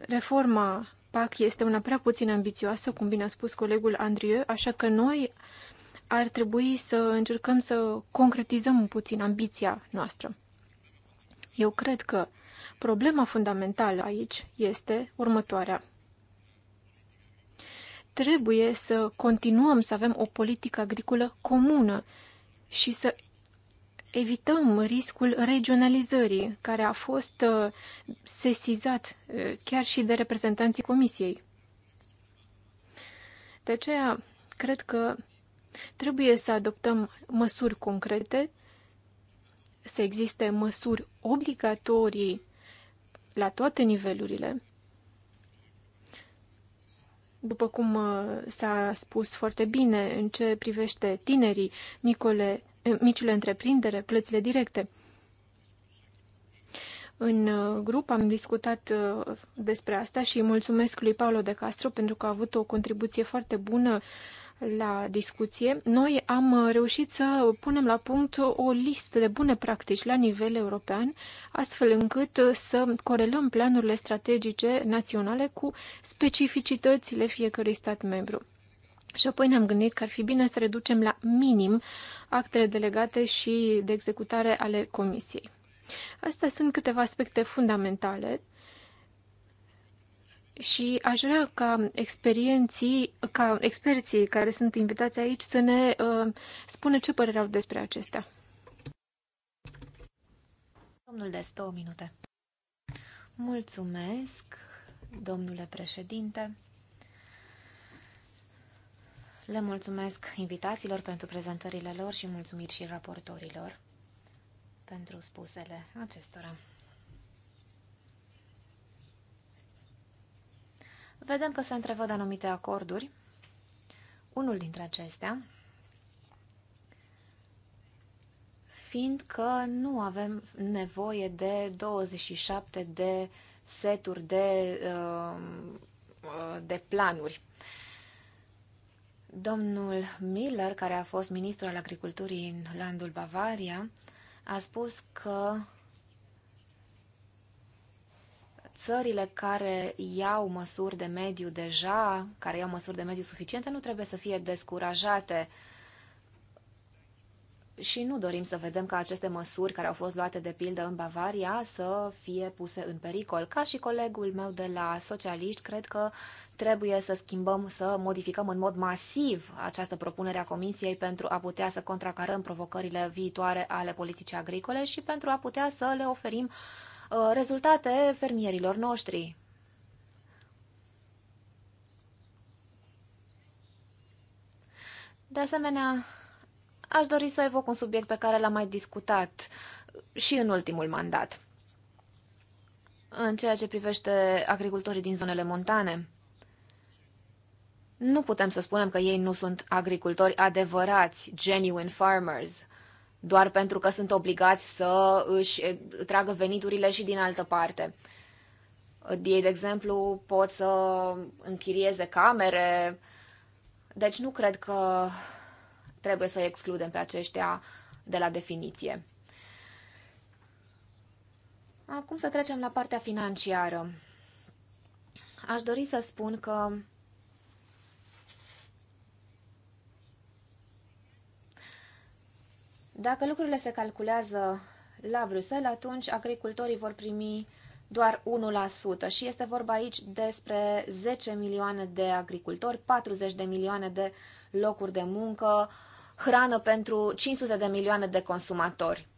Reforma PAC este una prea puțin ambițioasă, cum bine a spus colegul Andrieu, așa că noi ar trebui să încercăm să concretizăm puțin ambiția noastră. Eu cred că problema fundamentală aici este următoarea trebuie să continuăm să avem o politică agricolă comună și să evităm riscul regionalizării, care a fost uh, sesizat uh, chiar și de reprezentanții Comisiei. De aceea, cred că trebuie să adoptăm măsuri concrete, să existe măsuri obligatorii la toate nivelurile, după cum uh, s-a spus foarte bine în ce privește tinerii, micole, eh, micile întreprindere, plățile directe. În uh, grup am discutat uh, despre asta și mulțumesc lui Paolo de Castro pentru că a avut o contribuție foarte bună la discuție, noi am uh, reușit să punem la punct o listă de bune practici la nivel european, astfel încât uh, să corelăm planurile strategice naționale cu specificitățile fiecărui stat membru. Și apoi ne-am gândit că ar fi bine să reducem la minim actele delegate și de executare ale Comisiei. Astea sunt câteva aspecte fundamentale și aș vrea ca experienții, ca experții care sunt invitați aici să ne uh, spună ce părere au despre acestea. Domnul Des, două minute. Mulțumesc, domnule președinte. Le mulțumesc invitațiilor pentru prezentările lor și mulțumiri și raportorilor pentru spusele acestora. vedem că se întrevăd anumite acorduri. Unul dintre acestea, fiindcă nu avem nevoie de 27 de seturi de, um, de planuri. Domnul Miller, care a fost ministru al agriculturii în landul Bavaria, a spus că țările care iau măsuri de mediu deja, care iau măsuri de mediu suficiente, nu trebuie să fie descurajate. Și nu dorim să vedem ca aceste măsuri care au fost luate de pildă în Bavaria să fie puse în pericol. Ca și colegul meu de la socialiști, cred că trebuie să schimbăm, să modificăm în mod masiv această propunere a Comisiei pentru a putea să contracarăm provocările viitoare ale politicii agricole și pentru a putea să le oferim uh, Uh, rezultate fermierilor noștri. De asemenea, aș dori să evoc un subiect pe care l-am mai discutat și în ultimul mandat, în ceea ce privește agricultorii din zonele montane. Nu putem să spunem că ei nu sunt agricultori adevărați, genuine farmers doar pentru că sunt obligați să își eh, tragă veniturile și din altă parte. Ei, de exemplu, pot să închirieze camere. Deci nu cred că trebuie să excludem pe aceștia de la definiție. Acum să trecem la partea financiară. Aș dori să spun că Dacă lucrurile se calculează la Bruxelles, atunci agricultorii vor primi doar 1% și este vorba aici despre 10 milioane de agricultori, 40 de milioane de locuri de muncă, hrană pentru 500 de milioane de consumatori.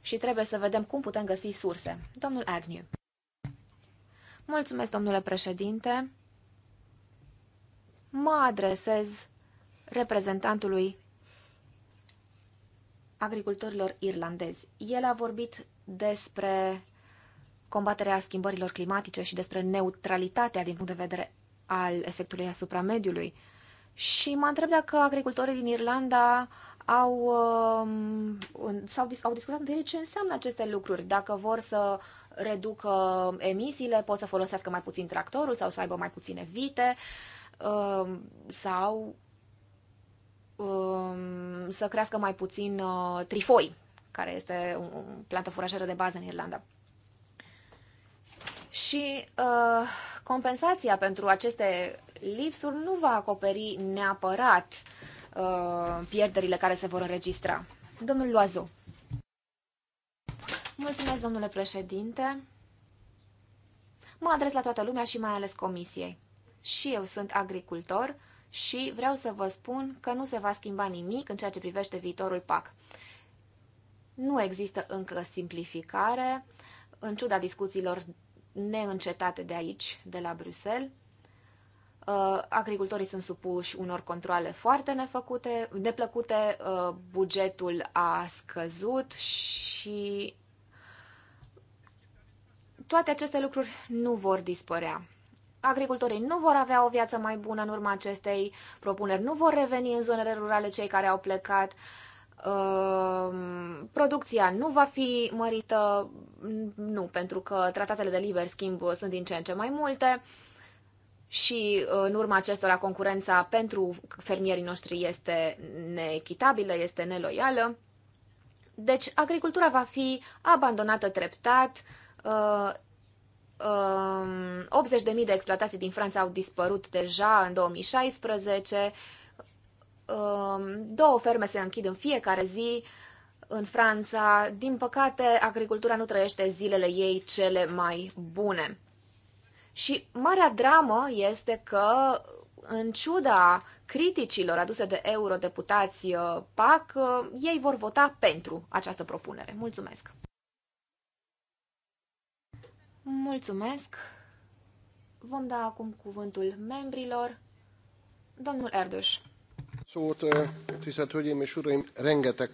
Și trebuie să vedem cum putem găsi surse. Domnul Agnew. Mulțumesc, domnule președinte. Mă adresez reprezentantului agricultorilor irlandezi. El a vorbit despre combaterea schimbărilor climatice și despre neutralitatea din punct de vedere al efectului asupra mediului. Și mă întreb dacă agricultorii din Irlanda au, um, s-au, au discutat întâi ce înseamnă aceste lucruri, dacă vor să reducă emisiile, pot să folosească mai puțin tractorul sau să aibă mai puține vite um, sau um, să crească mai puțin uh, trifoi, care este o plantă furajeră de bază în Irlanda. Și uh, compensația pentru aceste lipsuri nu va acoperi neapărat uh, pierderile care se vor înregistra. Domnul Loazu. Mulțumesc, domnule președinte. Mă adres la toată lumea și mai ales comisiei. Și eu sunt agricultor și vreau să vă spun că nu se va schimba nimic în ceea ce privește viitorul PAC. Nu există încă simplificare, în ciuda discuțiilor neîncetate de aici, de la Bruxelles. Uh, agricultorii sunt supuși unor controle foarte nefăcute, neplăcute, uh, bugetul a scăzut și toate aceste lucruri nu vor dispărea agricultorii nu vor avea o viață mai bună în urma acestei propuneri, nu vor reveni în zonele rurale cei care au plecat, ehm, producția nu va fi mărită, nu, pentru că tratatele de liber schimb sunt din ce în ce mai multe și eh, în urma acestora concurența pentru fermierii noștri este neechitabilă, este neloială. Deci agricultura va fi abandonată treptat, eh, 80.000 um, de exploatații din Franța au dispărut deja în 2016. Um, două ferme se închid în fiecare zi în Franța. Din păcate, agricultura nu trăiește zilele ei cele mai bune. Și marea dramă este că, în ciuda criticilor aduse de eurodeputați uh, PAC, uh, ei vor vota pentru această propunere. Mulțumesc! Mulțumesc! Vom da acum cuvântul membrilor. Domnul Erduș. Szót, tisztelt Hölgyeim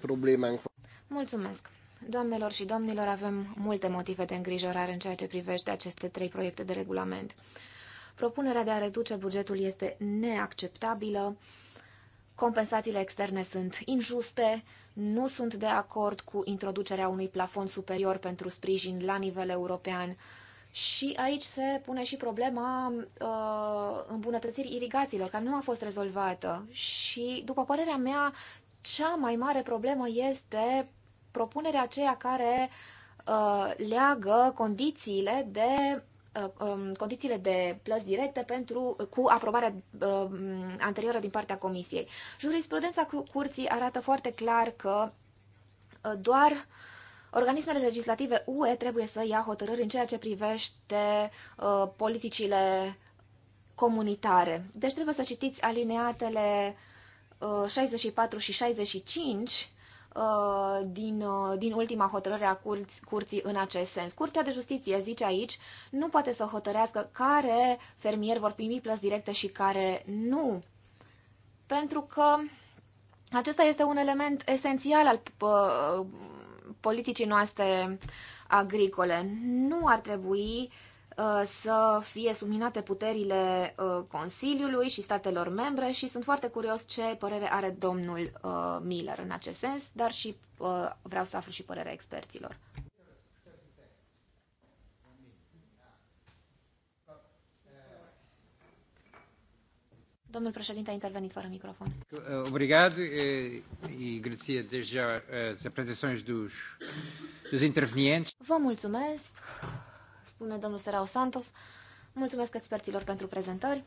problémánk Mulțumesc! Doamnelor și domnilor, avem multe motive de îngrijorare în ceea ce privește aceste trei proiecte de regulament. Propunerea de a reduce bugetul este neacceptabilă, compensațiile externe sunt injuste, nu sunt de acord cu introducerea unui plafon superior pentru sprijin la nivel european, și aici se pune și problema uh, îmbunătățirii irigațiilor, care nu a fost rezolvată. Și, după părerea mea, cea mai mare problemă este propunerea aceea care uh, leagă condițiile de uh, um, condițiile de plăți directe pentru, cu aprobarea uh, anterioară din partea Comisiei. Jurisprudența curții arată foarte clar că uh, doar uh, Organismele legislative UE trebuie să ia hotărâri în ceea ce privește uh, politicile comunitare. Deci trebuie să citiți alineatele uh, 64 și 65 uh, din, uh, din ultima hotărâre a curți, curții în acest sens. Curtea de Justiție zice aici, nu poate să hotărească care fermieri vor primi plăți directe și care nu. Pentru că acesta este un element esențial al uh, politicii noastre agricole. Nu ar trebui uh, să fie subminate puterile uh, Consiliului și statelor membre și sunt foarte curios ce părere are domnul uh, Miller în acest sens, dar și vreau să aflu și părerea experților. Domnul președinte a intervenit fără microfon. Obrigado eh, e grazie desde já eh, as apresentações dos, dos intervenientes. Vă mulțumesc, spune domnul Serau Santos. Mulțumesc experților pentru prezentări.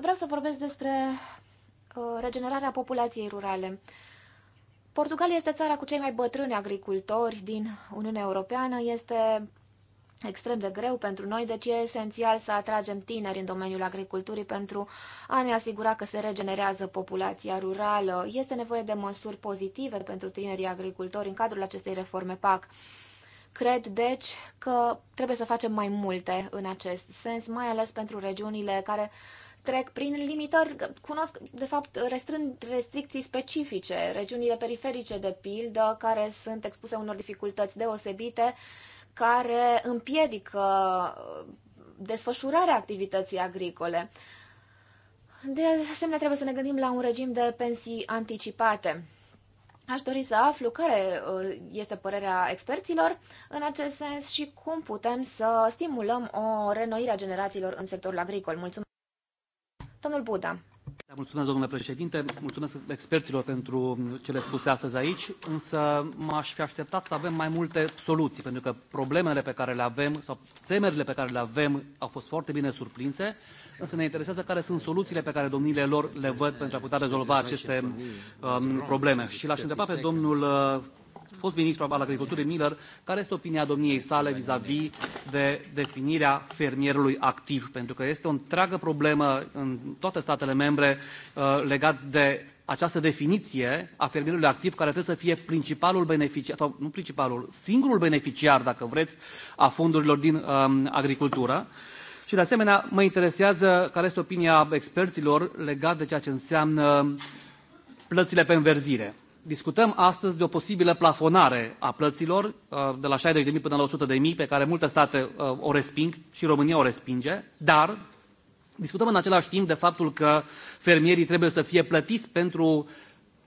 Vreau să vorbesc despre eh, regenerarea populației rurale. Portugalia este țara cu cei mai bătrâni agricultori din Uniunea Europeană, este extrem de greu pentru noi, deci e esențial să atragem tineri în domeniul agriculturii pentru a ne asigura că se regenerează populația rurală. Este nevoie de măsuri pozitive pentru tinerii agricultori în cadrul acestei reforme PAC. Cred, deci, că trebuie să facem mai multe în acest sens, mai ales pentru regiunile care trec prin limitări, cunosc, de fapt, restrând restricții specifice, regiunile periferice, de pildă, care sunt expuse unor dificultăți deosebite care împiedică uh, desfășurarea activității agricole. De asemenea, trebuie să ne gândim la un regim de pensii anticipate. Aș dori să aflu care uh, este părerea experților în acest sens și cum putem să stimulăm o renoire a generațiilor în sectorul agricol. Mulțumesc! Domnul Buda. Da, mulțumesc, domnule președinte, mulțumesc experților pentru cele spuse astăzi aici, însă m-aș fi așteptat să avem mai multe soluții, pentru că problemele pe care le avem sau temerile pe care le avem au fost foarte bine surprinse, însă ne interesează care sunt soluțiile pe care domniile lor le văd pentru a putea rezolva aceste um, probleme. Și l-aș întreba pe domnul fost ministru al agriculturii Miller, care este opinia domniei sale vis-a-vis -vis de definirea fermierului activ? Pentru că este o întreagă problemă în toate statele membre uh, legat de această definiție a fermierului activ care trebuie să fie principalul beneficiar, sau nu principalul, singurul beneficiar, dacă vreți, a fondurilor din um, agricultură. Și de asemenea, mă interesează care este opinia experților legat de ceea ce înseamnă plățile pe înverzire discutăm astăzi de o posibilă plafonare a plăților uh, de la 60.000 până la 100.000, pe care multe state uh, o resping și România o respinge, dar discutăm în același timp de faptul că fermierii trebuie să fie plătiți pentru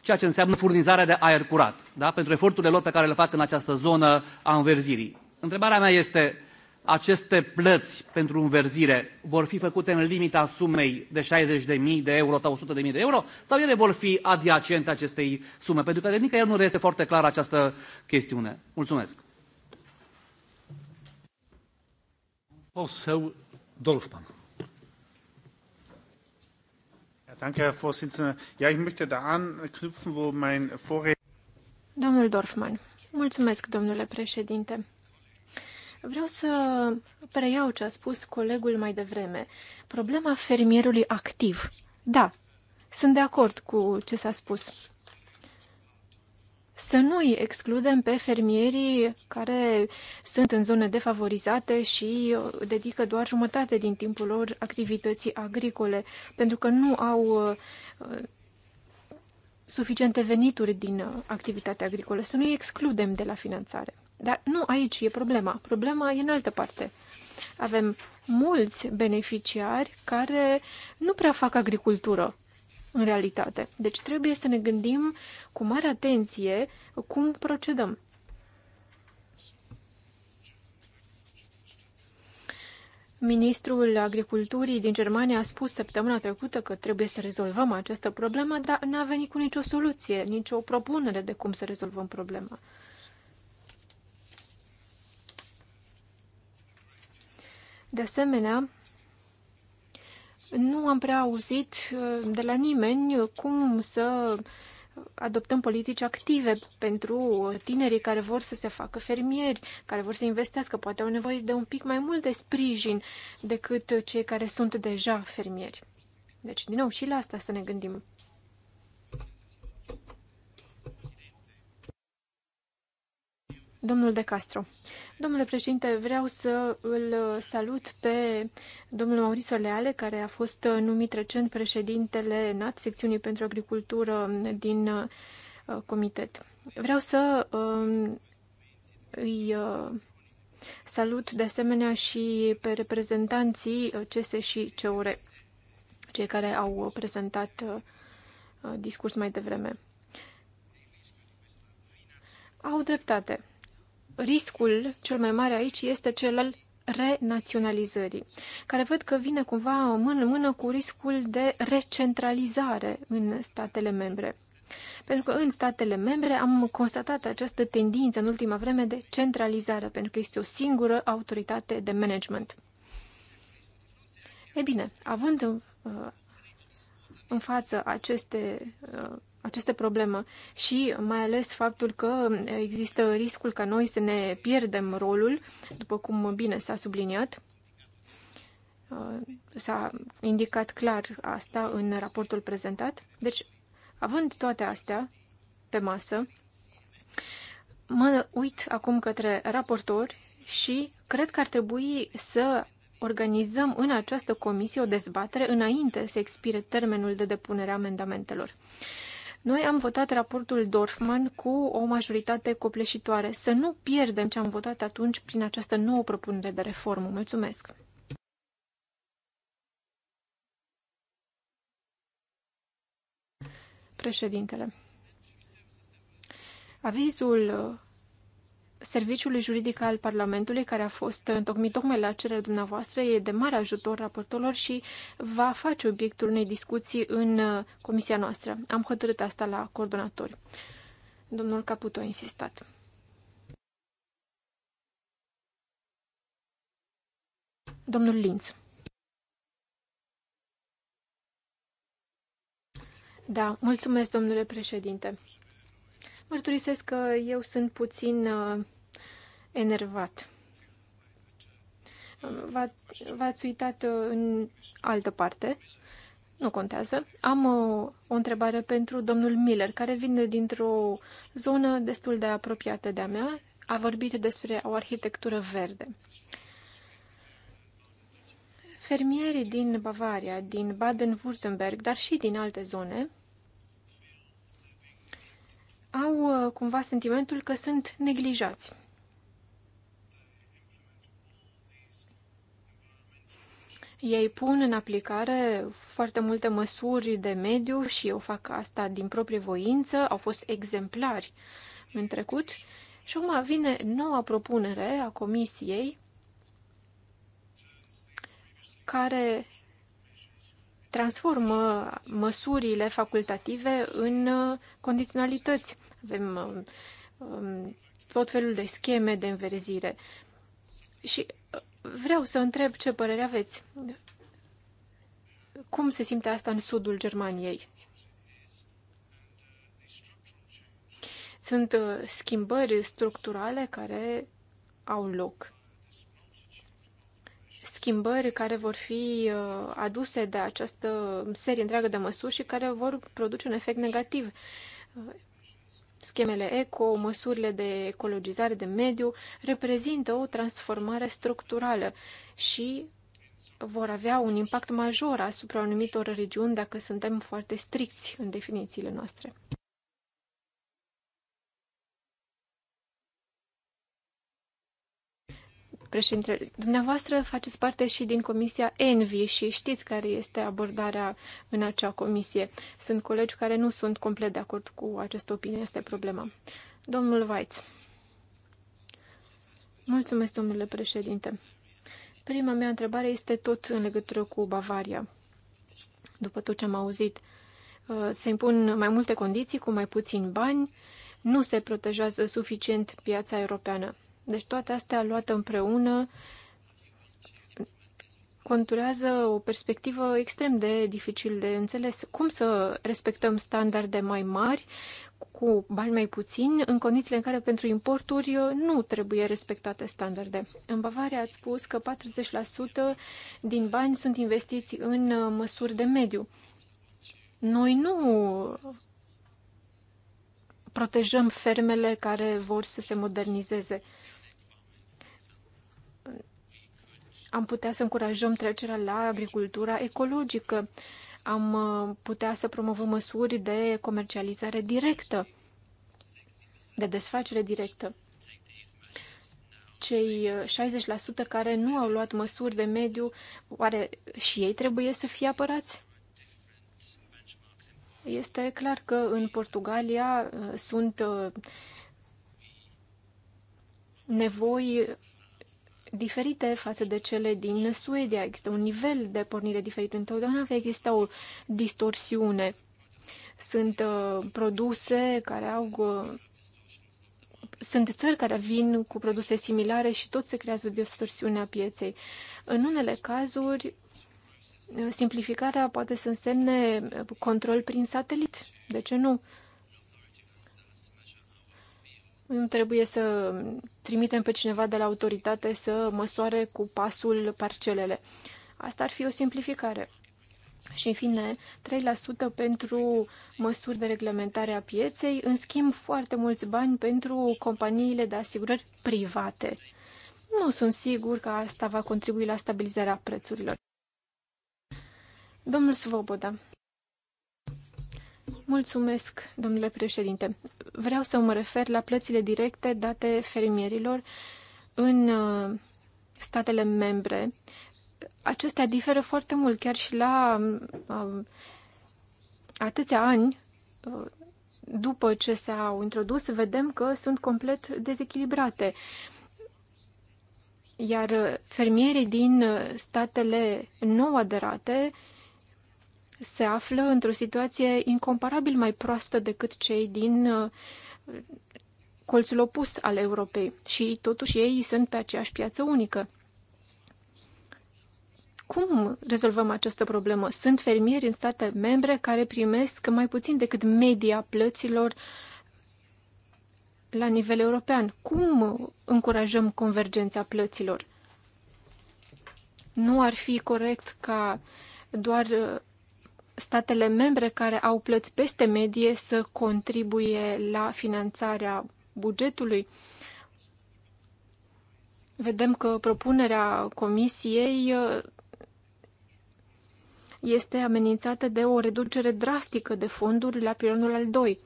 ceea ce înseamnă furnizarea de aer curat, da? pentru eforturile lor pe care le fac în această zonă a înverzirii. Întrebarea mea este, aceste plăți pentru înverzire vor fi făcute în limita sumei de 60.000 de euro sau 100.000 de euro sau ele vor fi adiacente acestei sume? Pentru că de nicăieri nu este foarte clară această chestiune. Mulțumesc. Poseu Dolfman. danke, Herr Vorsitzender. Ja, ich möchte da anknüpfen, wo mein Vorredner. Domnul Dorfman. Mulțumesc, domnule președinte. Vreau să preiau ce a spus colegul mai devreme. Problema fermierului activ. Da, sunt de acord cu ce s-a spus. Să nu îi excludem pe fermierii care sunt în zone defavorizate și dedică doar jumătate din timpul lor activității agricole, pentru că nu au uh, suficiente venituri din uh, activitatea agricolă, să nu îi excludem de la finanțare. Dar nu aici e problema. Problema e în altă parte. Avem mulți beneficiari care nu prea fac agricultură în realitate. Deci trebuie să ne gândim cu mare atenție cum procedăm. Ministrul Agriculturii din Germania a spus săptămâna trecută că trebuie să rezolvăm această problemă, dar n-a venit cu nicio soluție, nicio propunere de cum să rezolvăm problema. De asemenea, nu am prea auzit uh, de la nimeni cum să adoptăm politici active pentru tinerii care vor să se facă fermieri, care vor să investească, poate au nevoie de un pic mai mult de sprijin decât cei care sunt deja fermieri. Deci, din nou, și la asta să ne gândim. Domnul De Castro, Domnule președinte, vreau să îl salut pe domnul Mauricio Leale, care a fost numit recent președintele NAT, secțiunii pentru agricultură din uh, comitet. Vreau să um, îi uh, salut de asemenea și pe reprezentanții CESE și CEUR, cei care au prezentat uh, discurs mai devreme. Au dreptate riscul cel mai mare aici este cel al renaționalizării, care văd că vine cumva mână în mână cu riscul de recentralizare în statele membre. Pentru că în statele membre am constatat această tendință în ultima vreme de centralizare, pentru că este o singură autoritate de management. E bine, având în, uh, în față aceste uh, această problemă și mai ales faptul că există riscul ca noi să ne pierdem rolul, după cum bine s-a subliniat. Uh, s-a indicat clar asta în raportul prezentat. Deci, având toate astea pe masă, mă uit acum către raportori și cred că ar trebui să organizăm în această comisie o dezbatere înainte să expire termenul de depunere a amendamentelor. Noi am votat raportul Dorfman cu o majoritate copleșitoare. Să nu pierdem ce am votat atunci prin această nouă propunere de reformă. Mulțumesc! Președintele. Avizul Serviciului Juridic al Parlamentului, care a fost întocmit tocmai la cererea dumneavoastră, e de mare ajutor raportorilor și va face obiectul unei discuții în uh, comisia noastră. Am hotărât asta la coordonatori. Domnul Caputo a insistat. Domnul Linț. Da, mulțumesc, domnule președinte. Mărturisesc că eu sunt puțin uh, enervat. Uh, v-ați uitat uh, în altă parte. Nu contează. Am o, o întrebare pentru domnul Miller, care vine dintr-o zonă destul de apropiată de-a mea. A vorbit despre o arhitectură verde. Fermierii din Bavaria, din Baden-Württemberg, dar și din alte zone, au uh, cumva sentimentul că sunt neglijați. Ei pun în aplicare foarte multe măsuri de mediu și eu fac asta din proprie voință, au fost exemplari în trecut și acum vine noua propunere a Comisiei care transformă măsurile facultative în uh, condiționalități. Avem um, um, tot felul de scheme de înverzire. Și uh, vreau să întreb ce părere aveți. Cum se simte asta în sudul Germaniei? Sunt uh, schimbări structurale care au loc. Schimbări care vor fi uh, aduse de această serie întreagă de măsuri și care vor produce un efect negativ. Schemele eco, măsurile de ecologizare de mediu reprezintă o transformare structurală și vor avea un impact major asupra anumitor regiuni dacă suntem foarte stricți în definițiile noastre. Președinte, dumneavoastră faceți parte și din Comisia Envi și știți care este abordarea în acea comisie. Sunt colegi care nu sunt complet de acord cu această opinie, este problema. Domnul Weitz. Mulțumesc, domnule președinte. Prima mea întrebare este tot în legătură cu Bavaria. După tot ce am auzit, uh, se impun mai multe condiții cu mai puțin bani, nu se protejează suficient piața europeană. Deci toate astea luate împreună conturează o perspectivă extrem de dificil de înțeles. Cum să respectăm standarde mai mari cu bani mai puțini, în condițiile în care pentru importuri nu trebuie respectate standarde. În Bavaria ați spus că 40% din bani sunt investiți în uh, măsuri de mediu. Noi nu protejăm fermele care vor să se modernizeze. Am putea să încurajăm trecerea la agricultura ecologică. Am uh, putea să promovăm măsuri de comercializare directă, de desfacere directă. Cei 60% uh, care nu au luat măsuri de mediu, oare și ei trebuie să fie apărați? Este clar că în Portugalia uh, sunt nevoi diferite față de cele din Suedia. Există un nivel de pornire diferit. Întotdeauna există o distorsiune. Sunt uh, produse care au. Uh, sunt țări care vin cu produse similare și tot se creează o distorsiune a pieței. În unele cazuri, simplificarea poate să însemne control prin satelit. De ce nu? nu trebuie să trimitem pe cineva de la autoritate să măsoare cu pasul parcelele. Asta ar fi o simplificare. Și, în fine, 3% pentru măsuri de reglementare a pieței, în schimb, foarte mulți bani pentru companiile de asigurări private. Nu sunt sigur că asta va contribui la stabilizarea prețurilor. Domnul Svoboda, Mulțumesc, domnule președinte. Vreau să mă refer la plățile directe date fermierilor în uh, statele membre. Acestea diferă foarte mult, chiar și la um, atâția ani uh, după ce s-au introdus, vedem că sunt complet dezechilibrate. Iar fermierii din uh, statele nou aderate se află într-o situație incomparabil mai proastă decât cei din uh, colțul opus al Europei și totuși ei sunt pe aceeași piață unică. Cum rezolvăm această problemă? Sunt fermieri în state membre care primesc mai puțin decât media plăților la nivel european. Cum încurajăm convergența plăților? Nu ar fi corect ca doar uh, statele membre care au plăți peste medie să contribuie la finanțarea bugetului. Vedem că propunerea Comisiei uh, este amenințată de o reducere drastică de fonduri la pilonul al 2.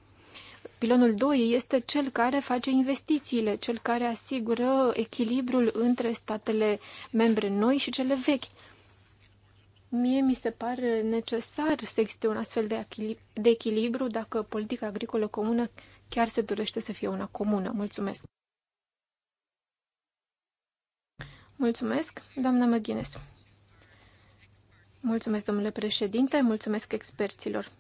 Pilonul 2 este cel care face investițiile, cel care asigură echilibrul între statele membre noi și cele vechi. Mie mi se pare necesar să existe un astfel de, de echilibru dacă politica agricolă comună chiar se dorește să fie una comună. Mulțumesc! Mulțumesc, doamna Măghines. Mulțumesc, domnule președinte, mulțumesc experților.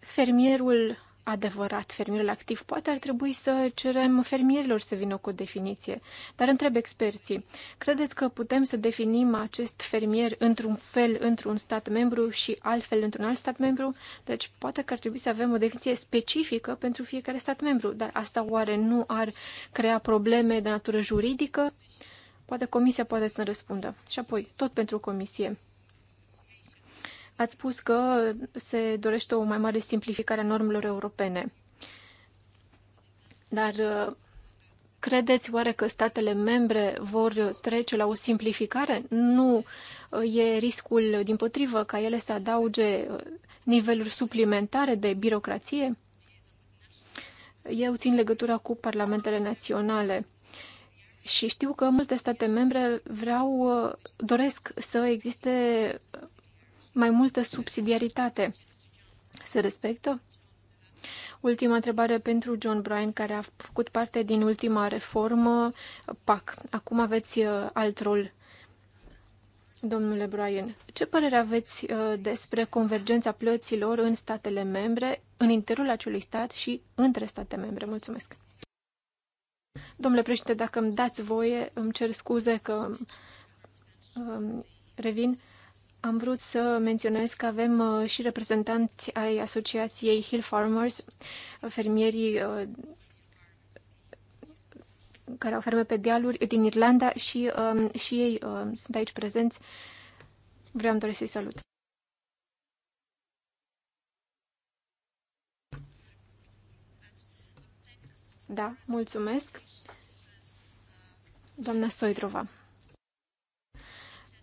Fermierul adevărat fermierul activ. Poate ar trebui să cerem fermierilor să vină cu o definiție. Dar întreb experții, credeți că putem să definim acest fermier într-un fel într-un stat membru și altfel într-un alt stat membru? Deci poate că ar trebui să avem o definiție specifică pentru fiecare stat membru, dar asta oare nu ar crea probleme de natură juridică? Poate comisia poate să ne răspundă. Și apoi, tot pentru comisie. Ați spus că se dorește o mai mare simplificare a normelor europene. Dar uh, credeți oare că statele membre vor trece la o simplificare? Nu uh, e riscul, din potrivă, ca ele să adauge uh, niveluri suplimentare de birocrație? Eu țin legătura cu parlamentele naționale și știu că multe state membre vreau, doresc să existe mai multă subsidiaritate. Se respectă? Ultima întrebare pentru John Bryan, care a făcut parte din ultima reformă PAC. Acum aveți uh, alt rol. Domnule Bryan, ce părere aveți uh, despre convergența plăților în statele membre, în interiorul acelui stat și între state membre? Mulțumesc! Domnule președinte, dacă îmi dați voie, îmi cer scuze că um, revin. Am vrut să menționez că avem uh, și reprezentanți ai asociației Hill Farmers, fermierii uh, care au ferme pe dealuri din Irlanda și, um, și ei uh, sunt aici prezenți. Vreau doresc să-i salut. Da, mulțumesc. Doamna Soidrova.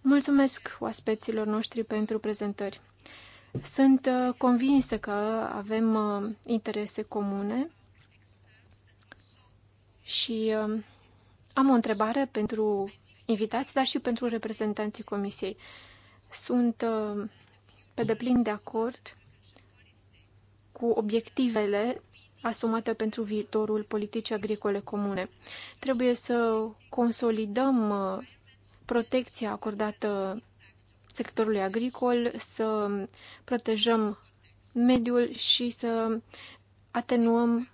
Mulțumesc oaspeților noștri pentru prezentări. Sunt uh, convinsă că avem uh, interese comune și uh, am o întrebare pentru invitați, dar și pentru reprezentanții comisiei. Sunt pe deplin de acord cu obiectivele asumate pentru viitorul politicii agricole comune. Trebuie să consolidăm protecția acordată sectorului agricol, să protejăm mediul și să atenuăm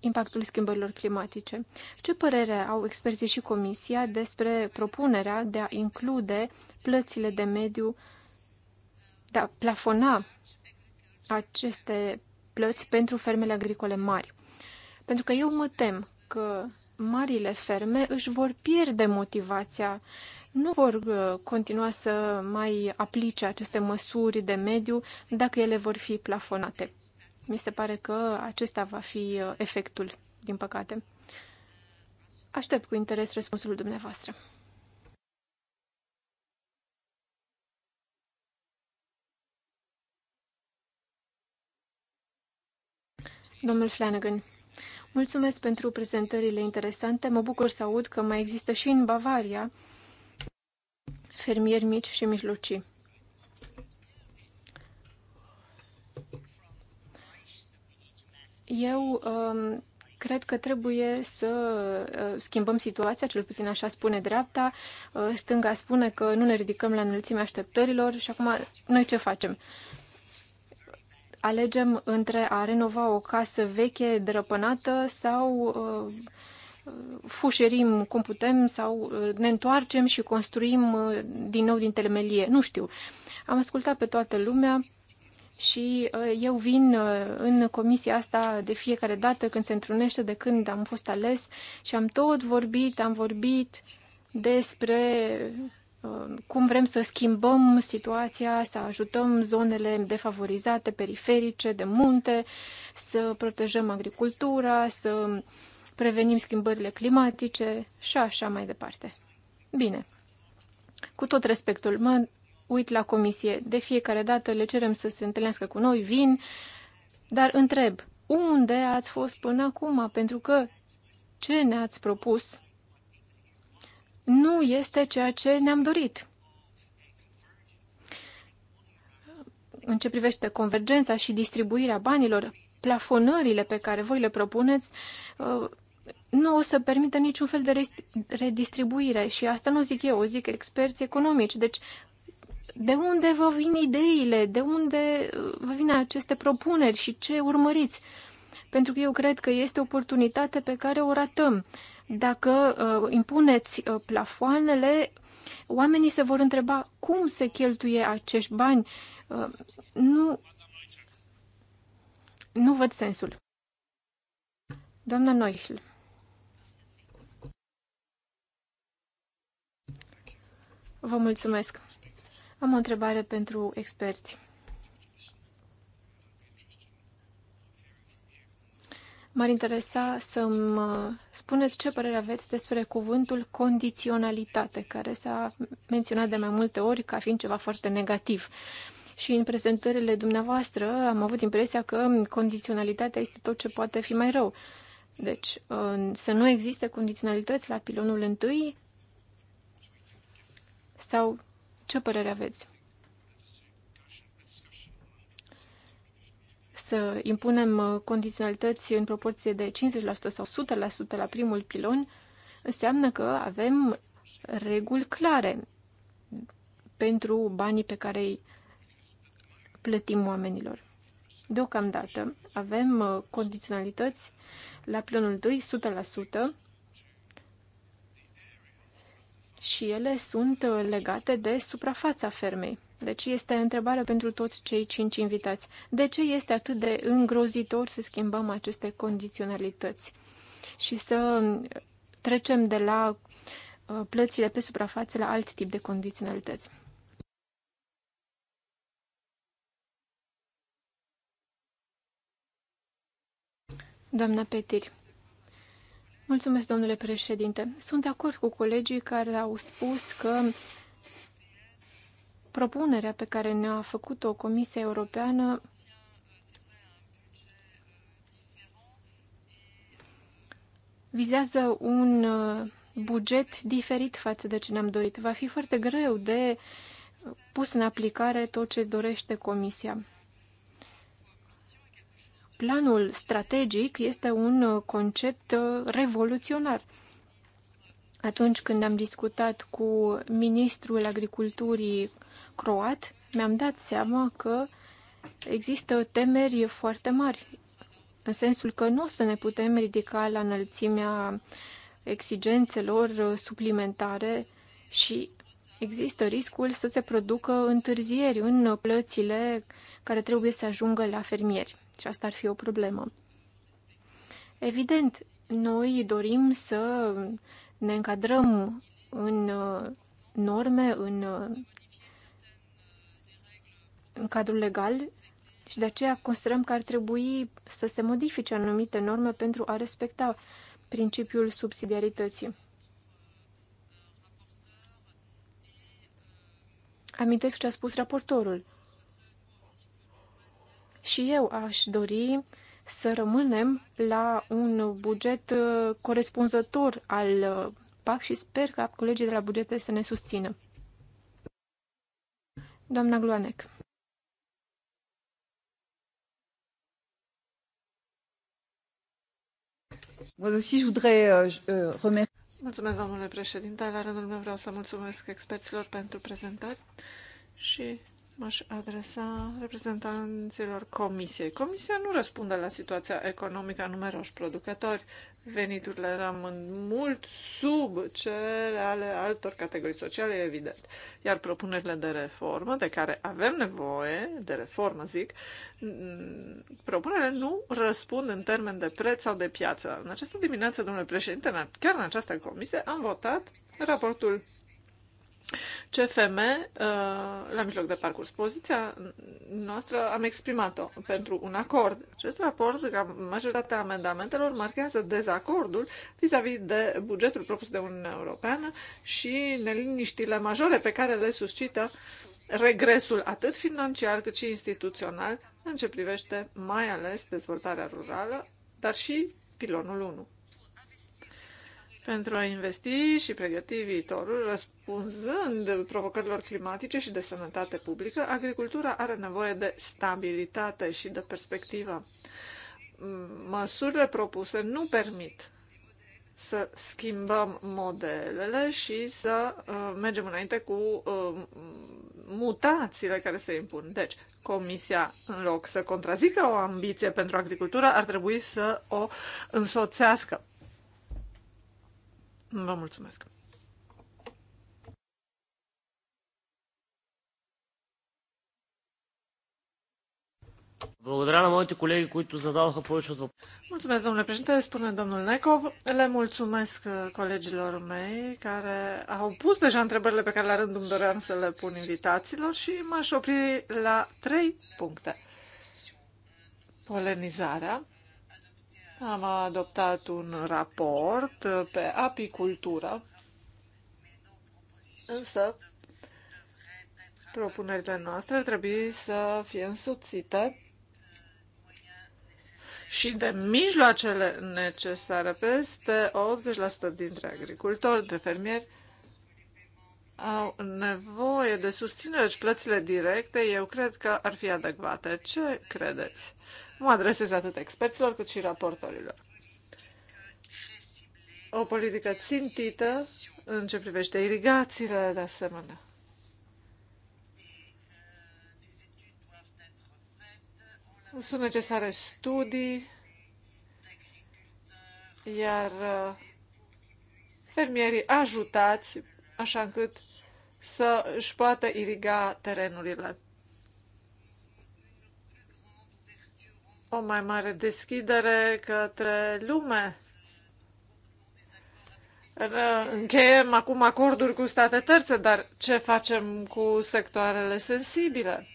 impactul schimbărilor climatice. Ce părere au experții și Comisia despre propunerea de a include plățile de mediu, de a plafona aceste plăți pentru fermele agricole mari? Pentru că eu mă tem că marile ferme își vor pierde motivația, nu vor uh, continua să mai aplice aceste măsuri de mediu dacă ele vor fi plafonate. Mi se pare că acesta va fi uh, efectul, din păcate. Aștept cu interes răspunsul dumneavoastră. Domnul Flanagan. Mulțumesc pentru prezentările interesante. Mă bucur să aud că mai există și în Bavaria fermieri mici și mijlocii. Eu um, cred că trebuie să uh, schimbăm situația, cel puțin așa spune dreapta. Uh, stânga spune că nu ne ridicăm la înălțimea așteptărilor și acum noi ce facem? alegem între a renova o casă veche, drăpănată sau uh, fușerim cum putem sau uh, ne întoarcem și construim uh, din nou din telemelie. Nu știu. Am ascultat pe toată lumea și eu vin în comisia asta de fiecare dată când se întrunește de când am fost ales și am tot vorbit, am vorbit despre Uh, cum vrem să schimbăm situația, să ajutăm zonele defavorizate, periferice, de munte, să protejăm agricultura, să prevenim schimbările climatice și așa mai departe. Bine, cu tot respectul, mă uit la comisie. De fiecare dată le cerem să se întâlnească cu noi, vin, dar întreb, unde ați fost până acum? Pentru că ce ne-ați propus nu este ceea ce ne-am dorit. În ce privește convergența și distribuirea banilor, plafonările pe care voi le propuneți uh, nu o să permită niciun fel de redistribuire și asta nu zic eu, o zic experți economici. Deci, de unde vă vin ideile, de unde uh, vă vin aceste propuneri și ce urmăriți? Pentru că eu cred că este o oportunitate pe care o ratăm. Dacă uh, impuneți uh, plafoanele, oamenii se vor întreba cum se cheltuie acești bani. Uh, nu, nu văd sensul. Doamna Neuchl. Vă mulțumesc. Am o întrebare pentru experți. M-ar interesa să-mi uh, spuneți ce părere aveți despre cuvântul condiționalitate, care s-a menționat de mai multe ori ca fiind ceva foarte negativ. Și în prezentările dumneavoastră am avut impresia că condiționalitatea este tot ce poate fi mai rău. Deci, să nu existe condiționalități la pilonul întâi sau ce părere aveți? să impunem uh, condiționalități în proporție de 50% sau 100% la primul pilon, înseamnă că avem reguli clare pentru banii pe care îi plătim oamenilor. Deocamdată avem uh, condiționalități la pilonul 2, 100%, și ele sunt uh, legate de suprafața fermei. Deci este întrebarea pentru toți cei cinci invitați. De ce este atât de îngrozitor să schimbăm aceste condiționalități și să trecem de la uh, plățile pe suprafață la alt tip de condiționalități? Doamna Petiri. Mulțumesc, domnule președinte. Sunt de acord cu colegii care au spus că Propunerea pe care ne-a făcut-o Comisia Europeană vizează un uh, buget diferit față de ce ne-am dorit. Va fi foarte greu de pus în aplicare tot ce dorește Comisia. Planul strategic este un uh, concept uh, revoluționar. Atunci când am discutat cu ministrul agriculturii croat, mi-am dat seama că există temeri foarte mari, în sensul că nu o să ne putem ridica la înălțimea exigențelor suplimentare și există riscul să se producă întârzieri în plățile care trebuie să ajungă la fermieri. Și asta ar fi o problemă. Evident, noi dorim să ne încadrăm în uh, norme, în uh, în cadrul legal și de aceea considerăm că ar trebui să se modifice anumite norme pentru a respecta principiul subsidiarității. Amintesc ce a spus raportorul. Și eu aș dori să rămânem la un buget uh, corespunzător al uh, PAC și sper ca colegii de la bugete să ne susțină. Doamna Gloanec. Euh, euh, mulțumesc, domnule președinte. La rândul meu vreau să mulțumesc experților pentru prezentări și M-aș adresa reprezentanților Comisiei. Comisia nu răspunde la situația economică a numeroși producători. Veniturile rămân mult sub cele ale altor categorii sociale, evident. Iar propunerile de reformă, de care avem nevoie, de reformă zic, propunerile nu răspund în termen de preț sau de piață. În această dimineață, domnule președinte, chiar în această comisie, am votat raportul CFM uh, la mijloc de parcurs. Poziția noastră am exprimat-o pentru un acord. Acest raport, ca majoritatea amendamentelor, marchează dezacordul vis-a-vis -vis de bugetul propus de Uniunea Europeană și neliniștile majore pe care le suscită regresul atât financiar cât și instituțional în ce privește mai ales dezvoltarea rurală, dar și pilonul 1 pentru a investi și pregăti viitorul, răspunzând provocărilor climatice și de sănătate publică, agricultura are nevoie de stabilitate și de perspectivă. Măsurile propuse nu permit să schimbăm modelele și să uh, mergem înainte cu uh, mutațiile care se impun. Deci, Comisia, în loc să contrazică o ambiție pentru agricultură, ar trebui să o însoțească Vă mulțumesc! Благодаря на моите колеги, които зададоха повече от въпроси. Mulțumesc, domnule președinte, spune domnul Necov. Le mulțumesc uh, colegilor mei care au pus deja întrebările pe care la rândul îmi doream să le pun invitațiilor și m-aș opri la trei puncte. Polenizarea, am adoptat un raport pe apicultură, însă propunerile noastre trebuie să fie însuțite și de mijloacele necesare. Peste 80% dintre agricultori, de fermieri, au nevoie de susținere și plățile directe, eu cred că ar fi adecvate. Ce credeți? Mă adresez atât experților cât și raportorilor. O politică țintită în ce privește irigațiile, de asemenea. Sunt necesare studii, iar uh, fermierii ajutați așa încât să își poată iriga terenurile. o mai mare deschidere către lume. Încheiem acum acorduri cu state terțe, dar ce facem cu sectoarele sensibile?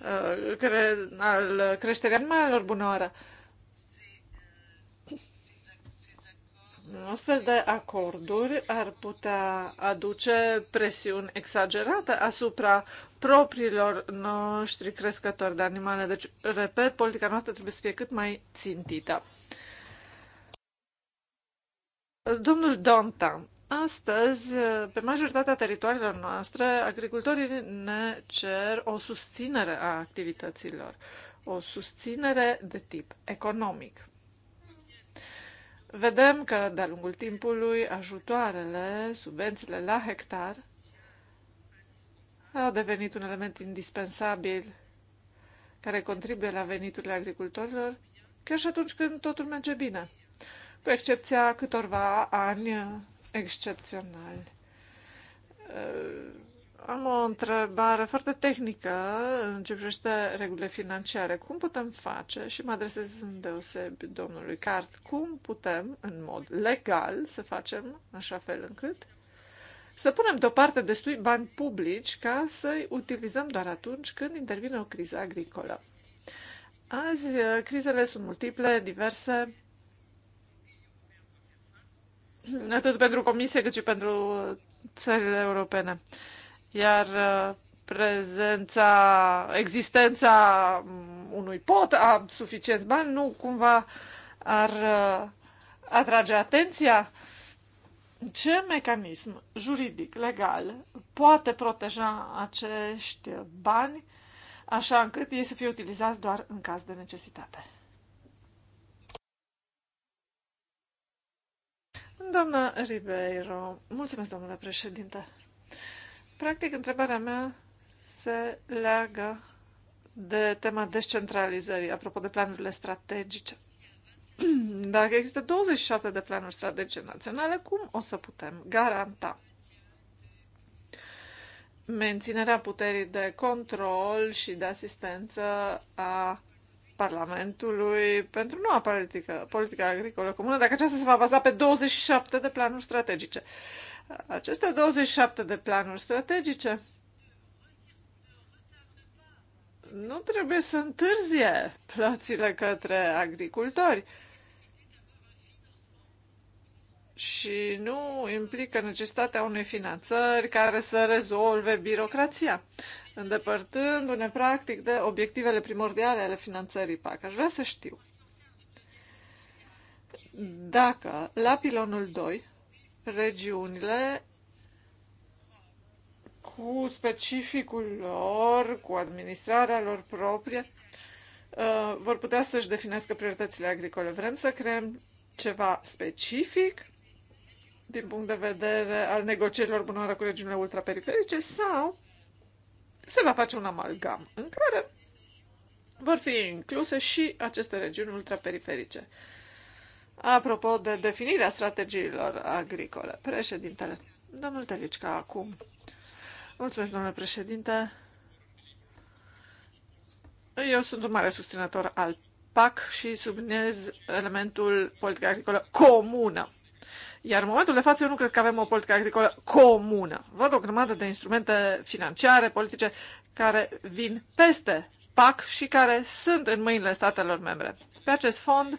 Uh, cre- al creșterii animalelor bună oară. Astfel de acorduri ar putea aduce presiuni exagerate asupra propriilor noștri crescători de animale. Deci, repet, politica noastră trebuie să fie cât mai țintită. Domnul Donta, astăzi, pe majoritatea teritoriilor noastre, agricultorii ne cer o susținere a activităților, o susținere de tip economic. Vedem că, de-a lungul timpului, ajutoarele, subvențiile la hectar au devenit un element indispensabil care contribuie la veniturile agricultorilor, chiar și atunci când totul merge bine, cu excepția câtorva ani excepționali am o întrebare foarte tehnică în ce privește regulile financiare. Cum putem face, și mă adresez în deosebi domnului Cart, cum putem, în mod legal, să facem așa fel încât să punem deoparte destui bani publici ca să-i utilizăm doar atunci când intervine o criză agricolă. Azi, crizele sunt multiple, diverse, atât pentru Comisie cât și pentru țările europene. Iar uh, prezența, existența unui pot a suficienți bani nu cumva ar uh, atrage atenția? Ce mecanism juridic, legal, poate proteja acești bani așa încât ei să fie utilizați doar în caz de necesitate? Doamna Ribeiro, mulțumesc, domnule președinte. Practic, întrebarea mea se leagă de tema descentralizării, apropo de planurile strategice. Dacă există 27 de planuri strategice naționale, cum o să putem garanta menținerea puterii de control și de asistență a Parlamentului pentru noua politică, politică agricolă comună, dacă aceasta se va baza pe 27 de planuri strategice? Uh, aceste 27 de planuri strategice nu trebuie să întârzie plățile către agricultori și nu implică necesitatea unei finanțări care să rezolve birocrația, îndepărtându-ne practic de obiectivele primordiale ale finanțării PAC. Aș vrea să știu dacă la pilonul 2 regiunile cu specificul lor, cu administrarea lor proprie, uh, vor putea să-și definească prioritățile agricole. Vrem să creăm ceva specific din punct de vedere al negocierilor bunoară cu regiunile ultraperiferice sau se va face un amalgam în care vor fi incluse și aceste regiuni ultraperiferice. Apropo de definirea strategiilor agricole, președintele, domnul Telicca, acum. Mulțumesc, domnule președinte. Eu sunt un mare susținător al PAC și subliniez elementul politică agricolă comună. Iar în momentul de față eu nu cred că avem o politică agricolă comună. Văd o grămadă de instrumente financiare, politice, care vin peste PAC și care sunt în mâinile statelor membre. Pe acest fond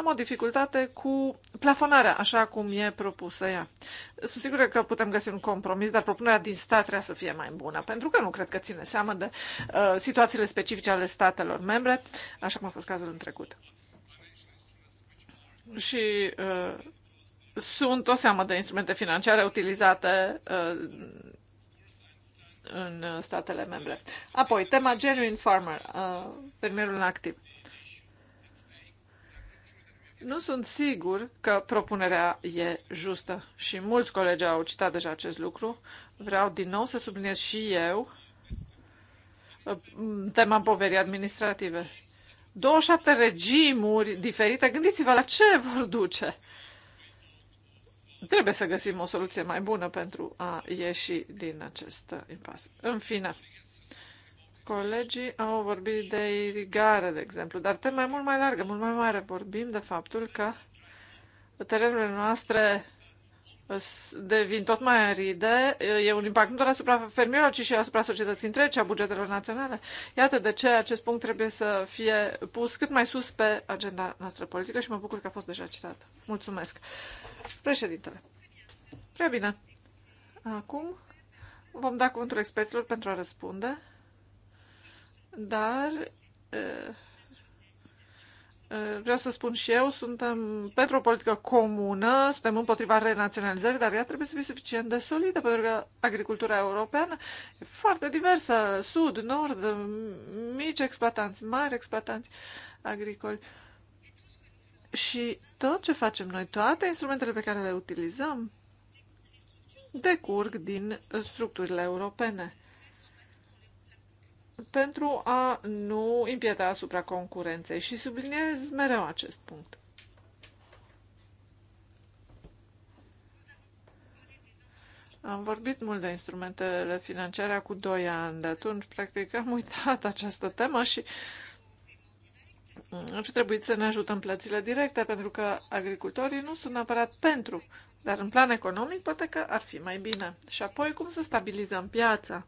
am o dificultate cu plafonarea, așa cum e propusă ea. Sunt sigură că putem găsi un compromis, dar propunerea din stat trebuie să fie mai bună, pentru că nu cred că ține seama de uh, situațiile specifice ale statelor membre, așa cum a fost cazul în trecut. Și uh, sunt o seamă de instrumente financiare utilizate uh, în statele membre. Apoi, tema Genuine Farmer, uh, fermierul activ. Nu sunt sigur că propunerea e justă și mulți colegi au citat deja acest lucru. Vreau din nou să subliniez și eu uh, tema poverii administrative. 27 regimuri diferite, gândiți-vă la ce vor duce. Trebuie să găsim o soluție mai bună pentru a ieși din acest uh, impas. În fine, Colegii au vorbit de irigare, de exemplu, dar tema e mult mai largă, mult mai mare. Vorbim de faptul că terenurile noastre uh, devin tot mai aride, uh, e un impact nu doar asupra fermierilor, ci și asupra societății întregi, a bugetelor naționale. Iată de ce acest punct trebuie să fie pus cât mai sus pe agenda noastră politică și mă bucur că a fost deja citat. Mulțumesc. Președintele. Prea bine. Acum vom da cuvântul experților pentru a răspunde. Dar vreau să spun și eu, suntem pentru o politică comună, suntem împotriva renaționalizării, dar ea trebuie să fie suficient de solidă, pentru că agricultura europeană e foarte diversă, sud, nord, mici exploatanți, mari exploatanți agricoli. Și tot ce facem noi, toate instrumentele pe care le utilizăm, decurg din structurile europene pentru a nu impieta asupra concurenței și subliniez mereu acest punct. Am vorbit mult de instrumentele financiare cu 2 ani, de atunci practic am uitat această temă și ar fi trebuit să ne ajutăm plățile directe, pentru că agricultorii nu sunt neapărat pentru, dar în plan economic poate că ar fi mai bine. Și apoi cum să stabilizăm piața?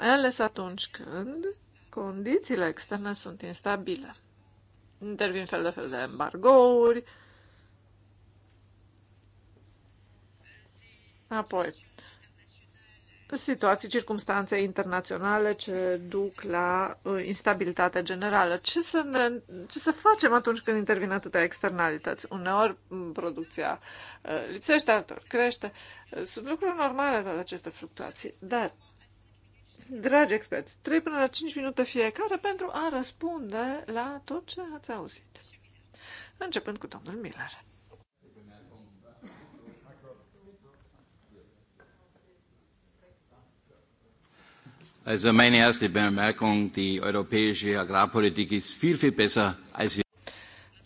mai ales atunci când condițiile externe sunt instabile. Intervin fel de fel de embargouri, apoi situații, circumstanțe internaționale ce duc la uh, instabilitate generală. Ce să, ne, ce să facem atunci când intervin atâtea externalități? Uneori producția uh, lipsește, altor crește. sunt lucruri normale toate aceste fluctuații, dar dragi experți, 3 până la 5 minute fiecare pentru a răspunde la tot ce ați auzit. Începând cu domnul Miller. Also meine erste Bemerkung, die europäische Agrarpolitik ist viel, viel besser als wir.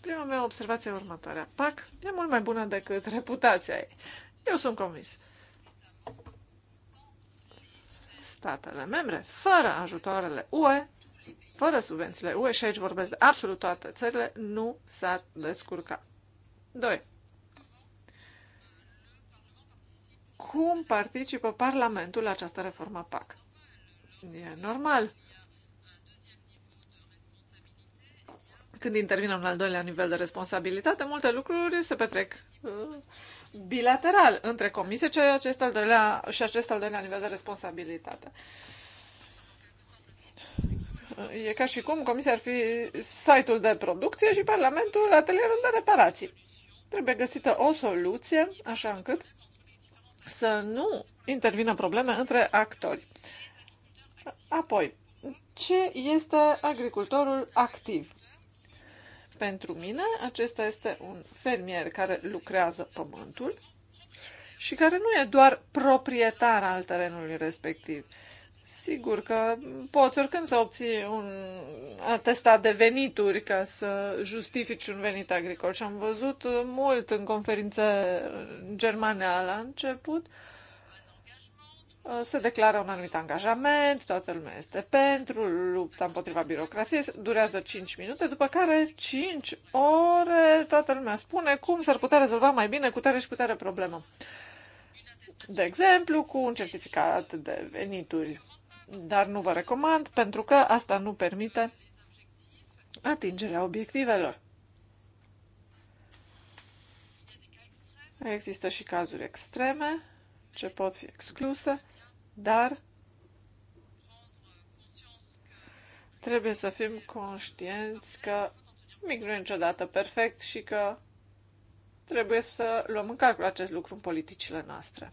Prima mea observație următoarea. PAC e mult mai bună decât reputația ei. Eu sunt convins. statele membre, fără ajutoarele UE, fără subvențiile UE, și aici vorbesc de absolut toate țările, nu s-ar descurca. 2. Cum participă Parlamentul la această reformă PAC? E normal. Când intervine un al doilea nivel de responsabilitate, multe lucruri se petrec uh, bilateral între comisie, și ce al doilea, și acest al doilea nivel de responsabilitate. E ca și cum comisia ar fi site-ul de producție și Parlamentul atelierul de reparații. Trebuie găsită o soluție, așa încât să nu intervină probleme între actori. Apoi, ce este agricultorul activ? Pentru mine, acesta este un fermier care lucrează pământul și care nu e doar proprietar al terenului respectiv. Sigur că poți oricând să obții un atestat de venituri ca să justifici un venit agricol. Și am văzut mult în conferințe în Germania la început uh, Uh, se declară un anumit angajament, toată lumea este pentru, lupta împotriva birocrației, durează 5 minute, după care 5 ore toată lumea spune cum s-ar putea rezolva mai bine cu tare și cu tare problemă. De exemplu, cu un certificat de venituri. Dar nu vă recomand, pentru că asta nu permite atingerea obiectivelor. Există și cazuri extreme ce pot fi excluse dar trebuie să fim conștienți că nimic nu e niciodată perfect și că trebuie să luăm în calcul acest lucru în politicile noastre.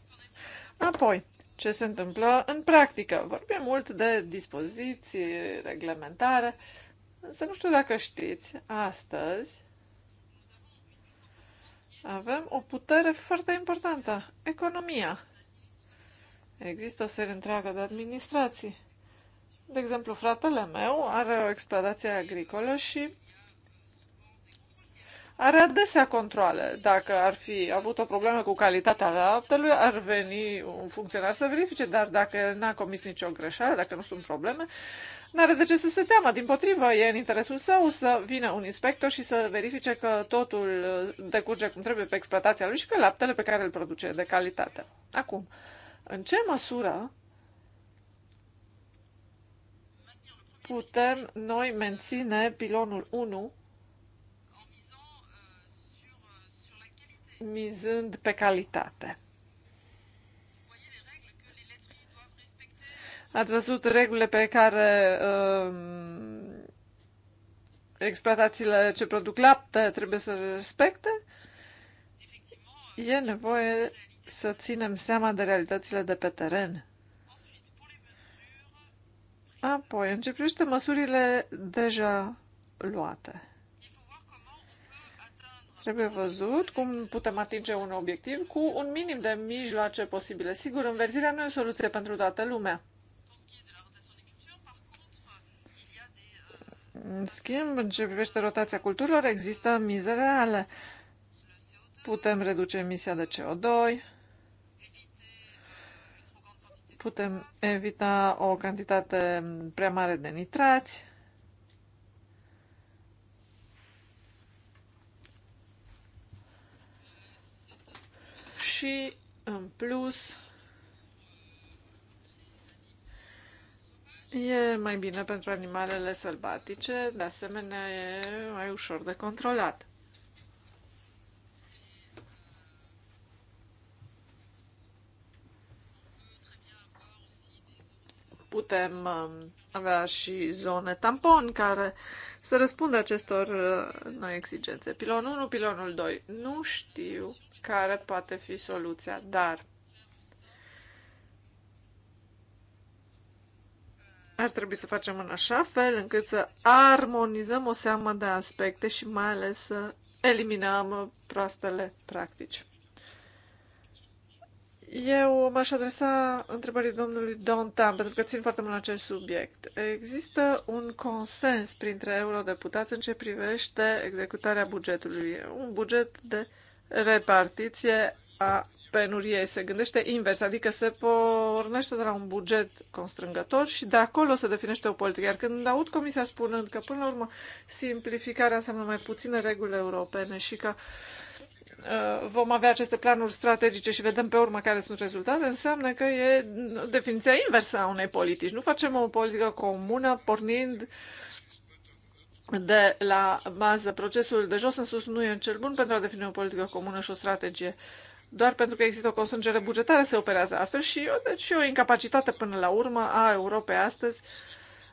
Apoi, ce se întâmplă în practică? Vorbim mult de dispoziții, reglementare, însă nu știu dacă știți, astăzi avem o putere foarte importantă, economia. Există o serie întreagă de administrații. De exemplu, fratele meu are o exploatație agricolă și are adesea controle. Dacă ar fi avut o problemă cu calitatea laptelui, ar veni un funcționar să verifice, dar dacă el n-a comis nicio greșeală, dacă nu sunt probleme, n-are de ce să se teamă. Din potrivă, e în interesul său să vină un inspector și să verifice că totul decurge cum trebuie pe exploatația lui și că laptele pe care îl produce de calitate. Acum, în ce măsură putem noi menține pilonul 1 mizând pe calitate? Ați văzut regulile pe care uh, exploatațiile ce produc lapte trebuie să le respecte? E nevoie să ținem seama de realitățile de pe teren. Apoi, în ce privește măsurile deja luate. Trebuie văzut cum putem atinge un obiectiv cu un minim de mijloace posibile. Sigur, înverzirea nu e o soluție pentru toată lumea. În schimb, în ce privește rotația culturilor, există mize reale. Putem reduce emisia de CO2, Putem evita o cantitate prea mare de nitrați. Și, în plus, E mai bine pentru animalele sălbatice, de asemenea e mai ușor de controlat. putem um, avea și zone tampon care să răspundă acestor uh, noi exigențe. Pilonul 1, pilonul 2. Nu știu care poate fi soluția, dar ar trebui să facem în așa fel încât să armonizăm o seamă de aspecte și mai ales să eliminăm proastele practici. Eu m-aș adresa întrebării domnului Tam, pentru că țin foarte mult acest subiect. Există un consens printre eurodeputați în ce privește executarea bugetului. Un buget de repartiție a penuriei. Se gândește invers, adică se pornește de la un buget constrângător și de acolo se definește o politică. Iar când aud Comisia spunând că, până la urmă, simplificarea înseamnă mai puține reguli europene și că uh, Uh, vom avea aceste planuri strategice și vedem pe urmă care sunt rezultate, înseamnă că e definiția inversă a unei politici. Nu facem o politică comună pornind de la bază. Procesul de jos în sus nu e cel bun pentru a defini o politică comună și o strategie. Doar pentru că există o constrângere bugetară se operează astfel și o, deci, o incapacitate până la urmă a Europei astăzi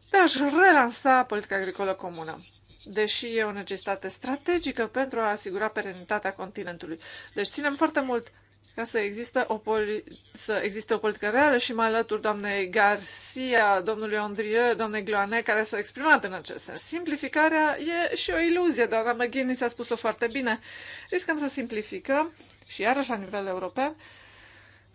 de a-și relansa politica agricolă comună deși e o necesitate strategică pentru a asigura perenitatea continentului. Deci ținem foarte mult ca să, există o poli- să existe o politică reală și mai alături doamnei Garcia, domnului Andrieu, doamnei Gloane, care s-au exprimat în acest sens. Simplificarea e și o iluzie, doamna McGinnis a spus-o foarte bine. Riscăm să simplificăm și iarăși la nivel european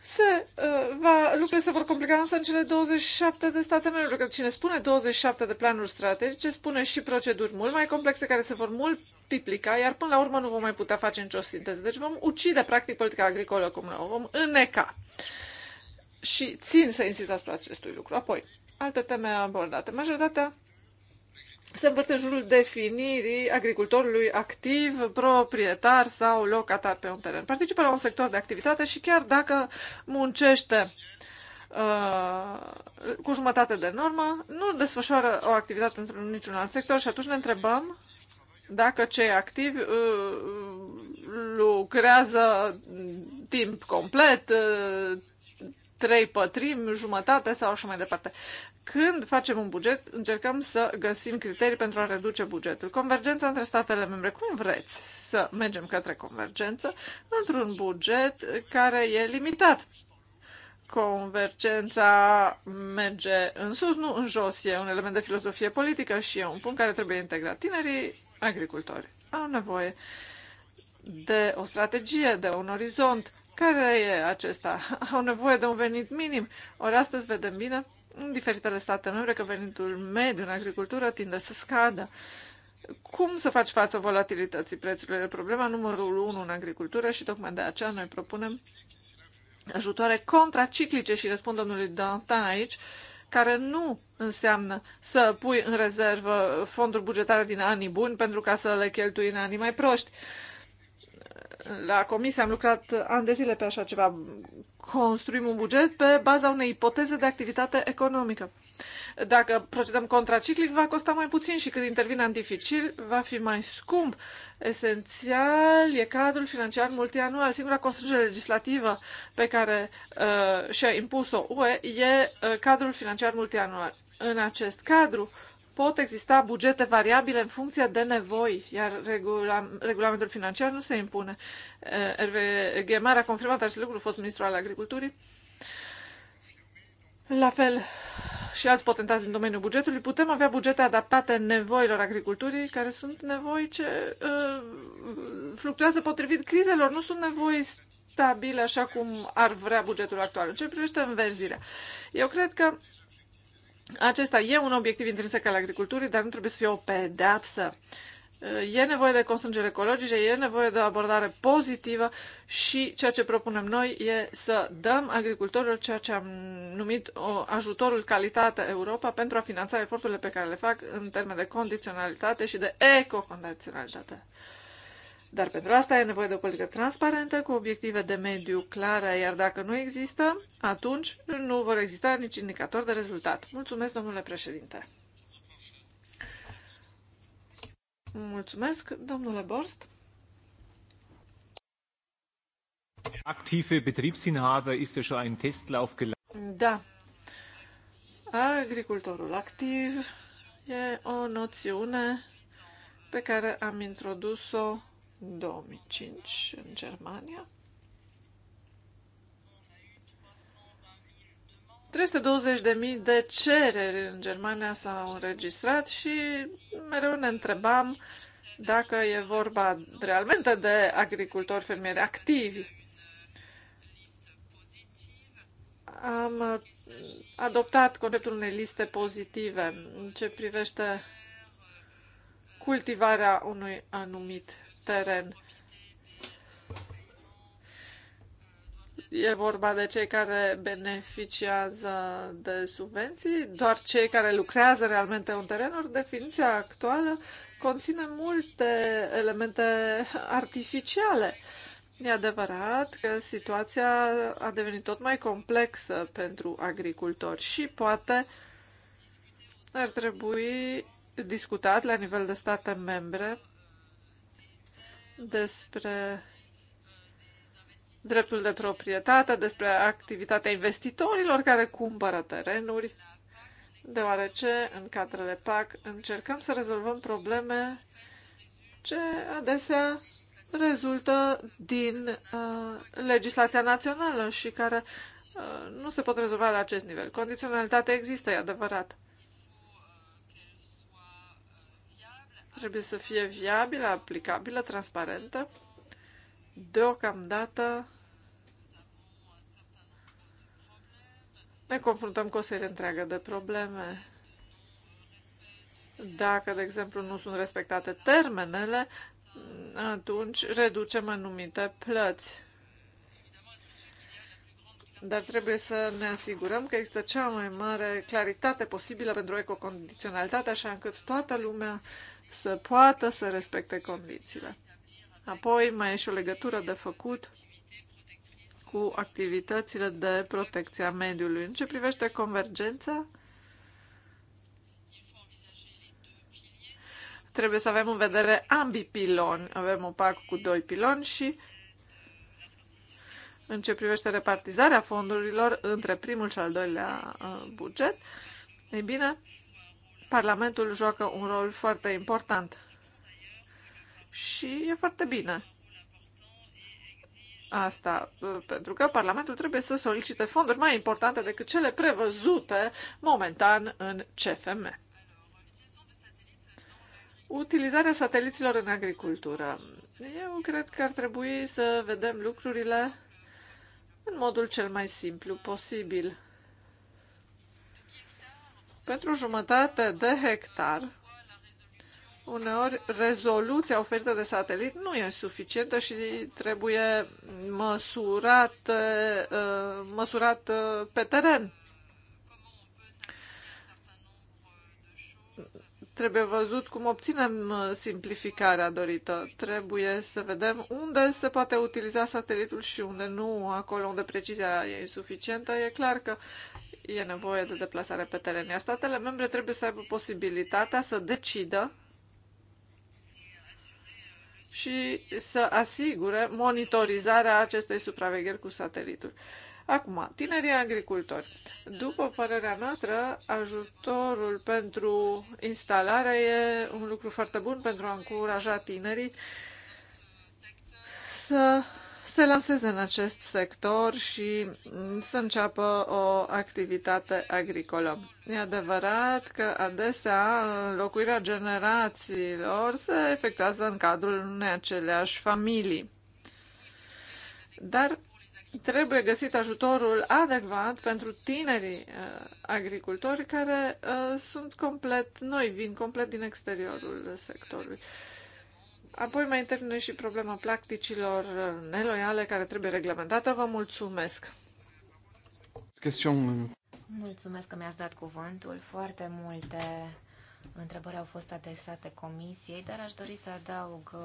se uh, va, lucrurile se vor complica însă în cele 27 de state membre. Că cine spune 27 de planuri strategice, spune și proceduri mult mai complexe care se vor multiplica, iar până la urmă nu vom mai putea face nicio sinteză. Deci vom ucide practic politica agricolă cum o vom îneca. Și țin să insist asupra acestui lucru. Apoi, alte teme abordate. Majoritatea se învârte în jurul definirii agricultorului activ, proprietar sau locatar pe un teren. Participă la un sector de activitate și chiar dacă muncește uh, cu jumătate de normă, nu desfășoară o activitate într-un niciun alt sector și atunci ne întrebăm dacă cei activi uh, lucrează timp complet, uh, trei pătrimi, jumătate sau așa mai departe când facem un buget, încercăm să găsim criterii pentru a reduce bugetul. Convergența între statele membre. Cum vreți să mergem către convergență într-un buget care e limitat? Convergența merge în sus, nu în jos. E un element de filozofie politică și e un punct care trebuie integrat. Tinerii agricultori au nevoie de o strategie, de un orizont. Care e acesta? Au nevoie de un venit minim. Ori astăzi vedem bine în diferitele state membre că venitul mediu în agricultură tinde să scadă. Cum să faci față volatilității prețurilor? Problema numărul 1 în agricultură și tocmai de aceea noi propunem ajutoare contraciclice și răspund domnului Dantin aici, care nu înseamnă să pui în rezervă fonduri bugetare din anii buni pentru ca să le cheltui în anii mai proști. La comisie am lucrat ani de zile pe așa ceva construim un buget pe baza unei ipoteze de activitate economică. Dacă procedăm contraciclic, va costa mai puțin și când intervine dificil, va fi mai scump. Esențial e cadrul financiar multianual. Singura constrângere legislativă pe care uh, și-a impus-o UE e uh, cadrul financiar multianual. În acest cadru, pot exista bugete variabile în funcție de nevoi, iar regula, regulamentul financiar nu se impune. Hervé eh, Ghemar a confirmat acest lucru, fost ministru al agriculturii. La fel și alți potentați în domeniul bugetului, putem avea bugete adaptate nevoilor agriculturii, care sunt nevoi ce uh, fluctuează potrivit crizelor, nu sunt nevoi stabile așa cum ar vrea bugetul actual. În ce privește înverzirea? Eu cred că acesta e un obiectiv intrinsec al agriculturii, dar nu trebuie să fie o pedeapsă. E nevoie de constrângeri ecologice, e nevoie de o abordare pozitivă și ceea ce propunem noi e să dăm agricultorilor ceea ce am numit o ajutorul calitate Europa pentru a finanța eforturile pe care le fac în termen de condiționalitate și de ecocondiționalitate. Dar pentru asta e nevoie de o politică transparentă, cu obiective de mediu clare, iar dacă nu există, atunci nu vor exista nici indicatori de rezultat. Mulțumesc, domnule președinte. Mulțumesc, domnule Borst. Aktive Betriebsinhaber este schon ein Testlauf Da. Agricultorul activ e o noțiune pe care am introdus-o 2005 în Germania. 320.000 de cereri în Germania s-au înregistrat și mereu ne întrebam dacă e vorba realmente de agricultori fermieri activi. Am adoptat conceptul unei liste pozitive în ce privește cultivarea unui anumit teren. E vorba de cei care beneficiază de subvenții, doar cei care lucrează realmente în teren, ori definiția actuală conține multe elemente artificiale. E adevărat că situația a devenit tot mai complexă pentru agricultori și poate ar trebui discutat la nivel de state membre despre dreptul de proprietate, despre activitatea investitorilor care cumpără terenuri, deoarece în cadrele PAC încercăm să rezolvăm probleme ce adesea rezultă din uh, legislația națională și care uh, nu se pot rezolva la acest nivel. Condiționalitatea există, e adevărat. trebuie să fie viabilă, aplicabilă, transparentă. Deocamdată ne confruntăm cu o serie întreagă de probleme. Dacă, de exemplu, nu sunt respectate termenele, atunci reducem anumite plăți. Dar trebuie să ne asigurăm că există cea mai mare claritate posibilă pentru ecocondiționalitate, așa încât toată lumea uh, să poată să respecte condițiile. Apoi mai e și o legătură de făcut cu activitățile de protecție a mediului. În ce privește convergența, trebuie să avem în vedere ambii piloni. Avem un pac cu doi piloni și în ce privește repartizarea fondurilor între primul și al doilea uh, buget, ei bine, Parlamentul joacă un rol foarte important și e foarte bine asta, pentru că Parlamentul trebuie să solicite fonduri mai importante decât cele prevăzute momentan în CFM. Utilizarea sateliților în agricultură. Eu cred că ar trebui să vedem lucrurile în modul cel mai simplu posibil. Pentru jumătate de hectar, uneori rezoluția oferită de satelit nu e suficientă și trebuie uh, măsurat, măsurat uh, pe teren. Trebuie văzut cum obținem uh, simplificarea dorită. Trebuie să vedem unde se poate utiliza satelitul și unde nu, acolo unde precizia e insuficientă. E clar că e nevoie de deplasare pe teren. Iar statele membre trebuie să aibă posibilitatea să decidă și să asigure monitorizarea acestei supravegheri cu satelitul. Acum, tinerii agricultori. După părerea noastră, ajutorul pentru instalare e un lucru foarte bun pentru a încuraja tinerii să se lanseze în acest sector și să înceapă o activitate agricolă. E adevărat că adesea locuirea generațiilor se efectuează în cadrul unei aceleași familii. Dar trebuie găsit ajutorul adecvat pentru tinerii uh, agricultori care uh, sunt complet noi, vin complet din exteriorul sectorului. Apoi mai intervine și problema practicilor neloiale care trebuie reglementată. Vă mulțumesc! Question. Mulțumesc că mi-ați dat cuvântul. Foarte multe întrebări au fost adresate comisiei, dar aș dori să adaug uh,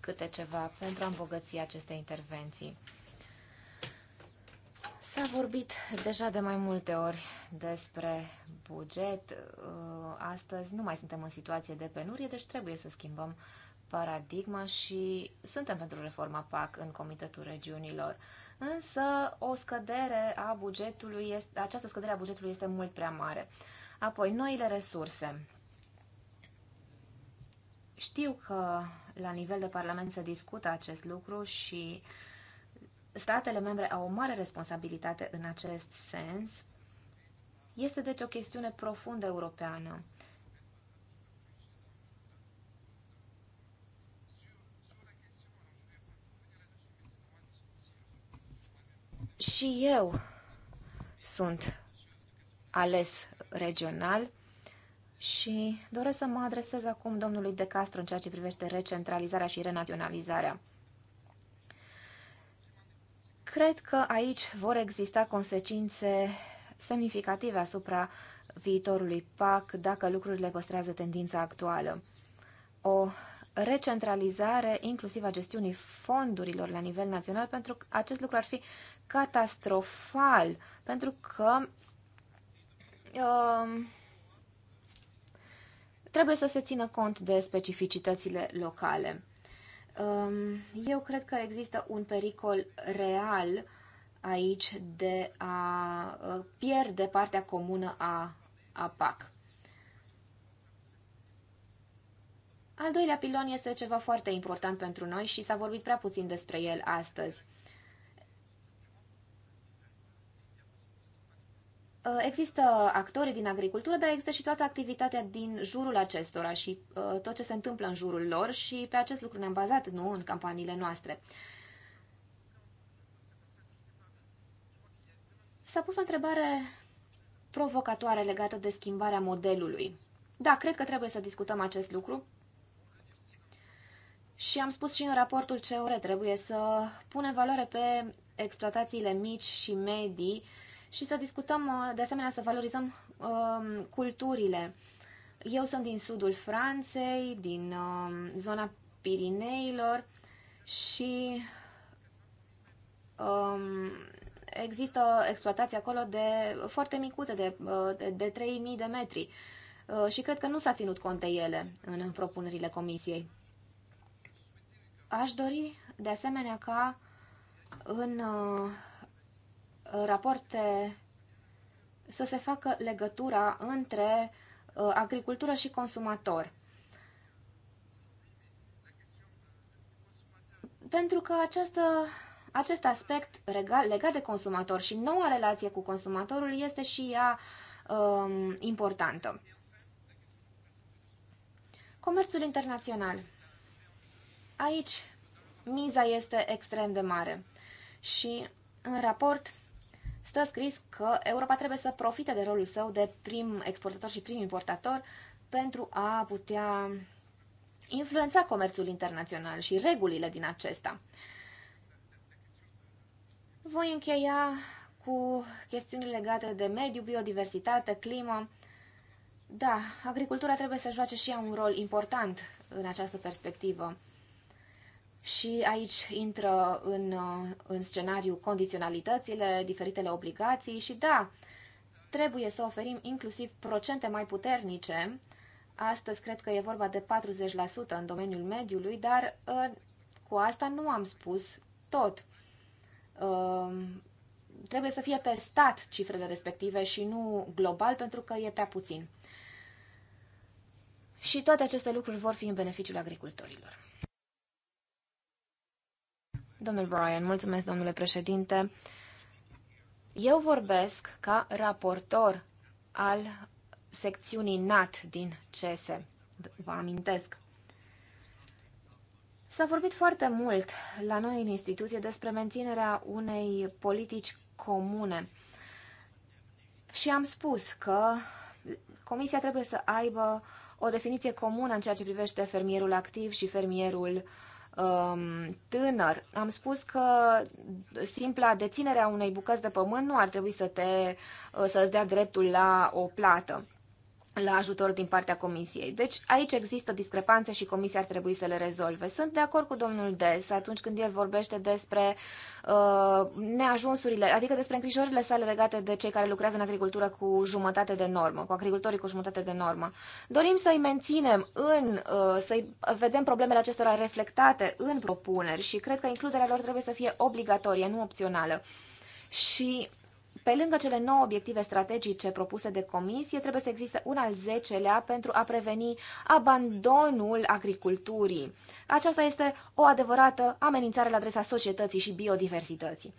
câte ceva pentru a îmbogăți aceste intervenții. S-a vorbit deja de mai multe ori despre buget. Uh, astăzi nu mai suntem în situație de penurie, deci trebuie să schimbăm paradigma și suntem pentru reforma PAC în Comitetul Regiunilor. Însă o scădere a bugetului, este, această scădere a bugetului este mult prea mare. Apoi, noile resurse. Știu că la nivel de Parlament se discută acest lucru și statele membre au o mare responsabilitate în acest sens. Este deci o chestiune profundă europeană. Și eu sunt ales regional și doresc să mă adresez acum domnului De Castro în ceea ce privește recentralizarea și renaționalizarea. Cred că aici vor exista consecințe semnificative asupra viitorului PAC dacă lucrurile păstrează tendința actuală. O recentralizare, inclusiv a gestiunii fondurilor la nivel național, pentru că acest lucru ar fi catastrofal, pentru că uh, trebuie să se țină cont de specificitățile locale. Uh, eu cred că există un pericol real aici de a uh, pierde partea comună a, a PAC. Al doilea pilon este ceva foarte important pentru noi și s-a vorbit prea puțin despre el astăzi. Uh, există actori din agricultură, dar există și toată activitatea din jurul acestora și uh, tot ce se întâmplă în jurul lor și pe acest lucru ne-am bazat, nu, în campaniile noastre. S-a pus o întrebare provocatoare legată de schimbarea modelului. Da, cred că trebuie să discutăm acest lucru, și am spus și în raportul CEUR, trebuie să punem valoare pe exploatațiile mici și medii și să discutăm, uh, de asemenea, să valorizăm um, culturile. Eu sunt din sudul Franței, din um, zona Pirineilor și um, există exploatații acolo de foarte micuțe, de, uh, de, de 3000 de metri uh, și cred că nu s-a ținut cont de ele în propunerile comisiei. Aș dori, de asemenea, ca în uh, rapoarte să se facă legătura între uh, agricultură și consumator. Pentru că această, acest aspect legat de consumator și noua relație cu consumatorul este și ea um, importantă. Comerțul internațional. Aici miza este extrem de mare și în raport stă scris că Europa trebuie să profite de rolul său de prim exportator și prim importator pentru a putea influența comerțul internațional și regulile din acesta. Voi încheia cu chestiuni legate de mediu, biodiversitate, climă. Da, agricultura trebuie să joace și ea un rol important în această perspectivă. Și aici intră în, uh, în scenariu condiționalitățile, diferitele obligații și da, trebuie să oferim inclusiv procente mai puternice. Astăzi cred că e vorba de 40% în domeniul mediului, dar uh, cu asta nu am spus tot. Uh, trebuie să fie pe stat cifrele respective și nu global, pentru că e prea puțin. Și toate aceste lucruri vor fi în beneficiul agricultorilor. Domnul Brian, mulțumesc, domnule președinte. Eu vorbesc ca raportor al secțiunii NAT din CESE. Vă amintesc. S-a vorbit foarte mult la noi în instituție despre menținerea unei politici comune. Și am spus că Comisia trebuie să aibă o definiție comună în ceea ce privește fermierul activ și fermierul uh, Um, tânăr, am spus că simpla deținerea unei bucăți de pământ nu ar trebui să te uh, să-ți dea dreptul la o plată la ajutor din partea comisiei. Deci aici există discrepanțe și comisia ar trebui să le rezolve. Sunt de acord cu domnul Des atunci când el vorbește despre uh, neajunsurile, adică despre îngrijorările sale legate de cei care lucrează în agricultură cu jumătate de normă, cu agricultorii cu jumătate de normă. Dorim să-i menținem în, uh, să-i vedem problemele acestora reflectate în propuneri și cred că includerea lor trebuie să fie obligatorie, nu opțională. Și pe lângă cele nouă obiective strategice propuse de comisie, trebuie să existe un al zecelea pentru a preveni abandonul agriculturii. Aceasta este o adevărată amenințare la adresa societății și biodiversității.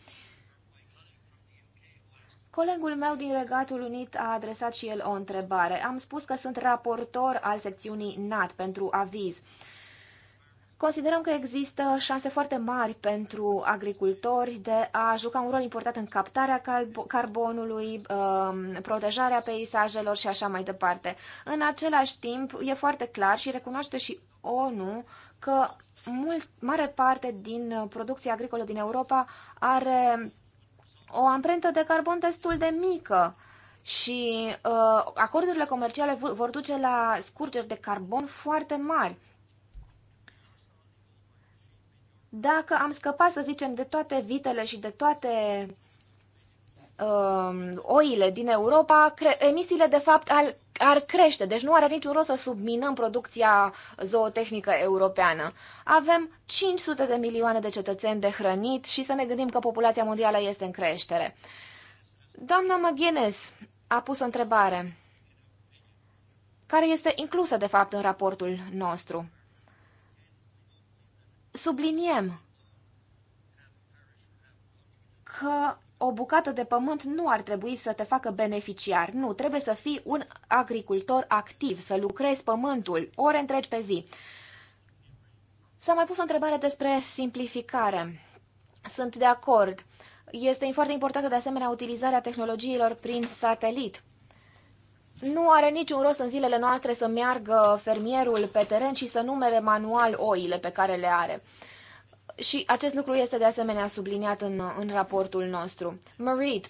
Colegul meu din Regatul Unit a adresat și el o întrebare. Am spus că sunt raportor al secțiunii NAT pentru aviz. Considerăm că există șanse foarte mari pentru agricultori de a juca un rol important în captarea carbonului, um, protejarea peisajelor și așa mai departe. În același timp, e foarte clar și recunoaște și ONU că mult, mare parte din producția agricolă din Europa are o amprentă de carbon destul de mică și uh, acordurile comerciale vor duce la scurgeri de carbon foarte mari dacă am scăpat, să zicem, de toate vitele și de toate uh, oile din Europa, emisiile, de fapt, al- ar crește. Deci nu are niciun rost să subminăm producția zootehnică europeană. Avem 500 de milioane de cetățeni de hrănit și să ne gândim că populația mondială este în creștere. Doamna McGuinness a pus o întrebare care este inclusă, de fapt, în raportul nostru subliniem că o bucată de pământ nu ar trebui să te facă beneficiar. Nu, trebuie să fii un agricultor activ, să lucrezi pământul ore întregi pe zi. S-a mai pus o întrebare despre simplificare. Sunt de acord. Este foarte importantă de asemenea utilizarea tehnologiilor prin satelit nu are niciun rost în zilele noastre să meargă fermierul pe teren și să numere manual oile pe care le are. Și acest lucru este de asemenea subliniat în, în raportul nostru. Marit,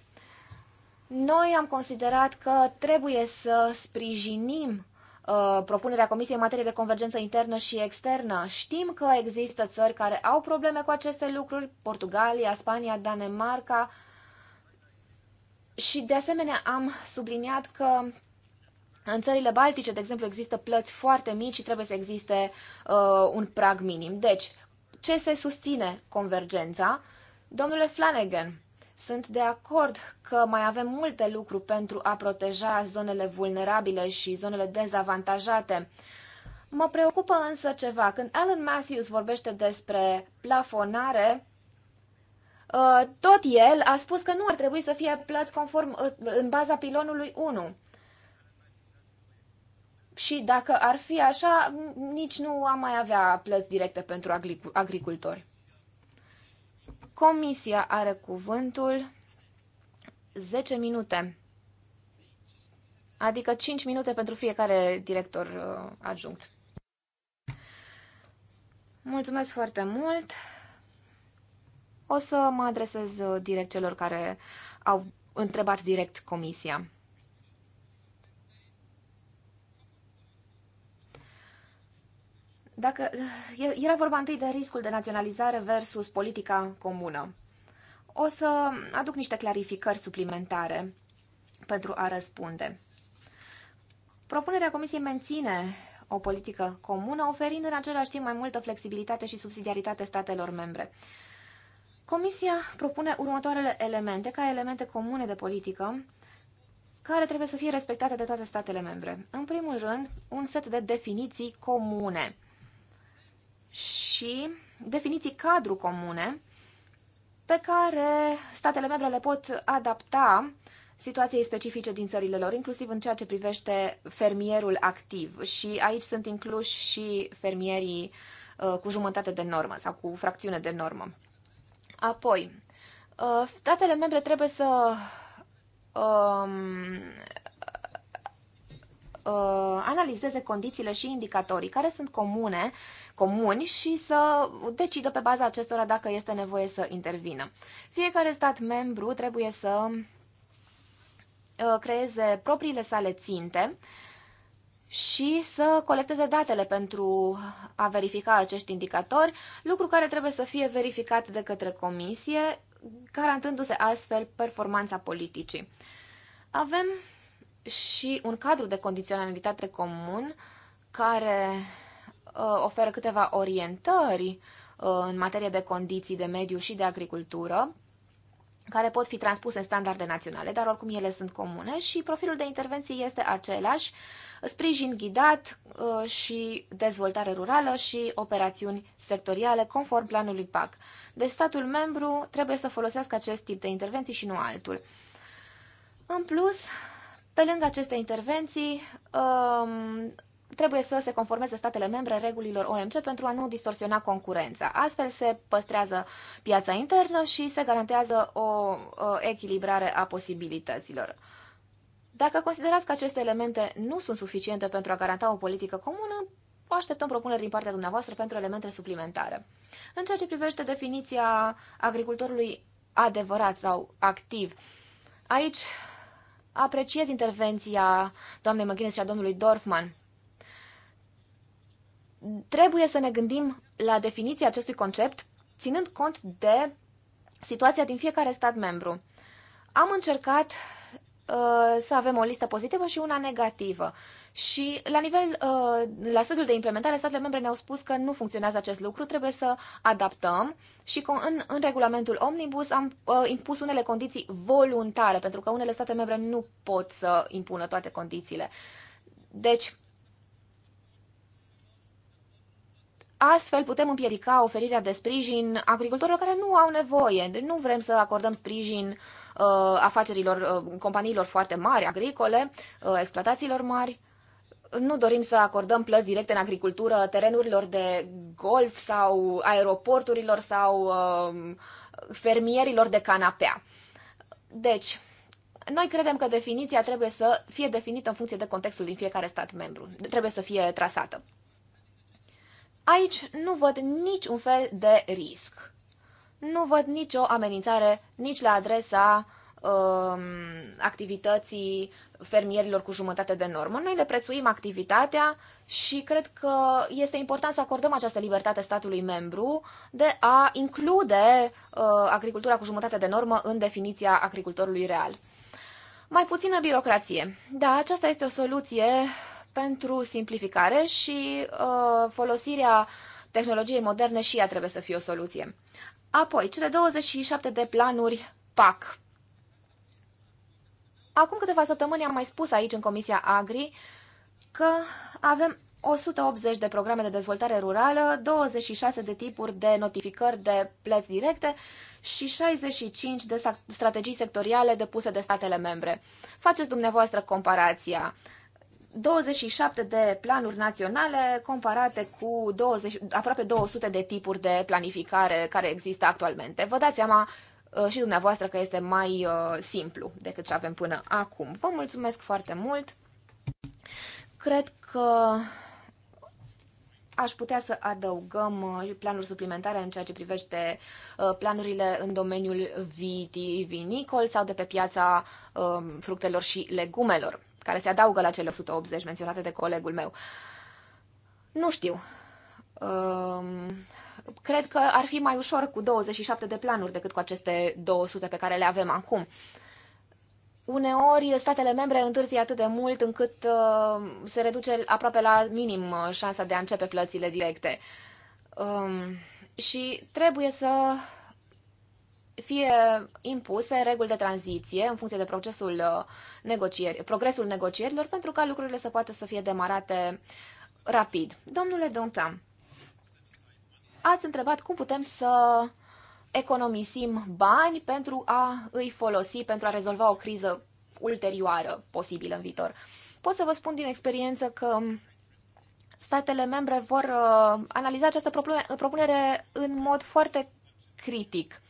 noi am considerat că trebuie să sprijinim uh, propunerea Comisiei în materie de convergență internă și externă. Știm că există țări care au probleme cu aceste lucruri, Portugalia, Spania, Danemarca, și de asemenea am subliniat că în țările baltice, de exemplu, există plăți foarte mici și trebuie să existe uh, un prag minim. Deci, ce se susține convergența? Domnule Flanagan, sunt de acord că mai avem multe lucruri pentru a proteja zonele vulnerabile și zonele dezavantajate. Mă preocupă însă ceva. Când Alan Matthews vorbește despre plafonare, uh, tot el a spus că nu ar trebui să fie plăți conform uh, în baza pilonului 1. Și dacă ar fi așa, nici nu am mai avea plăți directe pentru agricultori. Comisia are cuvântul 10 minute, adică 5 minute pentru fiecare director uh, adjunct. Mulțumesc foarte mult! O să mă adresez uh, direct celor care au întrebat direct comisia. Dacă, eh, era vorba întâi de riscul de naționalizare versus politica comună. O să aduc niște clarificări suplimentare pentru a răspunde. Propunerea Comisiei menține o politică comună, oferind în același timp mai multă flexibilitate și subsidiaritate statelor membre. Comisia propune următoarele elemente ca elemente comune de politică care trebuie să fie respectate de toate statele membre. În primul rând, un set de definiții comune și definiții cadru comune pe care statele membre le pot adapta situației specifice din țările lor, inclusiv în ceea ce privește fermierul activ. Și aici sunt incluși și fermierii uh, cu jumătate de normă sau cu fracțiune de normă. Apoi, uh, statele membre trebuie să um, Uh, analizeze condițiile și indicatorii care sunt comune, comuni și să decidă pe baza acestora dacă este nevoie să intervină. Fiecare stat membru trebuie să uh, creeze propriile sale ținte și să colecteze datele pentru a verifica acești indicatori, lucru care trebuie să fie verificat de către comisie, garantându-se astfel performanța politicii. Avem și un cadru de condiționalitate comun care uh, oferă câteva orientări uh, în materie de condiții de mediu și de agricultură, care pot fi transpuse în standarde naționale, dar oricum ele sunt comune și profilul de intervenție este același, sprijin ghidat uh, și dezvoltare rurală și operațiuni sectoriale conform planului PAC. Deci statul membru trebuie să folosească acest tip de intervenții și nu altul. În plus, pe lângă aceste intervenții, um, trebuie să se conformeze statele membre regulilor OMC pentru a nu distorsiona concurența. Astfel se păstrează piața internă și se garantează o echilibrare a posibilităților. Dacă considerați că aceste elemente nu sunt suficiente pentru a garanta o politică comună, așteptăm propuneri din partea dumneavoastră pentru elemente suplimentare. În ceea ce privește definiția agricultorului adevărat sau activ, aici apreciez intervenția doamnei McGuinness și a domnului Dorfman. Trebuie să ne gândim la definiția acestui concept, ținând cont de situația din fiecare stat membru. Am încercat Uh, să avem o listă pozitivă și una negativă. Și la nivel, uh, la studiul de implementare, statele membre ne-au spus că nu funcționează acest lucru, trebuie să adaptăm și în, în regulamentul Omnibus am uh, impus unele condiții voluntare, pentru că unele state membre nu pot să impună toate condițiile. Deci, Astfel putem împiedica oferirea de sprijin agricultorilor care nu au nevoie. Deci nu vrem să acordăm sprijin uh, afacerilor, uh, companiilor foarte mari, agricole, uh, exploatațiilor mari. Nu dorim să acordăm plăți directe în agricultură terenurilor de golf sau aeroporturilor sau uh, fermierilor de canapea. Deci, noi credem că definiția trebuie să fie definită în funcție de contextul din fiecare stat membru. Trebuie să fie trasată. Aici nu văd niciun fel de risc. Nu văd nicio amenințare nici la adresa uh, activității fermierilor cu jumătate de normă. Noi le prețuim activitatea și cred că este important să acordăm această libertate statului membru de a include uh, agricultura cu jumătate de normă în definiția agricultorului real. Mai puțină birocrație. Da, aceasta este o soluție pentru simplificare și uh, folosirea tehnologiei moderne și ea trebuie să fie o soluție. Apoi, cele 27 de planuri PAC. Acum câteva săptămâni am mai spus aici în Comisia Agri că avem 180 de programe de dezvoltare rurală, 26 de tipuri de notificări de plăți directe și 65 de strategii sectoriale depuse de statele membre. Faceți dumneavoastră comparația. 27 de planuri naționale comparate cu 20, aproape 200 de tipuri de planificare care există actualmente. Vă dați seama uh, și dumneavoastră că este mai uh, simplu decât ce avem până acum. Vă mulțumesc foarte mult! Cred că aș putea să adăugăm uh, planuri suplimentare în ceea ce privește planurile în domeniul vitivinicol sau de pe piața fructelor și legumelor care se adaugă la cele 180 menționate de colegul meu. Nu știu. Um, cred că ar fi mai ușor cu 27 de planuri decât cu aceste 200 pe care le avem acum. Uneori, statele membre întârzie atât de mult încât uh, se reduce aproape la minim uh, șansa de a începe plățile directe. Um, și trebuie să fie impuse reguli de tranziție în funcție de procesul uh, negocieri, progresul negocierilor pentru ca lucrurile să poată să fie demarate rapid. Domnule Dontam, ați întrebat cum putem să economisim bani pentru a îi folosi pentru a rezolva o criză ulterioară posibilă în viitor. Pot să vă spun din experiență că statele membre vor uh, analiza această propunere în mod foarte critic.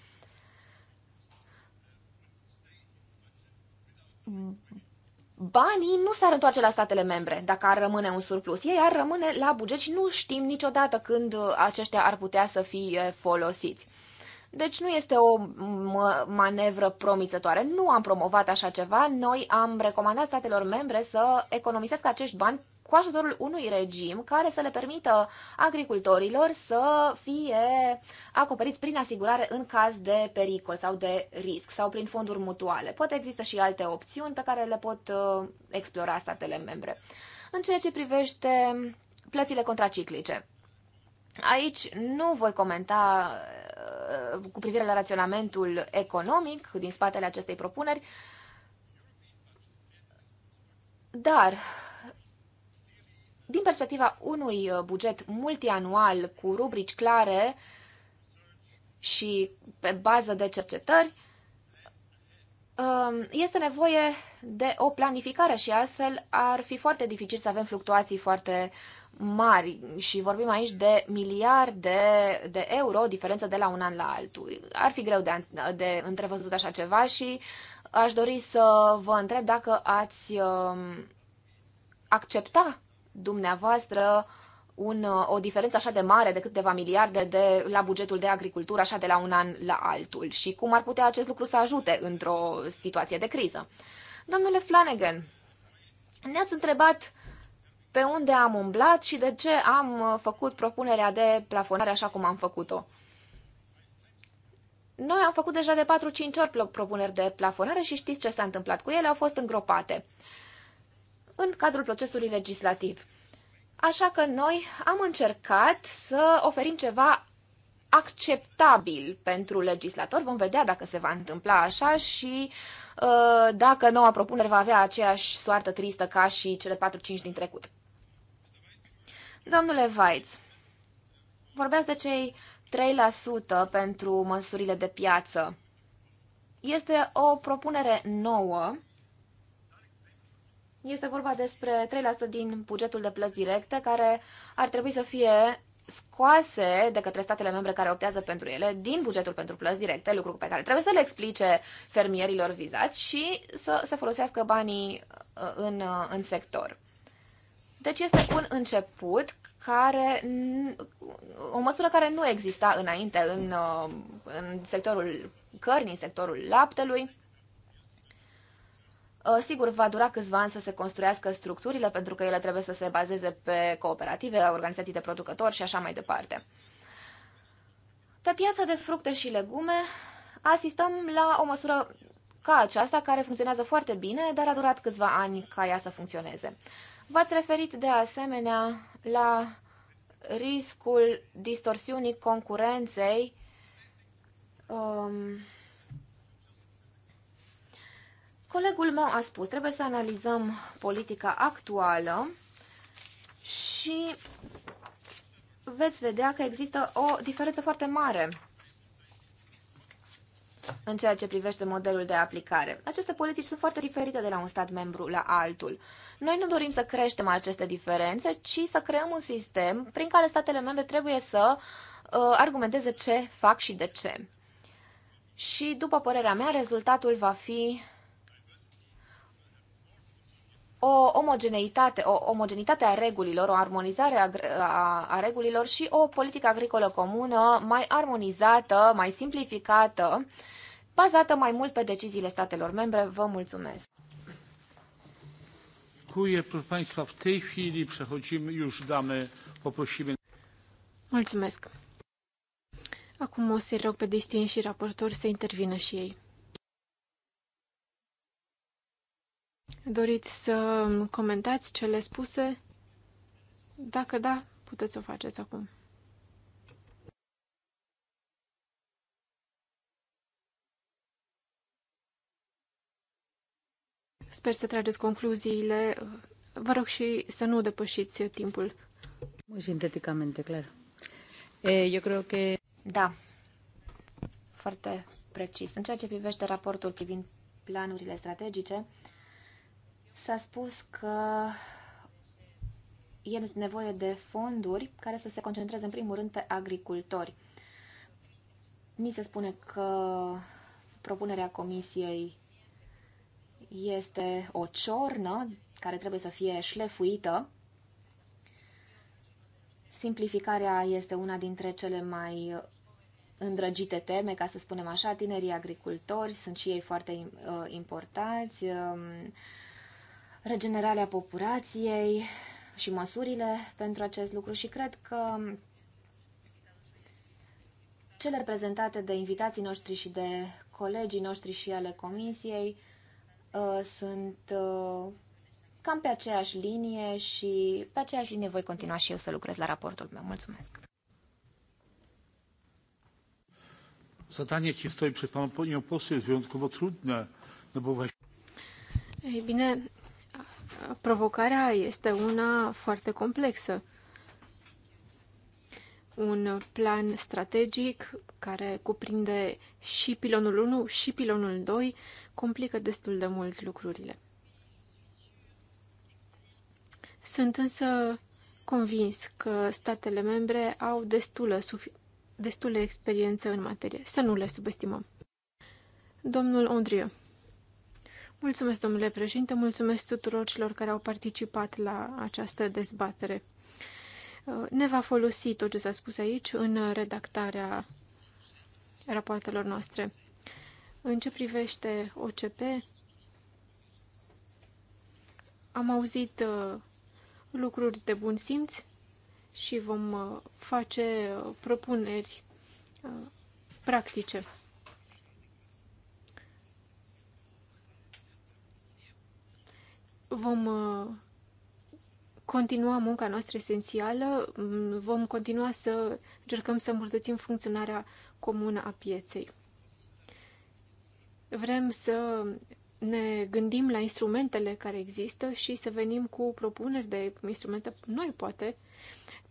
banii nu s-ar întoarce la statele membre dacă ar rămâne un surplus. Ei ar rămâne la buget și nu știm niciodată când uh, aceștia ar putea să fie folosiți. Deci nu este o manevră promițătoare. Nu am promovat așa ceva. Noi am recomandat statelor membre să economisească acești bani cu ajutorul unui regim care să le permită agricultorilor să fie acoperiți prin asigurare în caz de pericol sau de risc sau prin fonduri mutuale. Poate există și alte opțiuni pe care le pot uh, explora statele membre. În ceea ce privește plățile contraciclice, aici nu voi comenta uh, cu privire la raționamentul economic din spatele acestei propuneri, dar din perspectiva unui uh, buget multianual cu rubrici clare și pe bază de cercetări, um, este nevoie de o planificare și astfel ar fi foarte dificil să avem fluctuații foarte mari și vorbim aici de miliarde de euro, diferență de la un an la altul. Ar fi greu de, de întrevăzut așa ceva și aș dori să vă întreb dacă ați um, accepta dumneavoastră un, o diferență așa de mare de câteva miliarde de la bugetul de agricultură, așa de la un an la altul? Și cum ar putea acest lucru să ajute într-o situație de criză? Domnule Flanagan, ne-ați întrebat pe unde am umblat și de ce am făcut propunerea de plafonare așa cum am făcut-o. Noi am făcut deja de 4-5 ori propuneri de plafonare și știți ce s-a întâmplat cu ele, au fost îngropate. Uh, în cadrul procesului legislativ. Așa că noi am încercat să oferim ceva acceptabil pentru legislator. Vom vedea dacă se va întâmpla așa și uh, dacă noua propunere va avea aceeași soartă tristă ca și cele 4-5 din trecut. Domnule Weitz, vorbeați de cei 3% pentru măsurile de piață. Este o propunere nouă este vorba despre 3% din bugetul de plăți directe care ar trebui să fie scoase de către statele membre care optează pentru ele din bugetul pentru plăți directe, lucru pe care trebuie să le explice fermierilor vizați și să se folosească banii uh, în, uh, în sector. Deci este un început care, o măsură care nu exista înainte în, uh, în sectorul cărnii, în sectorul laptelui. Uh, sigur, va dura câțiva ani să se construiască structurile, pentru că ele trebuie să se bazeze pe cooperative, organizații de producători și așa mai departe. Pe piața de fructe și legume asistăm la o măsură ca aceasta, care funcționează foarte bine, dar a durat câțiva ani ca ea să funcționeze. V-ați referit de asemenea la riscul distorsiunii concurenței um, Colegul meu a spus, trebuie să analizăm politica actuală și veți vedea că există o diferență foarte mare în ceea ce privește modelul de aplicare. Aceste politici sunt foarte diferite de la un stat membru la altul. Noi nu dorim să creștem aceste diferențe, ci să creăm un sistem prin care statele membre trebuie să uh, argumenteze ce fac și de ce. Și, după părerea mea, rezultatul va fi o omogeneitate, o omogenitate a regulilor, o armonizare a, a, a regulilor și o politică agricolă comună mai armonizată, mai simplificată, bazată mai mult pe deciziile statelor membre. Vă mulțumesc! Mulțumesc! Acum o să-i rog pe destin și raportor să intervină și ei. Doriți să comentați cele spuse? Dacă da, puteți să o faceți acum. Sper să trageți concluziile. Vă rog și să nu depășiți timpul. Muy sinteticamente, clar. Eu eh, cred că... Da, foarte precis. În ceea ce privește raportul privind planurile strategice, S-a spus că e nevoie de fonduri care să se concentreze în primul rând pe agricultori. Ni se spune că propunerea comisiei este o ciornă care trebuie să fie șlefuită. Simplificarea este una dintre cele mai îndrăgite teme, ca să spunem așa. Tinerii agricultori sunt și ei foarte uh, importanți. Um, regenerarea populației și măsurile pentru acest lucru și cred că cele prezentate de invitații noștri și de colegii noștri și ale comisiei uh, sunt uh, cam pe aceeași linie și pe aceeași linie voi continua și eu să lucrez la raportul meu. Mulțumesc! Zadanie historii przed panem panią poseł jest trudne, nu Ei bine, provocarea este una foarte complexă. Un plan strategic care cuprinde și pilonul 1 și pilonul 2 complică destul de mult lucrurile. Sunt însă convins că statele membre au destulă, destulă experiență în materie. Să nu le subestimăm. Domnul Andrieu. Mulțumesc, domnule președinte, mulțumesc tuturor celor care au participat la această dezbatere. Uh, ne va folosi tot ce s-a spus aici în redactarea rapoartelor noastre. În ce privește OCP, am auzit uh, lucruri de bun simț și vom uh, face propuneri practice. vom uh, continua munca noastră esențială, mm, vom continua să încercăm să îmbunătățim funcționarea comună a pieței. Vrem să ne gândim la instrumentele care există și să venim cu propuneri de instrumente noi, poate,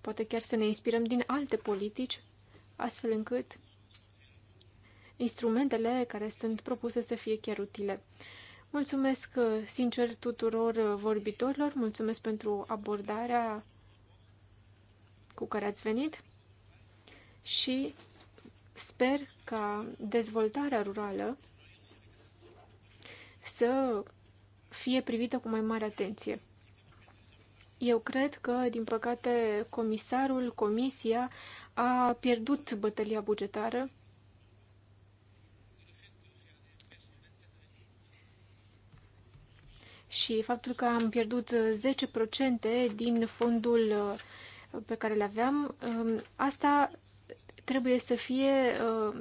poate chiar să ne inspirăm din alte politici, astfel încât instrumentele care sunt propuse să fie chiar utile. Mulțumesc uh, sincer tuturor uh, vorbitorilor, mulțumesc pentru abordarea cu care ați venit și sper ca dezvoltarea rurală să fie privită cu mai mare atenție. Eu cred că, din păcate, comisarul, comisia a pierdut bătălia bugetară și faptul că am pierdut 10% uh, din fondul uh, pe care le aveam, um, asta trebuie să fie uh,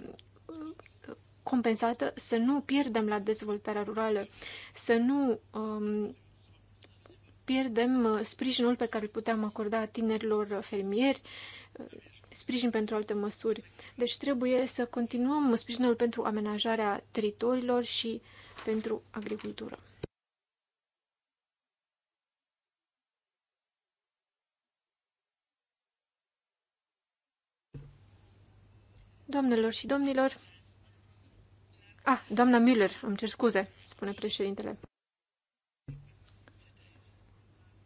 compensată, să nu pierdem la dezvoltarea rurală, să nu um, pierdem sprijinul pe care îl puteam acorda tinerilor fermieri, sprijin pentru alte măsuri. Deci trebuie să continuăm sprijinul pentru amenajarea teritoriilor și pentru agricultură. Doamnelor și domnilor, Ah, doamna Müller, îmi cer scuze, spune președintele.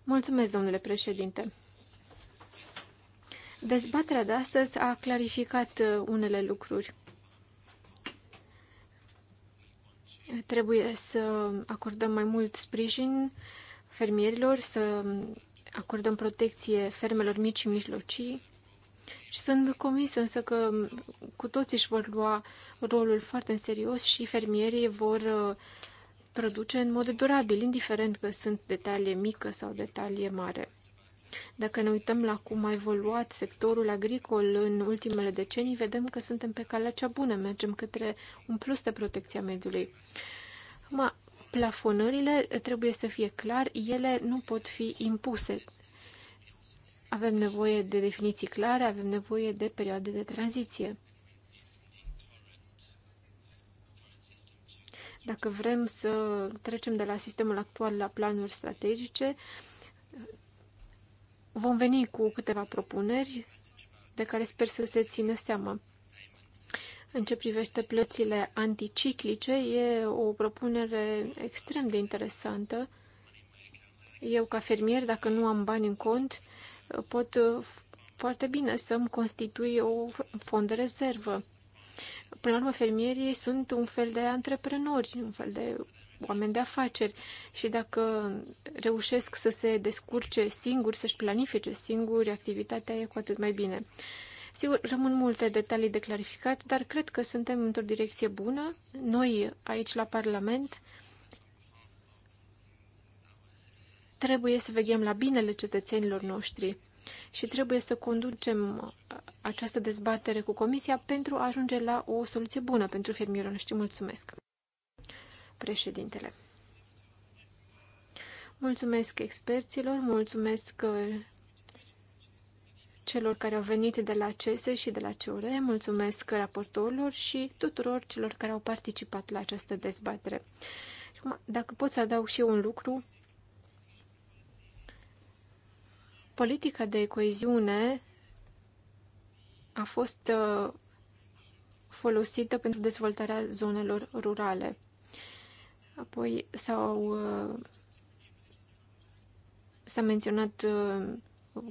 Mulțumesc, domnule președinte. Dezbaterea de astăzi a clarificat uh, unele lucruri. Trebuie să acordăm mai mult sprijin fermierilor, să acordăm protecție fermelor mici și mijlocii, și sunt convinsă însă că cu toți își vor lua rolul foarte în serios și fermierii vor uh, produce în mod durabil, indiferent că sunt detalii mică sau detalii mare. Dacă ne uităm la cum a evoluat sectorul agricol în ultimele decenii, vedem că suntem pe calea cea bună, mergem către un plus de protecția mediului. Acum, plafonările trebuie să fie clar, ele nu pot fi impuse, avem nevoie de definiții clare, avem nevoie de perioade de tranziție. Dacă vrem să trecem de la sistemul actual la planuri strategice, vom veni cu câteva propuneri de care sper să se țină seama. În ce privește plățile anticiclice, e o propunere extrem de interesantă. Eu, ca fermier, dacă nu am bani în cont, pot uh, foarte bine să-mi constitui o fond de rezervă. Până la urmă, fermierii sunt un fel de antreprenori, un fel de oameni de afaceri și dacă reușesc să se descurce singuri, să-și planifice singuri activitatea, e cu atât mai bine. Sigur, rămân multe detalii de clarificat, dar cred că suntem într-o direcție bună. Noi, aici la Parlament, Trebuie să veghem la binele cetățenilor noștri și trebuie să conducem uh, această dezbatere cu Comisia pentru a ajunge la o soluție bună pentru fermierul noștri. Mulțumesc! Președintele. Mulțumesc experților, mulțumesc uh, celor care au venit de la CESE și de la CUR, mulțumesc raportorilor și tuturor celor care au participat la această dezbatere. Dacă pot să adaug și eu un lucru, Politica de coeziune a fost uh, folosită pentru dezvoltarea zonelor rurale. Apoi s-au uh, s-a menționat uh,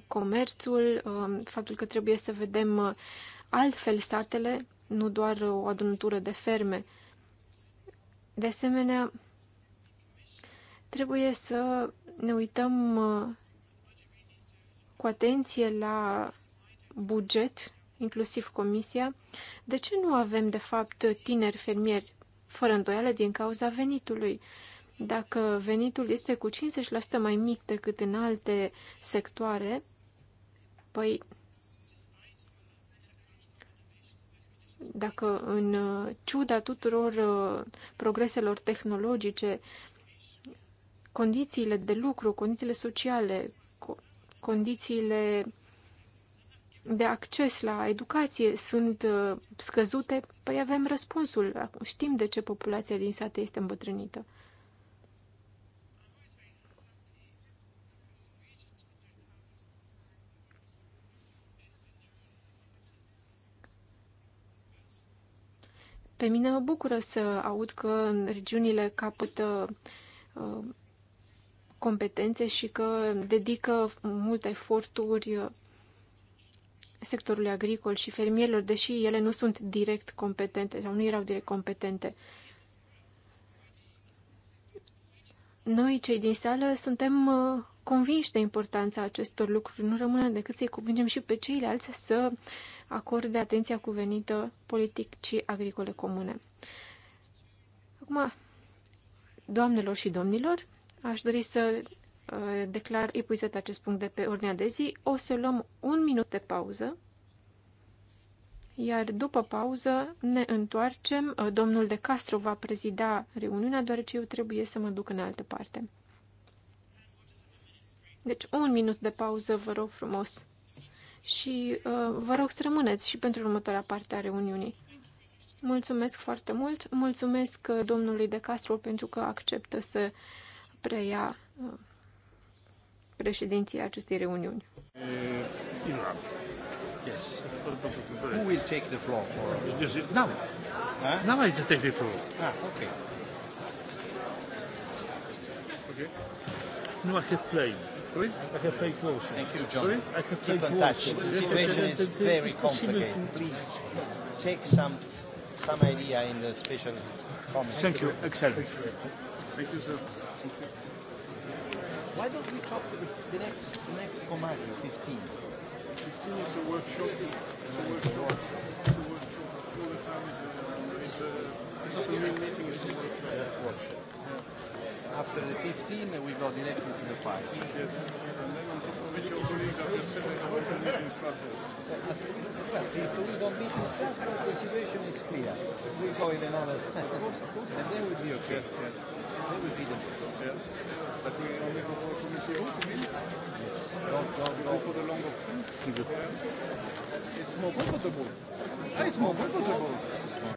comerțul, faptul că trebuie să vedem altfel satele, nu doar o adunătură de ferme. De asemenea, trebuie să ne uităm cu atenție la buget, inclusiv comisia, de ce nu avem, de fapt, tineri fermieri, fără îndoială din cauza venitului? Dacă venitul este cu 50% mai mic decât în alte sectoare, păi dacă în uh, ciuda tuturor uh, progreselor tehnologice, condițiile de lucru, condițiile sociale, condițiile de acces la educație sunt uh, scăzute, păi avem răspunsul. Știm de ce populația din sate este îmbătrânită. Pe mine mă bucură să aud că în regiunile capătă uh, competențe și că dedică multe eforturi sectorului agricol și fermierilor, deși ele nu sunt direct competente sau nu erau direct competente. Noi, cei din sală, suntem uh, convinși de importanța acestor lucruri. Nu rămâne decât să-i convingem și pe ceilalți să acorde atenția cuvenită politicii agricole comune. Acum, doamnelor și domnilor, Aș dori să uh, declar epuizat acest punct de pe ordinea de zi. O să luăm un minut de pauză, iar după pauză ne întoarcem. Uh, domnul de Castro va prezida reuniunea, deoarece eu trebuie să mă duc în altă parte. Deci un minut de pauză, vă rog frumos. Și uh, vă rog să rămâneți și pentru următoarea parte a reuniunii. Mulțumesc foarte mult, mulțumesc uh, domnului de Castro pentru că acceptă să uh, preia uh, președinția acestei reuniuni. Uh, yes. Who will take the floor for? Now. Huh? Now I take the floor. Ah, okay. Okay. No, I Sorry? I Thank you, John. Sorry? I Keep in touch. The situation is very complicated. Please take some some idea in the special comments. Thank you. Excellent. Thank you, sir. Why don't we talk to the, the next the next Comagri, 15? 15 is a workshop. It's a workshop. It's a workshop. All the time is a, it's a, it's a real meeting, it's a workshop. It's a workshop. Yeah. After the 15, we go directly to the 5. Yes. And then on top of it, your colleagues have just said that you want to meet in Well, if we don't meet in Strasbourg, the situation is clear. We go in another... and then we'll be okay. Yeah, yeah they will be the best. Yeah. But we only go for Commissaire. Yes. Don't, don't, don't. for the long option. It's more comfortable. It's more comfortable.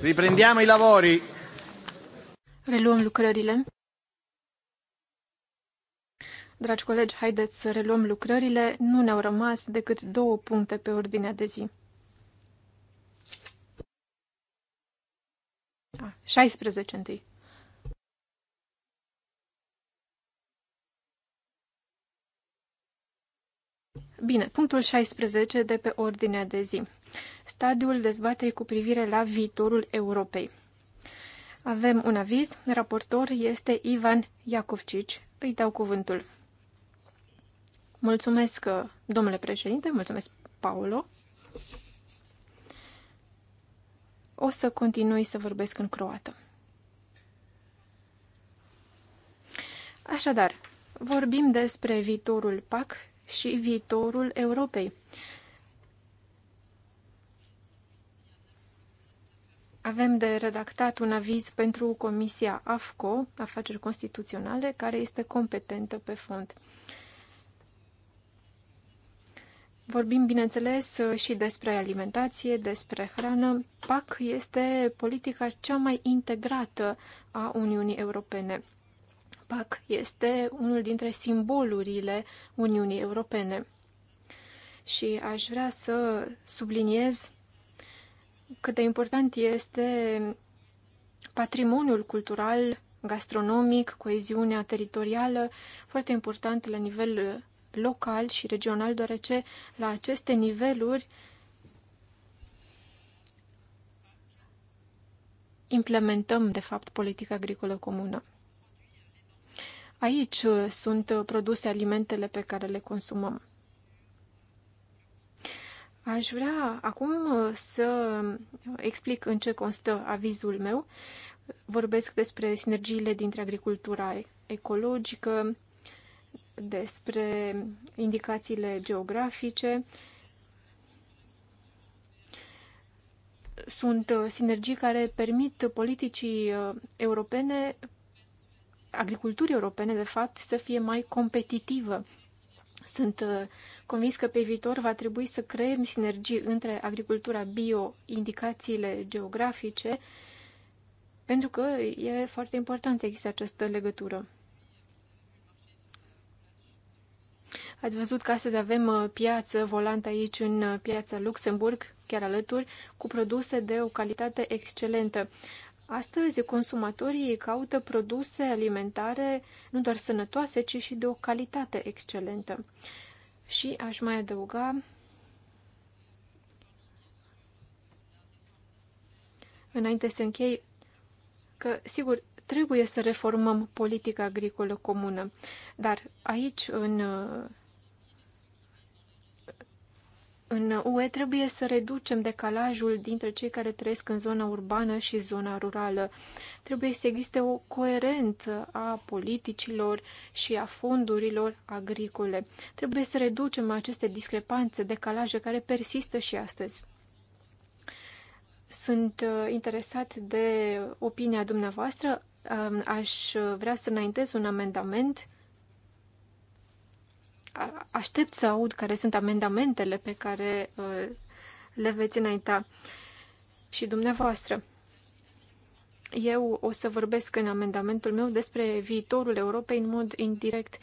Riprendiamo i lavori. Reluăm lucrările. Dragi colegi, haideți să reluăm lucrările. Nu ne-au rămas decât două puncte pe ordinea de zi. 16 întâi. Bine, punctul 16 de pe ordinea de zi stadiul dezbaterii cu privire la viitorul Europei. Avem un aviz, raportor este Ivan Iacovcici. Îi dau cuvântul. Mulțumesc, domnule președinte, mulțumesc, Paolo. O să continui să vorbesc în croată. Așadar, vorbim despre viitorul PAC și viitorul Europei. Avem de redactat un aviz pentru Comisia AFCO, Afaceri Constituționale, care este competentă pe fond. Vorbim, bineînțeles, și despre alimentație, despre hrană. PAC este politica cea mai integrată a Uniunii Europene. PAC este unul dintre simbolurile Uniunii Europene. Și aș vrea să subliniez cât de important este patrimoniul cultural, gastronomic, coeziunea teritorială, foarte important la nivel uh, local și regional, deoarece la aceste niveluri implementăm, de fapt, politica agricolă comună. Aici uh, sunt uh, produse alimentele pe care le consumăm. Aș vrea acum uh, să explic în ce constă avizul meu. Vorbesc despre sinergiile dintre agricultura ecologică, despre indicațiile geografice. Sunt uh, sinergii care permit politicii uh, europene, agriculturii europene, de fapt, să fie mai competitivă sunt uh, convins că pe viitor va trebui să creăm sinergii între agricultura bio, indicațiile geografice, pentru că e foarte important să existe această legătură. Ați văzut că astăzi avem uh, piață volantă aici în uh, piața Luxemburg, chiar alături, cu produse de o calitate excelentă. Astăzi, consumatorii caută produse alimentare nu doar sănătoase, ci și de o calitate excelentă. Și aș mai adăuga înainte să închei că, sigur, trebuie să reformăm politica agricolă comună, dar aici, în în UE trebuie să reducem decalajul dintre cei care trăiesc în zona urbană și zona rurală. Trebuie să existe o coerență a politicilor și a fondurilor agricole. Trebuie să reducem aceste discrepanțe, decalaje care persistă și astăzi. Sunt uh, interesat de opinia dumneavoastră. Um, aș vrea să înaintez un amendament aștept să aud care sunt amendamentele pe care uh, le veți înainta și dumneavoastră. Eu o să vorbesc în amendamentul meu despre viitorul Europei în mod indirect.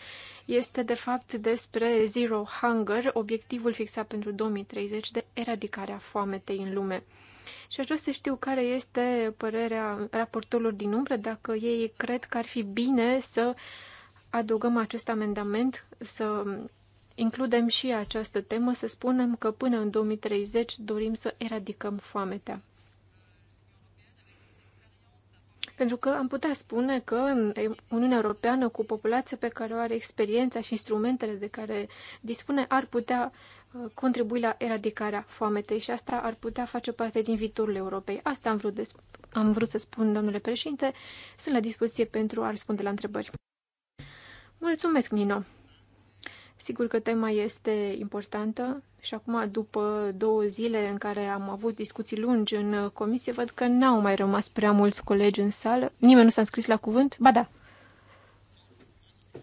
Este de fapt despre Zero Hunger, obiectivul fixat pentru 2030 de eradicarea foametei în lume. Și aș vrea să știu care este părerea raportorilor din umbră, dacă ei cred că ar fi bine să uh, adăugăm acest amendament, să includem și această temă, să spunem că până în 2030 dorim să eradicăm foametea. Pentru că am putea spune că Uniunea Europeană, cu populația pe care o are experiența și instrumentele de care dispune, ar putea uh, contribui la eradicarea foametei și asta ar putea face parte din viitorul Europei. Asta am vrut, de, am vrut să spun, domnule președinte. Sunt la dispoziție pentru a răspunde la întrebări. Mulțumesc, Nino! Sigur că tema este importantă și acum, după două zile în care am avut discuții lungi în comisie, văd că n-au mai rămas prea mulți colegi în sală. Nimeni nu s-a înscris la cuvânt? Ba da!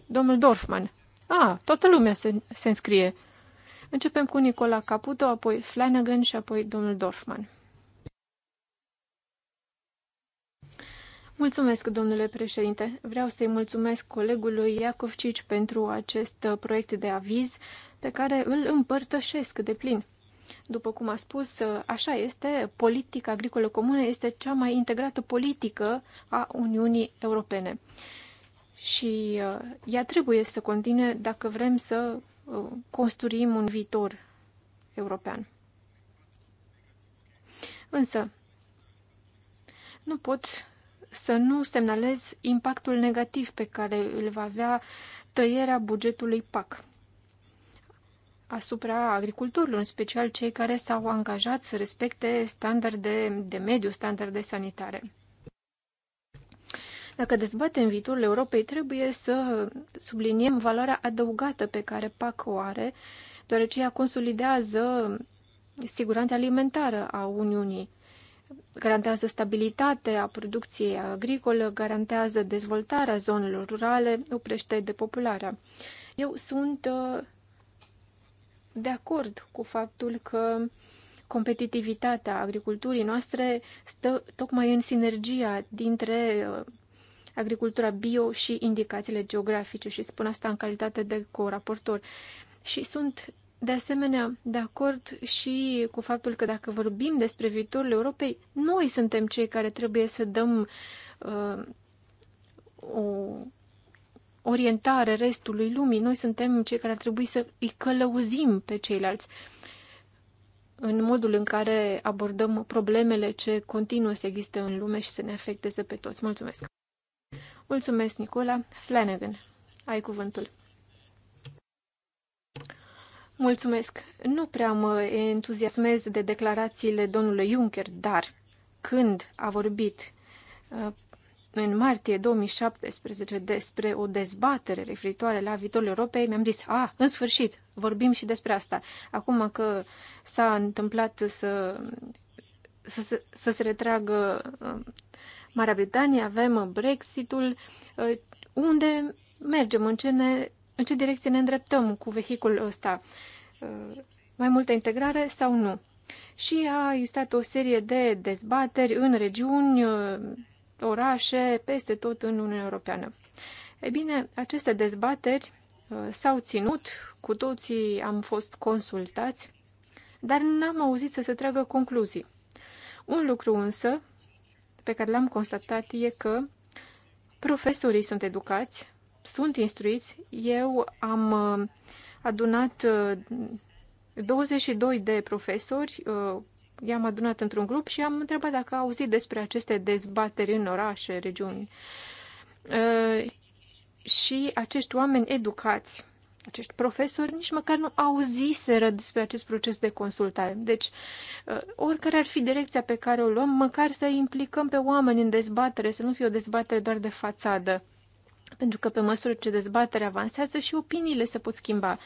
Domnul Dorfman. A, ah, toată lumea se, se înscrie. Începem cu Nicola Caputo, apoi Flanagan și apoi domnul Dorfman. Mulțumesc, domnule președinte. Vreau să-i mulțumesc colegului Iacov Cici pentru acest uh, proiect de aviz pe care îl împărtășesc de plin. După cum a spus, uh, așa este, politica agricolă comună este cea mai integrată politică a Uniunii Europene. Și uh, ea trebuie să continue dacă vrem să construim un viitor european. Însă, nu pot să nu semnalez impactul negativ pe care îl va avea tăierea bugetului PAC asupra agricultorilor, în special cei care s-au angajat să respecte standarde de mediu, standarde sanitare. Dacă dezbatem viitorul Europei, trebuie să subliniem valoarea adăugată pe care PAC o are, deoarece ea consolidează siguranța alimentară a Uniunii garantează stabilitatea producției agricole, garantează dezvoltarea zonelor rurale, oprește depopularea. Eu sunt uh, de acord cu faptul că competitivitatea agriculturii noastre stă tocmai în sinergia dintre uh, agricultura bio și indicațiile geografice și spun asta în calitate de co-raportor. Și sunt de asemenea, de acord și cu faptul că dacă vorbim despre viitorul Europei, noi suntem cei care trebuie să dăm uh, o orientare restului lumii. Noi suntem cei care ar trebui să îi călăuzim pe ceilalți în modul în care abordăm problemele ce continuă să existe în lume și să ne afecteze pe toți. Mulțumesc! Mulțumesc, Nicola. Flanagan, ai cuvântul. Mulțumesc. Nu prea mă entuziasmez de declarațiile domnului Juncker, dar când a vorbit uh, în martie 2017 despre o dezbatere referitoare la viitorul Europei, mi-am zis, a, ah, în sfârșit, vorbim și despre asta. Acum că s-a întâmplat să, să, să, să se retragă uh, Marea Britanie, avem Brexitul, uh, unde mergem, în ce ne în ce direcție ne îndreptăm cu vehiculul ăsta? Uh, mai multă integrare sau nu? Și a existat o serie de dezbateri în regiuni, uh, orașe, peste tot în Uniunea Europeană. E bine, aceste dezbateri uh, s-au ținut, cu toții am fost consultați, dar n-am auzit să se tragă concluzii. Un lucru însă pe care l-am constatat e că profesorii sunt educați, sunt instruiți, eu am uh, adunat 22 uh, de profesori, uh, i-am adunat într-un grup și am întrebat dacă au auzit despre aceste dezbateri în orașe, regiuni. Și acești oameni educați, acești profesori, nici măcar nu auziseră despre acest proces de consultare. Deci, oricare ar fi direcția pe care o luăm, măcar să implicăm pe oameni în dezbatere, să nu fie o dezbatere doar de fațadă. Pentru că pe măsură ce dezbaterea avansează și opiniile se pot schimba.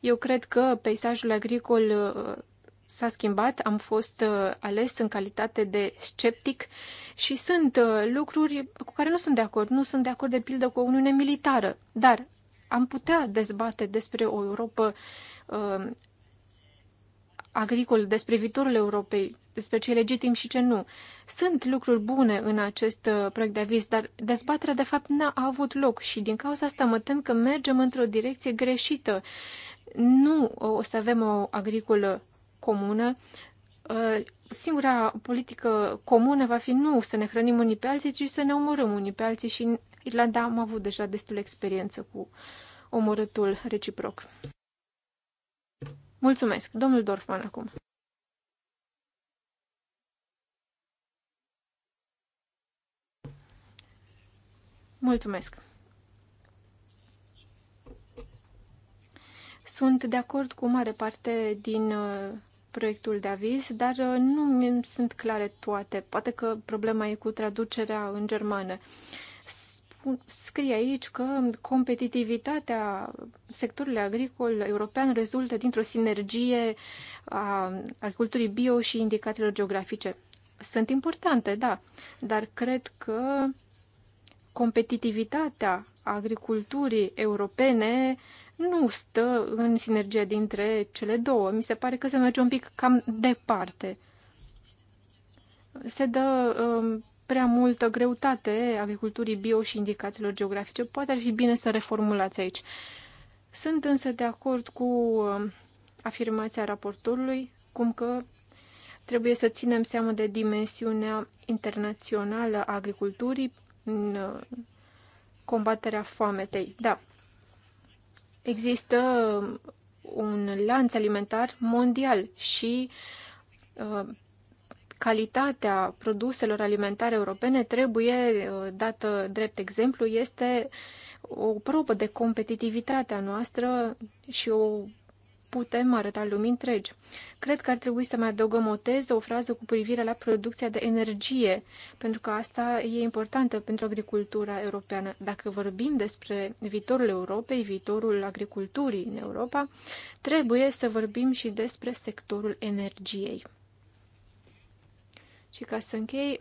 Eu cred că peisajul agricol uh, s-a schimbat, am fost uh, ales în calitate de sceptic și sunt uh, lucruri cu care nu sunt de acord. Nu sunt de acord, de pildă, cu o Uniune Militară, dar am putea dezbate despre o Europa agricol, despre viitorul Europei, despre ce e legitim și ce nu. Sunt lucruri bune în acest uh, proiect de aviz, dar dezbaterea de fapt n-a avut loc și din cauza asta mă tem că mergem într-o direcție greșită. Nu o să avem o agricolă comună. Uh, singura politică comună va fi nu să ne hrănim unii pe alții, ci să ne omorâm unii pe alții și în Irlanda am avut deja destul experiență cu omorâtul reciproc. Mulțumesc. Domnul Dorfman acum. Mulțumesc. Sunt de acord cu mare parte din uh, proiectul de aviz, dar uh, nu mi sunt clare toate. Poate că problema e cu traducerea în germană spun, scrie aici că competitivitatea sectorului agricol european rezultă dintr-o sinergie a agriculturii bio și indicațiilor geografice. Sunt importante, da, dar cred că competitivitatea agriculturii europene nu stă în sinergie dintre cele două. Mi se pare că se merge un pic cam departe. Se dă Uh, prea multă greutate agriculturii bio și indicațiilor geografice. Poate ar fi bine să reformulați aici. Sunt însă de acord cu um, afirmația raportorului, cum că trebuie să ținem seama de dimensiunea internațională a agriculturii în uh, combaterea foametei. Da, există um, un lanț alimentar mondial și uh, calitatea produselor alimentare europene trebuie uh, dată drept exemplu, este o probă de competitivitatea noastră și o putem arăta lumii întregi. Cred că ar trebui să mai adăugăm o teză, o frază cu privire la producția de energie, pentru că asta e importantă pentru agricultura europeană. Dacă vorbim despre viitorul Europei, viitorul agriculturii în Europa, trebuie să vorbim și despre sectorul energiei. Și ca să închei,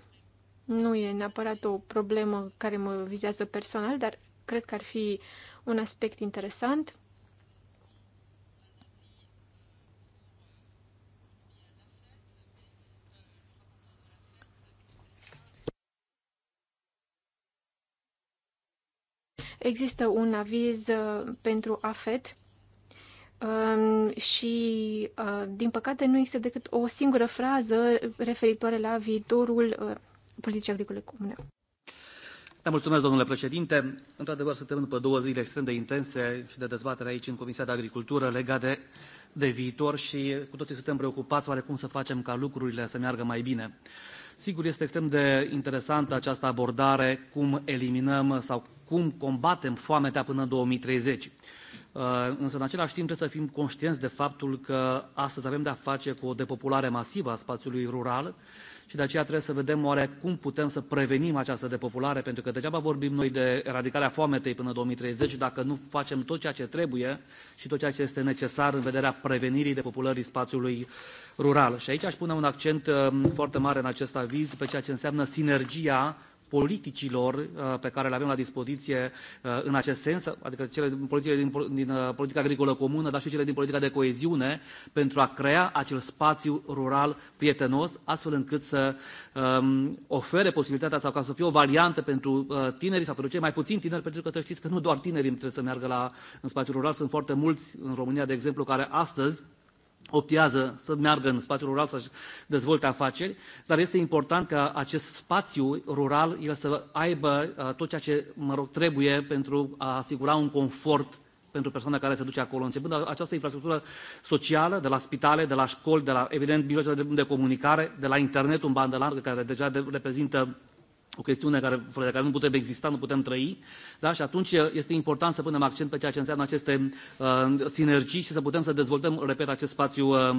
nu e neapărat o problemă care mă vizează personal, dar cred că ar fi un aspect interesant. Există un aviz uh, pentru AFET Um, și, uh, din păcate, nu există decât o singură frază referitoare la viitorul uh, politicii agricole comune. Da, mulțumesc, domnule președinte. Într-adevăr, suntem după două zile extrem de intense și de dezbatere aici în Comisia de Agricultură legate de, de viitor și cu toții suntem preocupați oare cum să facem ca lucrurile să meargă mai bine. Sigur, este extrem de interesantă această abordare, cum eliminăm sau cum combatem foametea până în 2030. Uh, însă, în același timp, trebuie să fim conștienți de faptul că astăzi avem de-a face cu o depopulare masivă a spațiului rural și de aceea trebuie să vedem oare cum putem să prevenim această depopulare, pentru că degeaba vorbim noi de eradicarea foametei până în 2030 dacă nu facem tot ceea ce trebuie și tot ceea ce este necesar în vederea prevenirii depopulării spațiului rural. Și aici aș pune un accent uh, foarte mare în acest aviz pe ceea ce înseamnă sinergia politicilor uh, pe care le avem la dispoziție uh, în acest sens, adică cele din politicile din, din uh, politica agricolă comună, dar și cele din politica de coeziune, pentru a crea acel spațiu rural prietenos, astfel încât să um, ofere posibilitatea sau ca să fie o variantă pentru tinerii sau pentru cei mai puțin tineri, pentru că știți că nu doar tinerii trebuie să meargă la, în spațiul rural, sunt foarte mulți în România, de exemplu, care astăzi optează să meargă în spațiul rural, să-și dezvolte afaceri, dar este important ca acest spațiu rural el să aibă uh, tot ceea ce, mă rog, trebuie pentru a asigura un confort pentru persoana care se duce acolo, începând această infrastructură socială, de la spitale, de la școli, de la, evident, mijloacele de, de comunicare, de la internet, un bandă largă, care deja de, reprezintă o chestiune care, fără de care nu putem exista, nu putem trăi, da? și atunci este important să punem accent pe ceea ce înseamnă aceste uh, sinergii și să putem să dezvoltăm, repet, acest spațiu uh,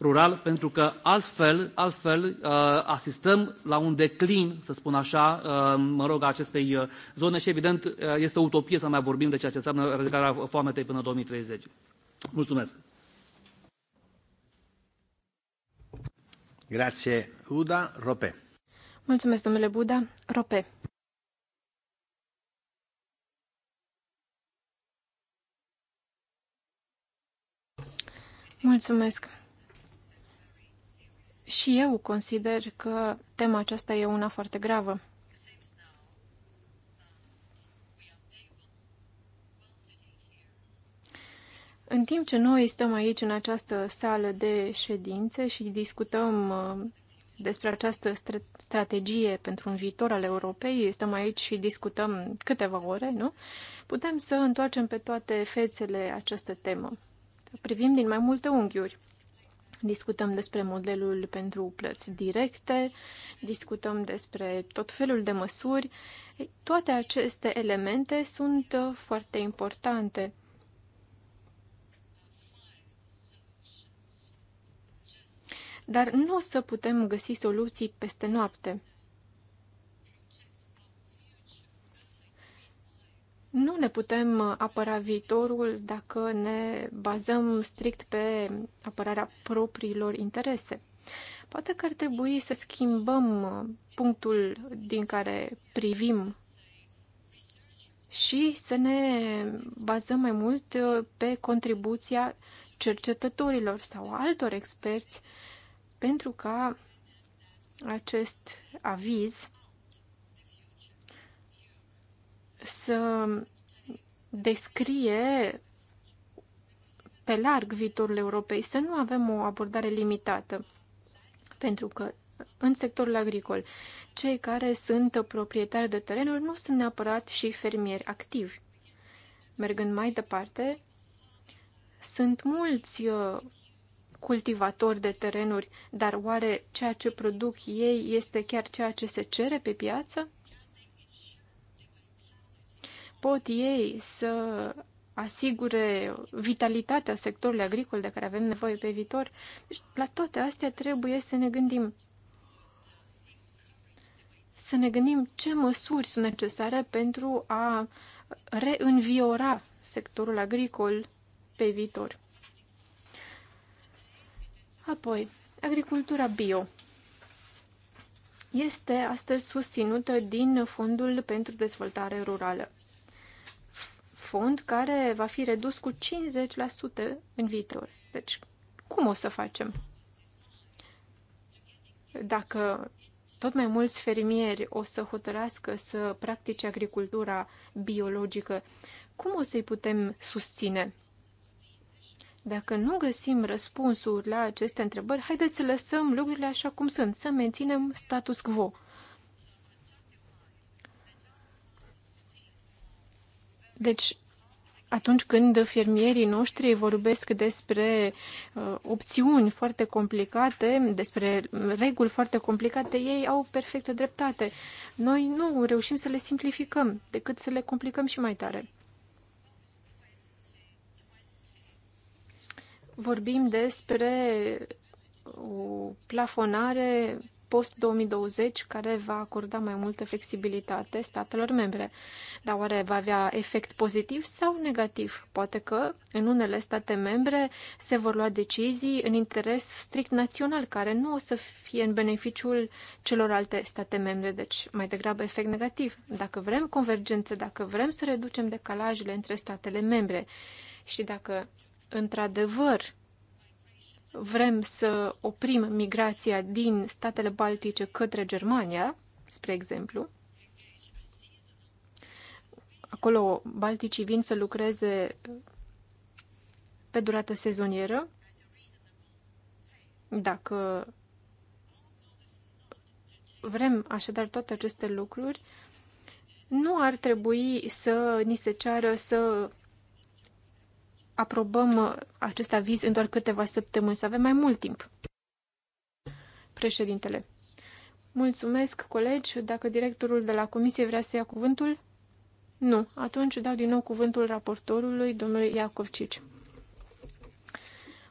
rural, pentru că altfel, altfel uh, asistăm la un declin, să spun așa, uh, mă rog, a acestei uh, zone și evident uh, este utopie să mai vorbim de ceea ce înseamnă eradicarea foametei până 2030. Mulțumesc! Grazie, Uda Rope. Mulțumesc, domnule Buda. Rope. Mulțumesc. Și eu consider că tema aceasta e una foarte gravă. În timp ce noi stăm aici în această sală de ședințe și discutăm uh, despre această strategie pentru un viitor al Europei, stăm aici și discutăm câteva ore, nu? Putem să întoarcem pe toate fețele această temă. Privim din mai multe unghiuri. Discutăm despre modelul pentru plăți directe, discutăm despre tot felul de măsuri. Toate aceste elemente sunt foarte importante. dar nu o să putem găsi soluții peste noapte. Nu ne putem apăra viitorul dacă ne bazăm strict pe apărarea propriilor interese. Poate că ar trebui să schimbăm punctul din care privim și să ne bazăm mai mult pe contribuția cercetătorilor sau altor experți pentru ca acest aviz să descrie pe larg viitorul Europei, să nu avem o abordare limitată. Pentru că în sectorul agricol, cei care sunt proprietari de terenuri nu sunt neapărat și fermieri activi. Mergând mai departe, sunt mulți uh, cultivatori de terenuri, dar oare ceea ce produc ei este chiar ceea ce se cere pe piață? Pot ei să asigure vitalitatea sectorului agricol de care avem nevoie pe viitor? Deci, la toate astea trebuie să ne gândim. Să ne gândim ce măsuri sunt necesare pentru a reînviora sectorul agricol pe viitor. Apoi, agricultura bio este astăzi susținută din Fondul pentru Dezvoltare Rurală. Fond care va fi redus cu 50% în viitor. Deci, cum o să facem? Dacă tot mai mulți fermieri o să hotărască să practice agricultura biologică, cum o să-i putem susține? Dacă nu găsim răspunsuri la aceste întrebări, haideți să lăsăm lucrurile așa cum sunt, să menținem status quo. Deci, atunci când fermierii noștri vorbesc despre uh, opțiuni foarte complicate, despre reguli foarte complicate, ei au perfectă dreptate. Noi nu reușim să le simplificăm, decât să le complicăm și mai tare. vorbim despre o plafonare post-2020 care va acorda mai multă flexibilitate statelor membre. Dar oare va avea efect pozitiv sau negativ? Poate că în unele state membre se vor lua decizii în interes strict național, care nu o să fie în beneficiul celor alte state membre, deci mai degrabă efect negativ. Dacă vrem convergență, dacă vrem să reducem decalajele între statele membre și dacă într-adevăr vrem să oprim migrația din statele baltice către Germania, spre exemplu, acolo balticii vin să lucreze pe durată sezonieră, dacă vrem așadar toate aceste lucruri, nu ar trebui să ni se ceară să aprobăm uh, acest aviz în doar câteva săptămâni, să avem mai mult timp. Președintele. Mulțumesc, colegi. Dacă directorul de la comisie vrea să ia cuvântul? Nu. Atunci dau din nou cuvântul raportorului, domnului Cici.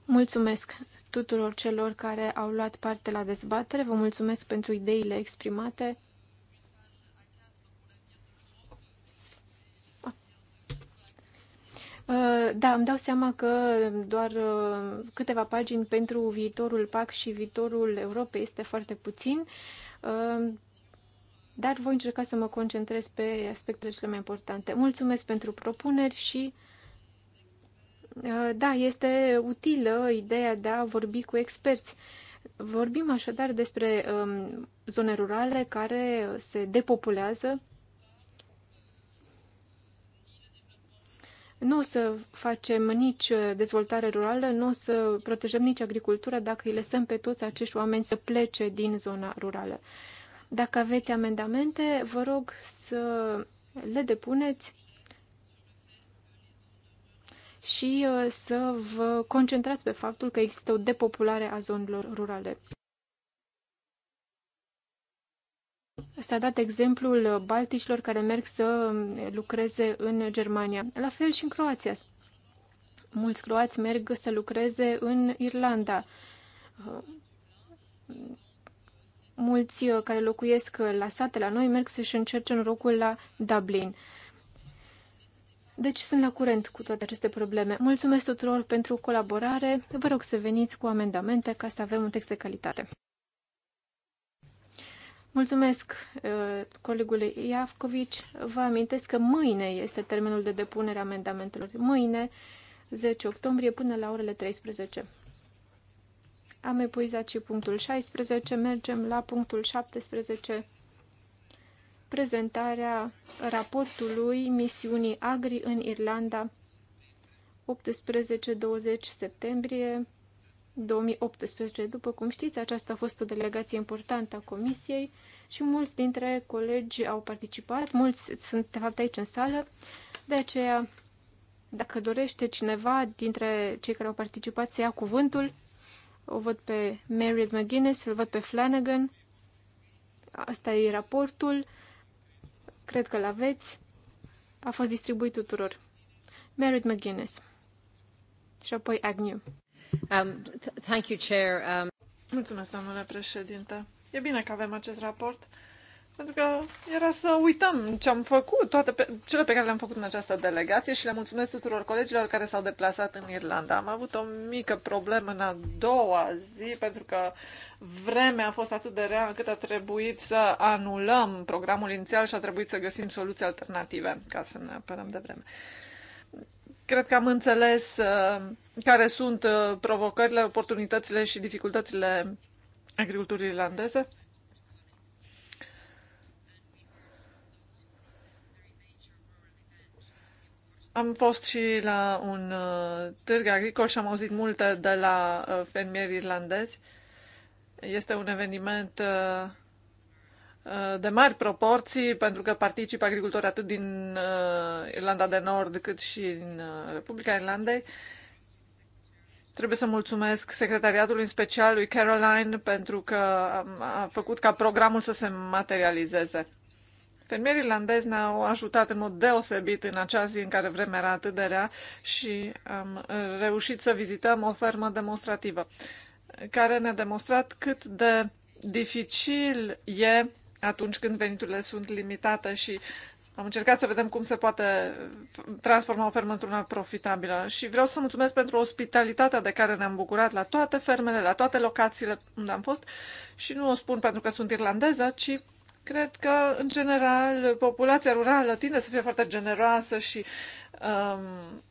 Mulțumesc tuturor celor care au luat parte la dezbatere. Vă mulțumesc pentru ideile exprimate. Uh, da, îmi dau seama că doar uh, câteva pagini pentru viitorul PAC și viitorul Europei este foarte puțin, uh, dar voi încerca să mă concentrez pe aspectele cele mai importante. Mulțumesc pentru propuneri și da, este utilă ideea de a vorbi cu experți. Vorbim așadar despre um, zone rurale care se depopulează, Nu o să facem nici uh, dezvoltare rurală, nu o să protejăm nici agricultura dacă îi lăsăm pe toți acești oameni să plece din zona rurală. Dacă aveți amendamente, vă rog să le depuneți și uh, să vă concentrați pe faptul că există o depopulare a zonelor rurale. S-a dat exemplul balticilor care merg să lucreze în Germania. La fel și în Croația. Mulți croați merg să lucreze în Irlanda. Mulți care locuiesc la sate la noi merg să-și încerce norocul în la Dublin. Deci sunt la curent cu toate aceste probleme. Mulțumesc tuturor pentru colaborare. Vă rog să veniți cu amendamente ca să avem un text de calitate. Mulțumesc uh, colegului Iafcovici. Vă amintesc că mâine este termenul de depunere a amendamentelor. Mâine, 10 octombrie, până la orele 13. Am epuizat și punctul 16. Mergem la punctul 17. Prezentarea raportului misiunii Agri în Irlanda 18-20 septembrie 2018. După cum știți, aceasta a fost o delegație importantă a Comisiei și mulți dintre colegi au participat, mulți sunt de fapt aici în sală, de aceea dacă dorește cineva dintre cei care au participat să ia cuvântul, o văd pe Mary McGuinness, îl văd pe Flanagan, asta e raportul, cred că l-aveți, a fost distribuit tuturor. Mary McGuinness și apoi Agnew. Um, thank you, Chair. Um... Mulțumesc, doamnă președinte. E bine că avem acest raport, pentru că era să uităm ce am făcut, toate pe, cele pe care le-am făcut în această delegație și le mulțumesc tuturor colegilor care s-au deplasat în Irlanda. Am avut o mică problemă în a doua zi, pentru că vremea a fost atât de rea încât a trebuit să anulăm programul inițial și a trebuit să găsim soluții alternative ca să ne apărăm de vreme cred că am înțeles uh, care sunt uh, provocările, oportunitățile și dificultățile agriculturii irlandeze. Am fost și la un uh, târg agricol și am auzit multe de la uh, fermieri irlandezi. Este un eveniment uh, de mari proporții, pentru că participă agricultori atât din Irlanda de Nord cât și din Republica Irlandei Trebuie să mulțumesc secretariatului în special lui Caroline pentru că a făcut ca programul să se materializeze. Fermierii irlandezi ne-au ajutat în mod deosebit în acea zi în care vremea era atât de rea și am reușit să vizităm o fermă demonstrativă care ne-a demonstrat cât de dificil e atunci când veniturile sunt limitate și am încercat să vedem cum se poate transforma o fermă într-una profitabilă și vreau să mulțumesc pentru ospitalitatea de care ne-am bucurat la toate fermele, la toate locațiile unde am fost și nu o spun pentru că sunt irlandeză, ci cred că, în general, populația rurală tinde să fie foarte generoasă și um,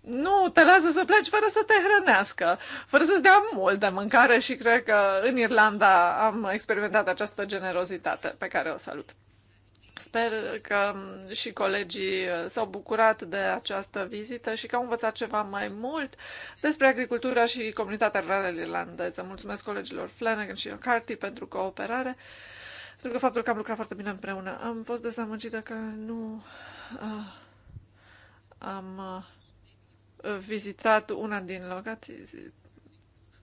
nu te lasă să pleci fără să te hrănească, fără să-ți dea mult de mâncare și cred că în Irlanda am experimentat această generozitate pe care o salut. Sper că mm, și colegii uh, s-au bucurat de această vizită și că au învățat ceva mai mult despre agricultura și comunitatea rurală irlandeză. Mulțumesc colegilor Flanagan și McCarthy pentru cooperare, pentru că faptul că am lucrat foarte bine împreună. Am fost dezamăgită că nu uh, am uh, vizitat una din locații.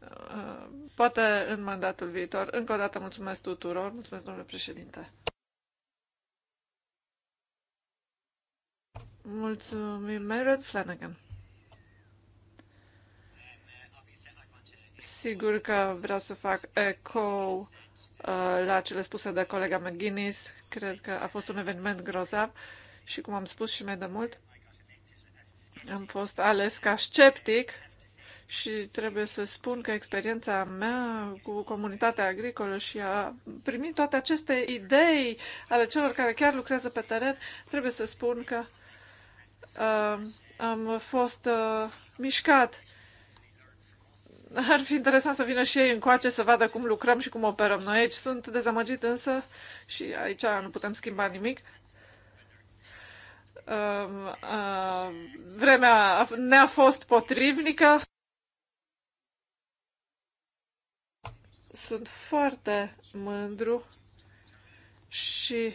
Uh, poate în mandatul viitor. Încă o dată mulțumesc tuturor. Mulțumesc, domnule președinte. Mulțumim, Meredith Flanagan. Sigur că vreau să fac eco uh, la cele spuse de colega McGuinness. Cred că a fost un eveniment grozav și, cum am spus și mai de mult, am fost ales ca sceptic și trebuie să spun că experiența mea cu comunitatea agricolă și a primit toate aceste idei ale celor care chiar lucrează pe teren, trebuie să spun că Uh, am fost uh, mișcat. Ar fi interesant să vină și ei încoace să vadă cum lucrăm și cum operăm noi aici. Sunt dezamăgit însă și aici nu putem schimba nimic um, uh, vremea ne-a fost potrivnică. Sunt foarte mândru și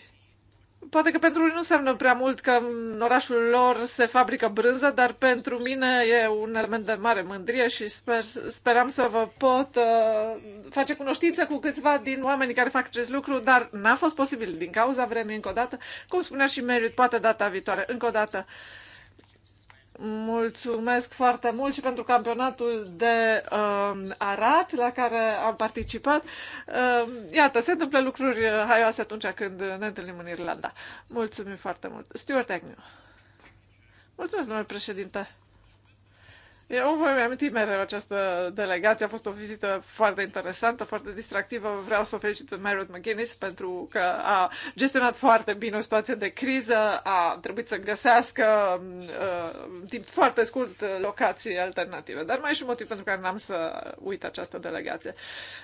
poate că pentru unii nu înseamnă prea mult că în orașul lor se fabrică brânză, dar pentru mine e un element de mare mândrie și sper, speram să vă pot uh, face cunoștință cu câțiva din oamenii care fac acest lucru, dar n-a fost posibil din cauza vremii încă o dată. Cum spunea și Merit, poate data viitoare. Încă o dată, Mulțumesc foarte mult și pentru campionatul de uh, arat la care am participat. Uh, iată, se întâmplă lucruri haioase atunci când ne întâlnim în Irlanda. Mulțumim foarte mult. Stuart Agnew. Mulțumesc, domnule președinte. Eu voi aminti mereu această delegație. A fost o vizită foarte interesantă, foarte distractivă. Vreau să o felicit pe Marriott McGuinness pentru că a gestionat foarte bine o situație de criză, a trebuit să găsească uh, timp foarte scurt locații alternative. Dar mai e și un motiv pentru care n-am să uit această delegație.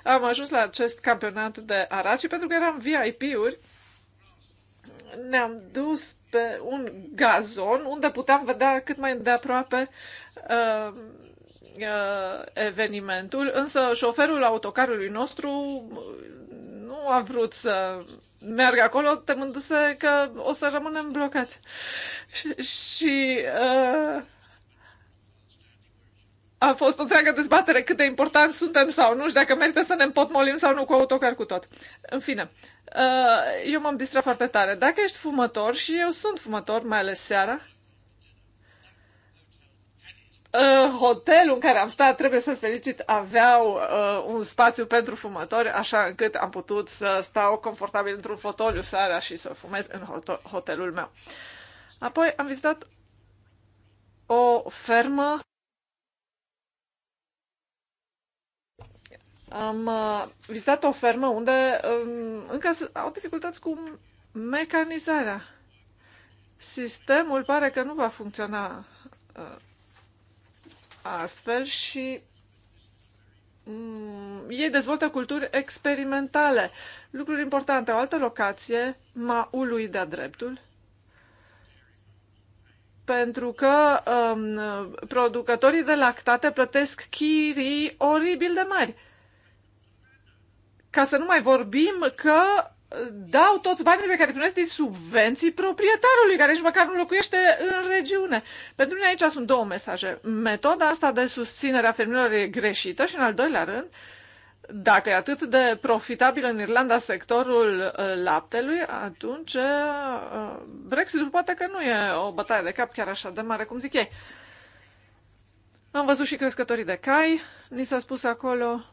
Am ajuns la acest campionat de araci pentru că eram VIP-uri ne-am dus pe un gazon unde puteam vedea cât mai de aproape uh, uh, evenimentul, însă șoferul autocarului nostru uh, nu a vrut să meargă acolo temându-se că o să rămânem blocați. Și, și uh, a fost o întreagă dezbatere cât de important suntem sau nu și dacă merită să ne împotmolim sau nu cu autocar cu tot. În fine, uh, eu m-am distrat foarte tare. Dacă ești fumător și eu sunt fumător, mai ales seara, uh, hotelul în care am stat, trebuie să-l felicit, aveau uh, un spațiu pentru fumători, așa încât am putut să stau confortabil într-un fotoliu seara și să fumez în hotelul meu. Apoi am vizitat o fermă Am uh, vizitat o fermă unde um, încă au dificultăți cu mecanizarea. Sistemul pare că nu va funcționa uh, astfel și mm, ei dezvoltă culturi experimentale. Lucruri importante. O altă locație m-a uluit de-a dreptul pentru că um, producătorii de lactate plătesc chirii oribil de mari. Ca să nu mai vorbim că dau toți banii pe care îi primesc din subvenții proprietarului, care nici măcar nu locuiește în regiune. Pentru mine aici sunt două mesaje. Metoda asta de susținere a fermierilor e greșită și, în al doilea rând, dacă e atât de profitabil în Irlanda sectorul uh, laptelui, atunci uh, Brexitul poate că nu e o bătaie de cap chiar așa de mare cum zic ei. Am văzut și crescătorii de cai, ni s-a spus acolo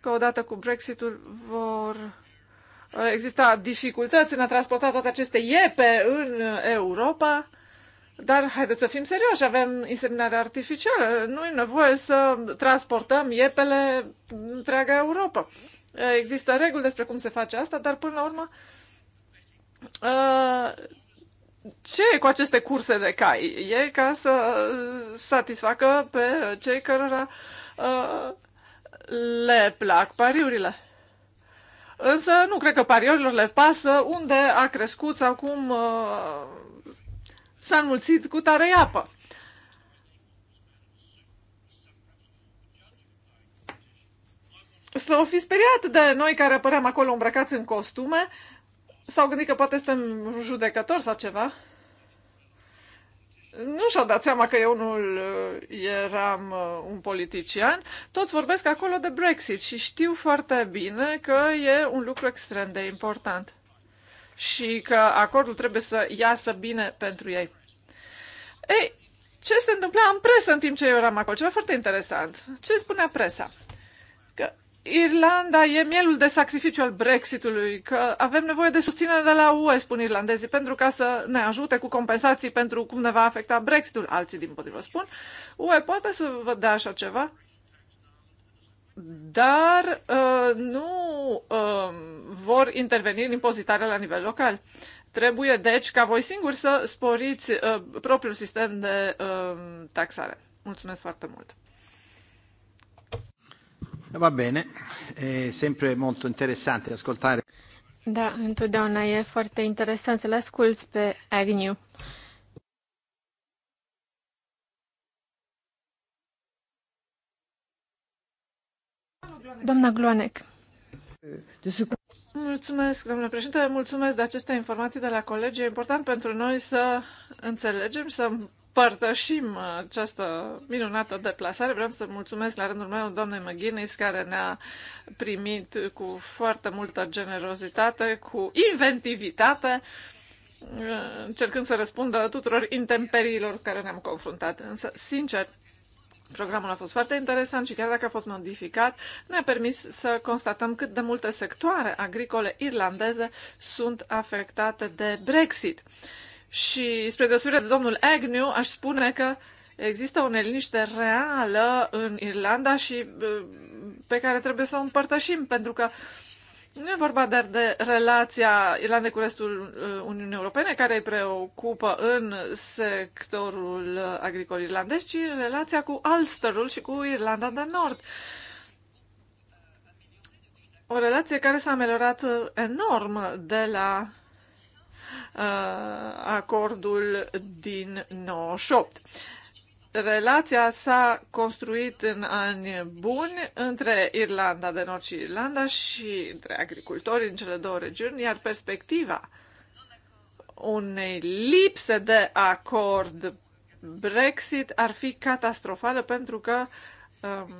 că odată cu Brexitul vor uh, exista dificultăți în a transporta toate aceste iepe în uh, Europa, dar haideți să fim serioși, avem inseminare artificială, nu e nevoie să transportăm iepele întreaga Europa. Uh, există reguli despre cum se face asta, dar până la urmă ce e cu aceste curse de cai? E ca să satisfacă pe cei cărora uh, le plac pariurile. Însă nu cred că pariurilor le pasă unde a crescut sau cum uh, s-a înmulțit cu tare apă. Să o fi speriat de noi care apăream acolo îmbrăcați în costume, sau gândit că poate suntem judecători sau ceva nu și-au dat seama că eu nu uh, eram uh, un politician, toți vorbesc acolo de Brexit și știu foarte bine că e un lucru extrem de important și că acordul trebuie să iasă bine pentru ei. Ei, ce se întâmpla în presă în timp ce eu eram acolo? Ceva foarte interesant. Ce spunea presa? Irlanda e mielul de sacrificiu al Brexitului, că avem nevoie de susținere de la UE, spun irlandezii, pentru ca să ne ajute cu compensații pentru cum ne va afecta Brexitul. Alții, din potrivă, spun, UE poate să vă dea așa ceva, dar uh, nu uh, vor interveni în impozitare la nivel local. Trebuie, deci, ca voi singuri să sporiți uh, propriul sistem de uh, taxare. Mulțumesc foarte mult! Va bine, e sempre molto interessante ascoltare. Da, întotdeauna e foarte interesant să-l asculți pe Agnew. Doamna Gloanec. Mulțumesc, domnule președinte, mulțumesc de aceste informații de la colegi. E important pentru noi să înțelegem, să împărtășim această minunată deplasare. Vreau să mulțumesc la rândul meu doamnei McGuinness care ne-a primit cu foarte multă generozitate, cu inventivitate, încercând să răspundă tuturor intemperiilor care ne-am confruntat. Însă, sincer, Programul a fost foarte interesant și chiar dacă a fost modificat, ne-a permis să constatăm cât de multe sectoare agricole irlandeze sunt afectate de Brexit. Uh, și spre deosebire de domnul Agnew, aș spune că există o neliniște reală în Irlanda și pe care trebuie să o împărtășim, pentru că nu e vorba doar de relația Irlandei cu restul ă, Uniunii Europene, care îi preocupă în sectorul agricol irlandez, ci relația cu Ulsterul și cu Irlanda de Nord. O relație care s-a ameliorat ă, enorm de la Uh, acordul din 98. Relația s-a construit în ani buni între Irlanda de Nord și Irlanda și între agricultorii în cele două regiuni, iar perspectiva unei lipse de acord Brexit ar fi catastrofală pentru că um,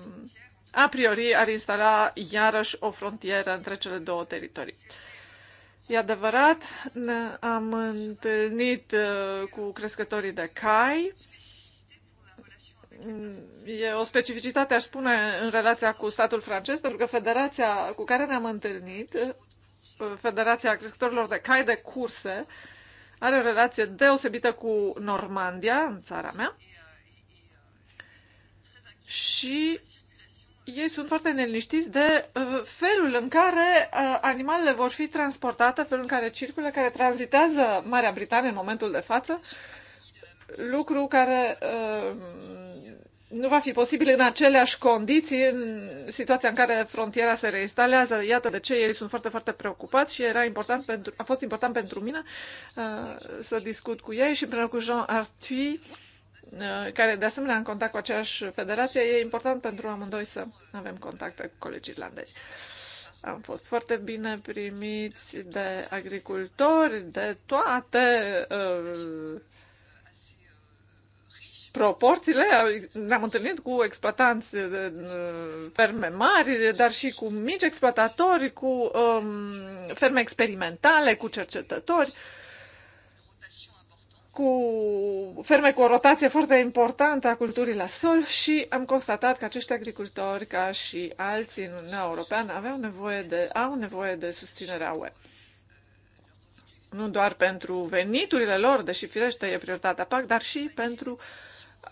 a priori ar instala iarăși o frontieră între cele două teritorii. E adevărat, am întâlnit uh, cu crescătorii de cai. E o specificitate, aș spune, în relația cu statul francez, pentru că federația cu care ne-am întâlnit, uh, Federația Crescătorilor de Cai de Curse, are o relație deosebită cu Normandia, în țara mea, și ei sunt foarte neliniștiți de uh, felul în care uh, animalele vor fi transportate, felul în care circulă, care tranzitează Marea Britanie în momentul de față, lucru care uh, nu va fi posibil în aceleași condiții, în situația în care frontiera se reinstalează. Iată de ce ei sunt foarte, foarte preocupați și era important pentru, a fost important pentru mine uh, să discut cu ei și împreună cu Jean Arthuis Uh, care de asemenea în contact cu aceeași federație, e important pentru amândoi să avem contacte cu colegii irlandezi. Am fost foarte bine primiți de agricultori, de toate uh, proporțiile. Ne-am întâlnit cu exploatanți de uh, ferme mari, dar și cu mici exploatatori, cu um, ferme experimentale, cu cercetători. Uh, cu ferme cu o rotație foarte importantă a culturii la sol și am constatat că acești agricultori, ca și alții în Uniunea Europeană, aveau nevoie de, au nevoie de susținerea UE. Nu doar pentru veniturile lor, deși firește e prioritatea PAC, dar și pentru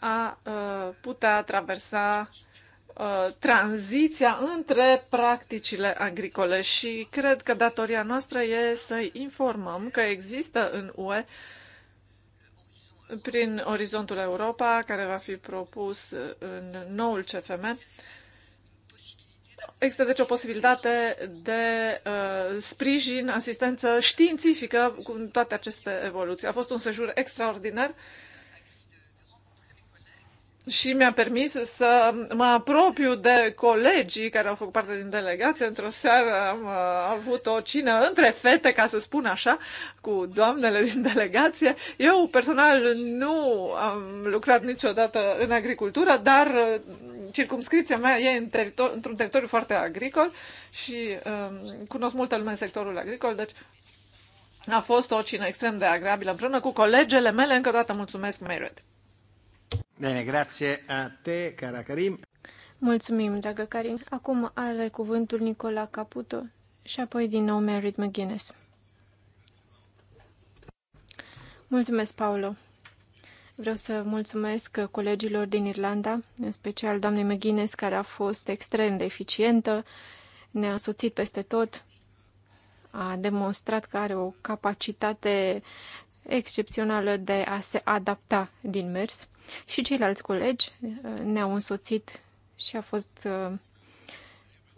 a uh, putea traversa uh, tranziția între practicile agricole și cred că datoria noastră e să informăm că există în UE uh, prin Orizontul Europa, care va fi propus în noul CFM. Există deci o posibilitate de uh, sprijin, asistență științifică cu toate aceste evoluții. A fost un sejur extraordinar și mi-a permis să mă apropiu de colegii care au făcut parte din delegație. Într-o seară am uh, avut o cină între fete, ca să spun așa, cu doamnele din delegație. Eu personal nu am lucrat niciodată în agricultură, dar uh, circumscripția mea e în teritor- într-un teritoriu foarte agricol și um, cunosc multă lume în sectorul agricol, deci a fost o cină extrem de agreabilă împreună cu colegele mele. Încă o dată mulțumesc, Meredith. Bine, grație a te, cara Karim. Mulțumim, dragă Karim. Acum are cuvântul Nicola Caputo și apoi din nou Merit McGuinness. Mulțumesc, Paulo. Vreau să mulțumesc colegilor din Irlanda, în special doamnei McGuinness, care a fost extrem de eficientă, ne-a soțit peste tot, a demonstrat că are o capacitate excepțională de a se adapta din mers și ceilalți colegi uh, ne-au însoțit și a fost uh,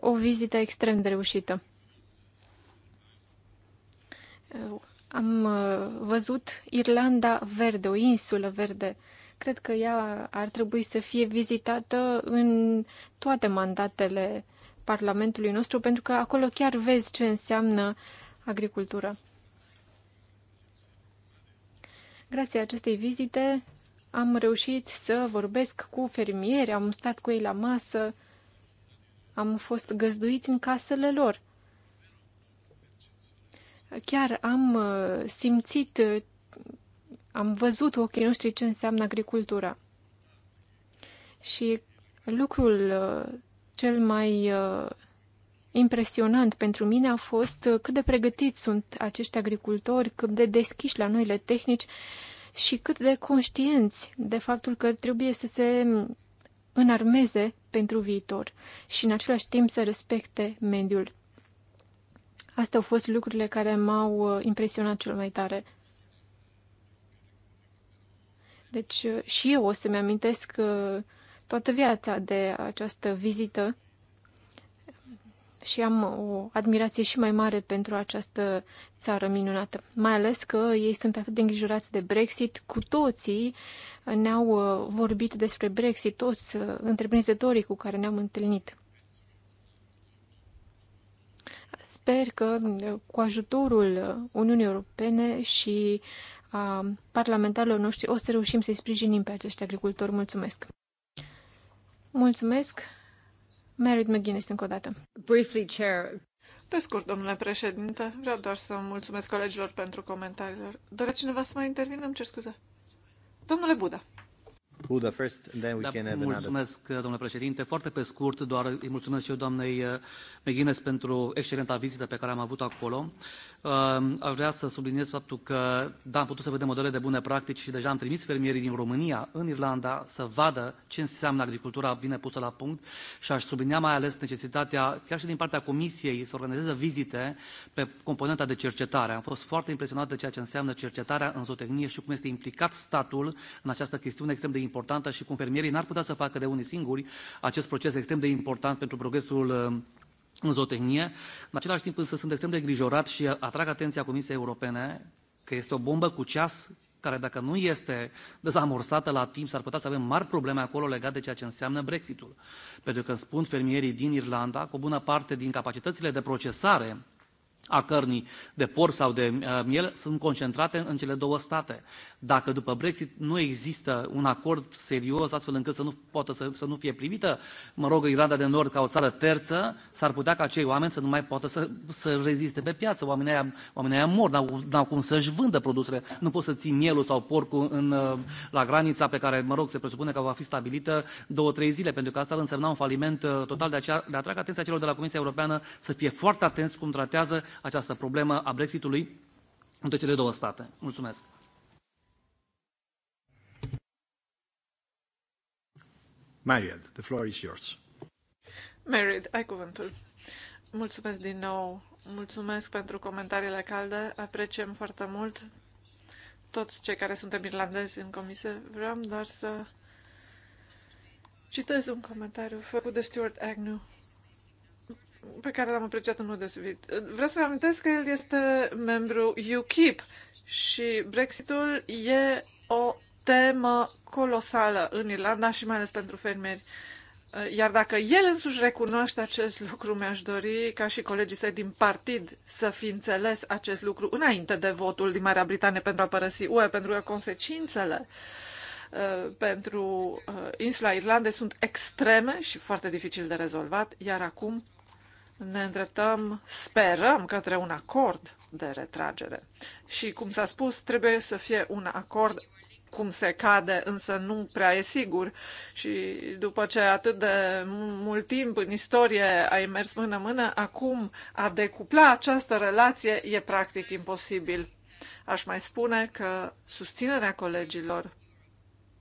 o vizită extrem de reușită. Uh, am văzut Irlanda verde, o insulă verde. Cred că ea ar trebui să fie vizitată în toate mandatele Parlamentului nostru, pentru că acolo chiar vezi ce înseamnă agricultura. Grație acestei vizite am reușit să vorbesc cu fermieri, am stat cu ei la masă, am fost găzduiți în casele lor. Chiar am uh, simțit, uh, am văzut ochii noștri ce înseamnă agricultura. Și lucrul uh, cel mai impresionant pentru mine a fost uh, cât de pregătiți sunt acești agricultori, cât de deschiși la noile tehnici și cât de conștienți de faptul că trebuie să se mm, înarmeze pentru viitor și în același timp să respecte mediul. Astea au fost lucrurile care m-au uh, impresionat cel mai tare. Deci uh, și eu o să-mi amintesc toată viața de această vizită și am o admirație și mai mare pentru această țară minunată. Mai ales că ei sunt atât de îngrijorați de Brexit, cu toții uh, ne-au uh, vorbit despre Brexit, toți uh, întreprinzătorii cu care ne-am întâlnit. Sper că cu ajutorul Uniunii Europene și a parlamentarilor noștri o să reușim să-i sprijinim pe acești agricultori. Mulțumesc! Mulțumesc! Merit McGuinness încă o dată. Briefly, Chair. Pe scurt, domnule președinte, vreau doar să mulțumesc colegilor pentru comentariile. Dorea cineva să mai intervină? Îmi cer scuze. Domnule Buda. Buda first, then we da, can have mulțumesc, another. domnule președinte. Foarte pe scurt, doar îi mulțumesc și eu doamnei uh, McGuinness pentru excelenta vizită pe care am avut-o acolo. Uh, Ehm, aș vrea să subliniez faptul că, da, am putut să vedem modele de bune practici și deja am trimis fermierii din România în Irlanda să vadă ce înseamnă agricultura bine pusă la punct și aș sublinia mai ales necesitatea, chiar și din partea Comisiei, să organizeze vizite pe componenta de cercetare. Am fost foarte impresionat de ceea ce înseamnă cercetarea în zootehnie și cum este implicat statul în această chestiune extrem de importantă și cum fermierii n-ar putea să facă de unii singuri acest proces extrem de important pentru progresul ehm, în zootehnie. În același timp însă sunt extrem de îngrijorat și atrag atenția Comisiei Europene că este o bombă cu ceas care dacă nu este dezamorsată la timp, s-ar putea să avem mari probleme acolo legate de ceea ce înseamnă Brexitul. Pentru că spun fermierii din Irlanda cu o bună parte din capacitățile de procesare a cărnii de porc sau de uh, miel sunt concentrate în cele două state. Dacă după Brexit nu există un acord serios astfel încât să nu poată să, să nu fie primită, mă rog, Irlanda de Nord ca o țară terță, s-ar putea ca acei oameni să nu mai poată să, să reziste pe piață. Oamenii aia, oamenii aia mor, n-au, cum să-și vândă produsele. Nu poți să ții mielul sau porcul în, uh, la granița pe care, mă rog, se presupune că va fi stabilită două, trei zile, pentru că asta ar însemna un faliment uh, total. De aceea le atrag atenția celor de la Comisia Europeană să fie foarte atenți cum tratează această problemă a Brexitului între cele două state. Mulțumesc! Marriott, the floor is yours. Marriott, ai cuvântul. Mulțumesc din nou. Mulțumesc pentru comentariile calde. Apreciem foarte mult toți cei care suntem irlandezi în comisie. Vreau doar să citez un comentariu făcut de Stuart Agnew pe care l-am apreciat în mod deosebit. Vreau să vă amintesc că el este membru UKIP și Brexitul e o temă colosală în Irlanda și mai ales pentru fermieri. Eh, iar dacă el însuși recunoaște acest lucru, mi-aș dori ca și colegii săi din partid să fi înțeles acest lucru înainte de votul din Marea Britanie pentru a părăsi UE, pentru că consecințele eh, pentru eh, insula Irlandei sunt extreme și foarte dificil de rezolvat, iar acum ne îndreptăm, sperăm, către un acord de retragere. Și, cum s-a spus, trebuie să fie un acord cum se cade, însă nu prea e sigur. Și după ce atât de mult timp în istorie ai mers mână-mână, acum a decupla această relație e practic imposibil. Aș mai spune că susținerea colegilor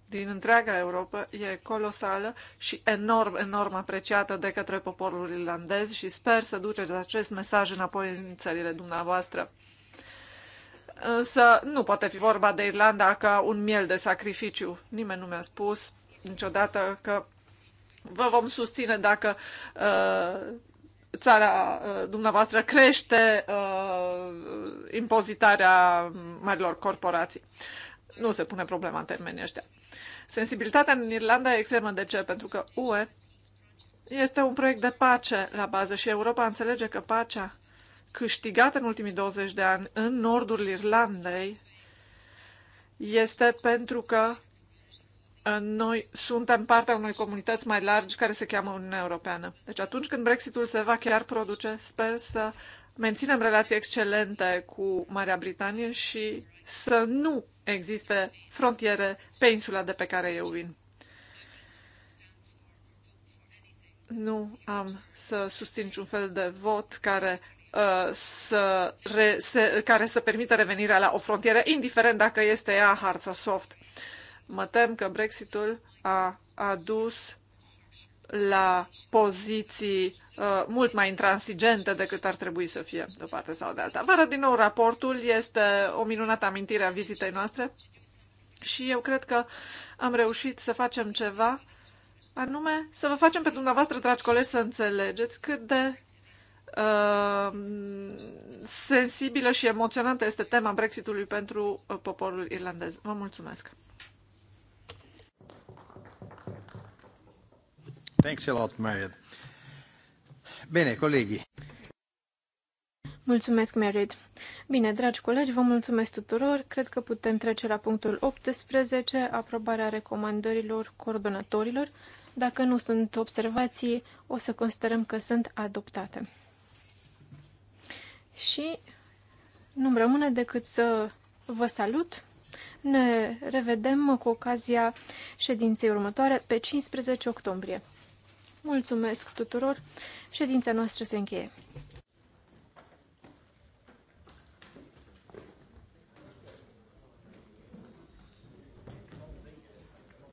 din întreaga Europa e colosală și enorm, enorm apreciată de către poporul irlandez și sper să duceți acest mesaj înapoi în țările dumneavoastră. Însă nu poate fi vorba de Irlanda ca un miel de sacrificiu. Nimeni nu mi-a spus niciodată că vă vom susține dacă uh, țara uh, dumneavoastră crește uh, impozitarea marilor corporații. Uh, nu se pune problema în termenii ăștia. Sensibilitatea în Irlanda e extremă. De ce? Pentru că UE este un proiect de pace la bază și Europa înțelege că pacea câștigată în ultimii 20 de ani în nordul Irlandei este pentru că uh, noi suntem partea unei comunități mai largi care se cheamă Uniunea Europeană. Deci atunci când Brexitul se va chiar produce, sper să menținem relații excelente cu Marea Britanie și să nu existe frontiere pe insula de pe care eu vin. Nu am să susțin niciun fel de vot care uh, să, re, se, care să permită revenirea la o frontieră, indiferent dacă este ea hard sau soft. Mă tem că Brexitul a adus la poziții Uh, mult mai intransigente decât ar trebui să fie, de o parte sau de alta. Vă arăt din nou raportul, este o minunată amintire a vizitei noastre și eu cred că am reușit să facem ceva, anume să vă facem pe dumneavoastră, dragi colegi, să înțelegeți cât de uh, sensibilă și emoționantă este tema Brexitului pentru uh, poporul irlandez. Vă mulțumesc! Thanks a lot, Marriott. Bine, colegii. Mulțumesc, Merit. Bine, dragi colegi, vă mulțumesc tuturor. Cred că putem trece la punctul 18, aprobarea recomandărilor coordonatorilor. Dacă nu sunt observații, o să considerăm că sunt adoptate. Și nu-mi rămâne decât să vă salut. Ne revedem cu ocazia ședinței următoare pe 15 octombrie. Mulțumesc tuturor. Ședința noastră se încheie.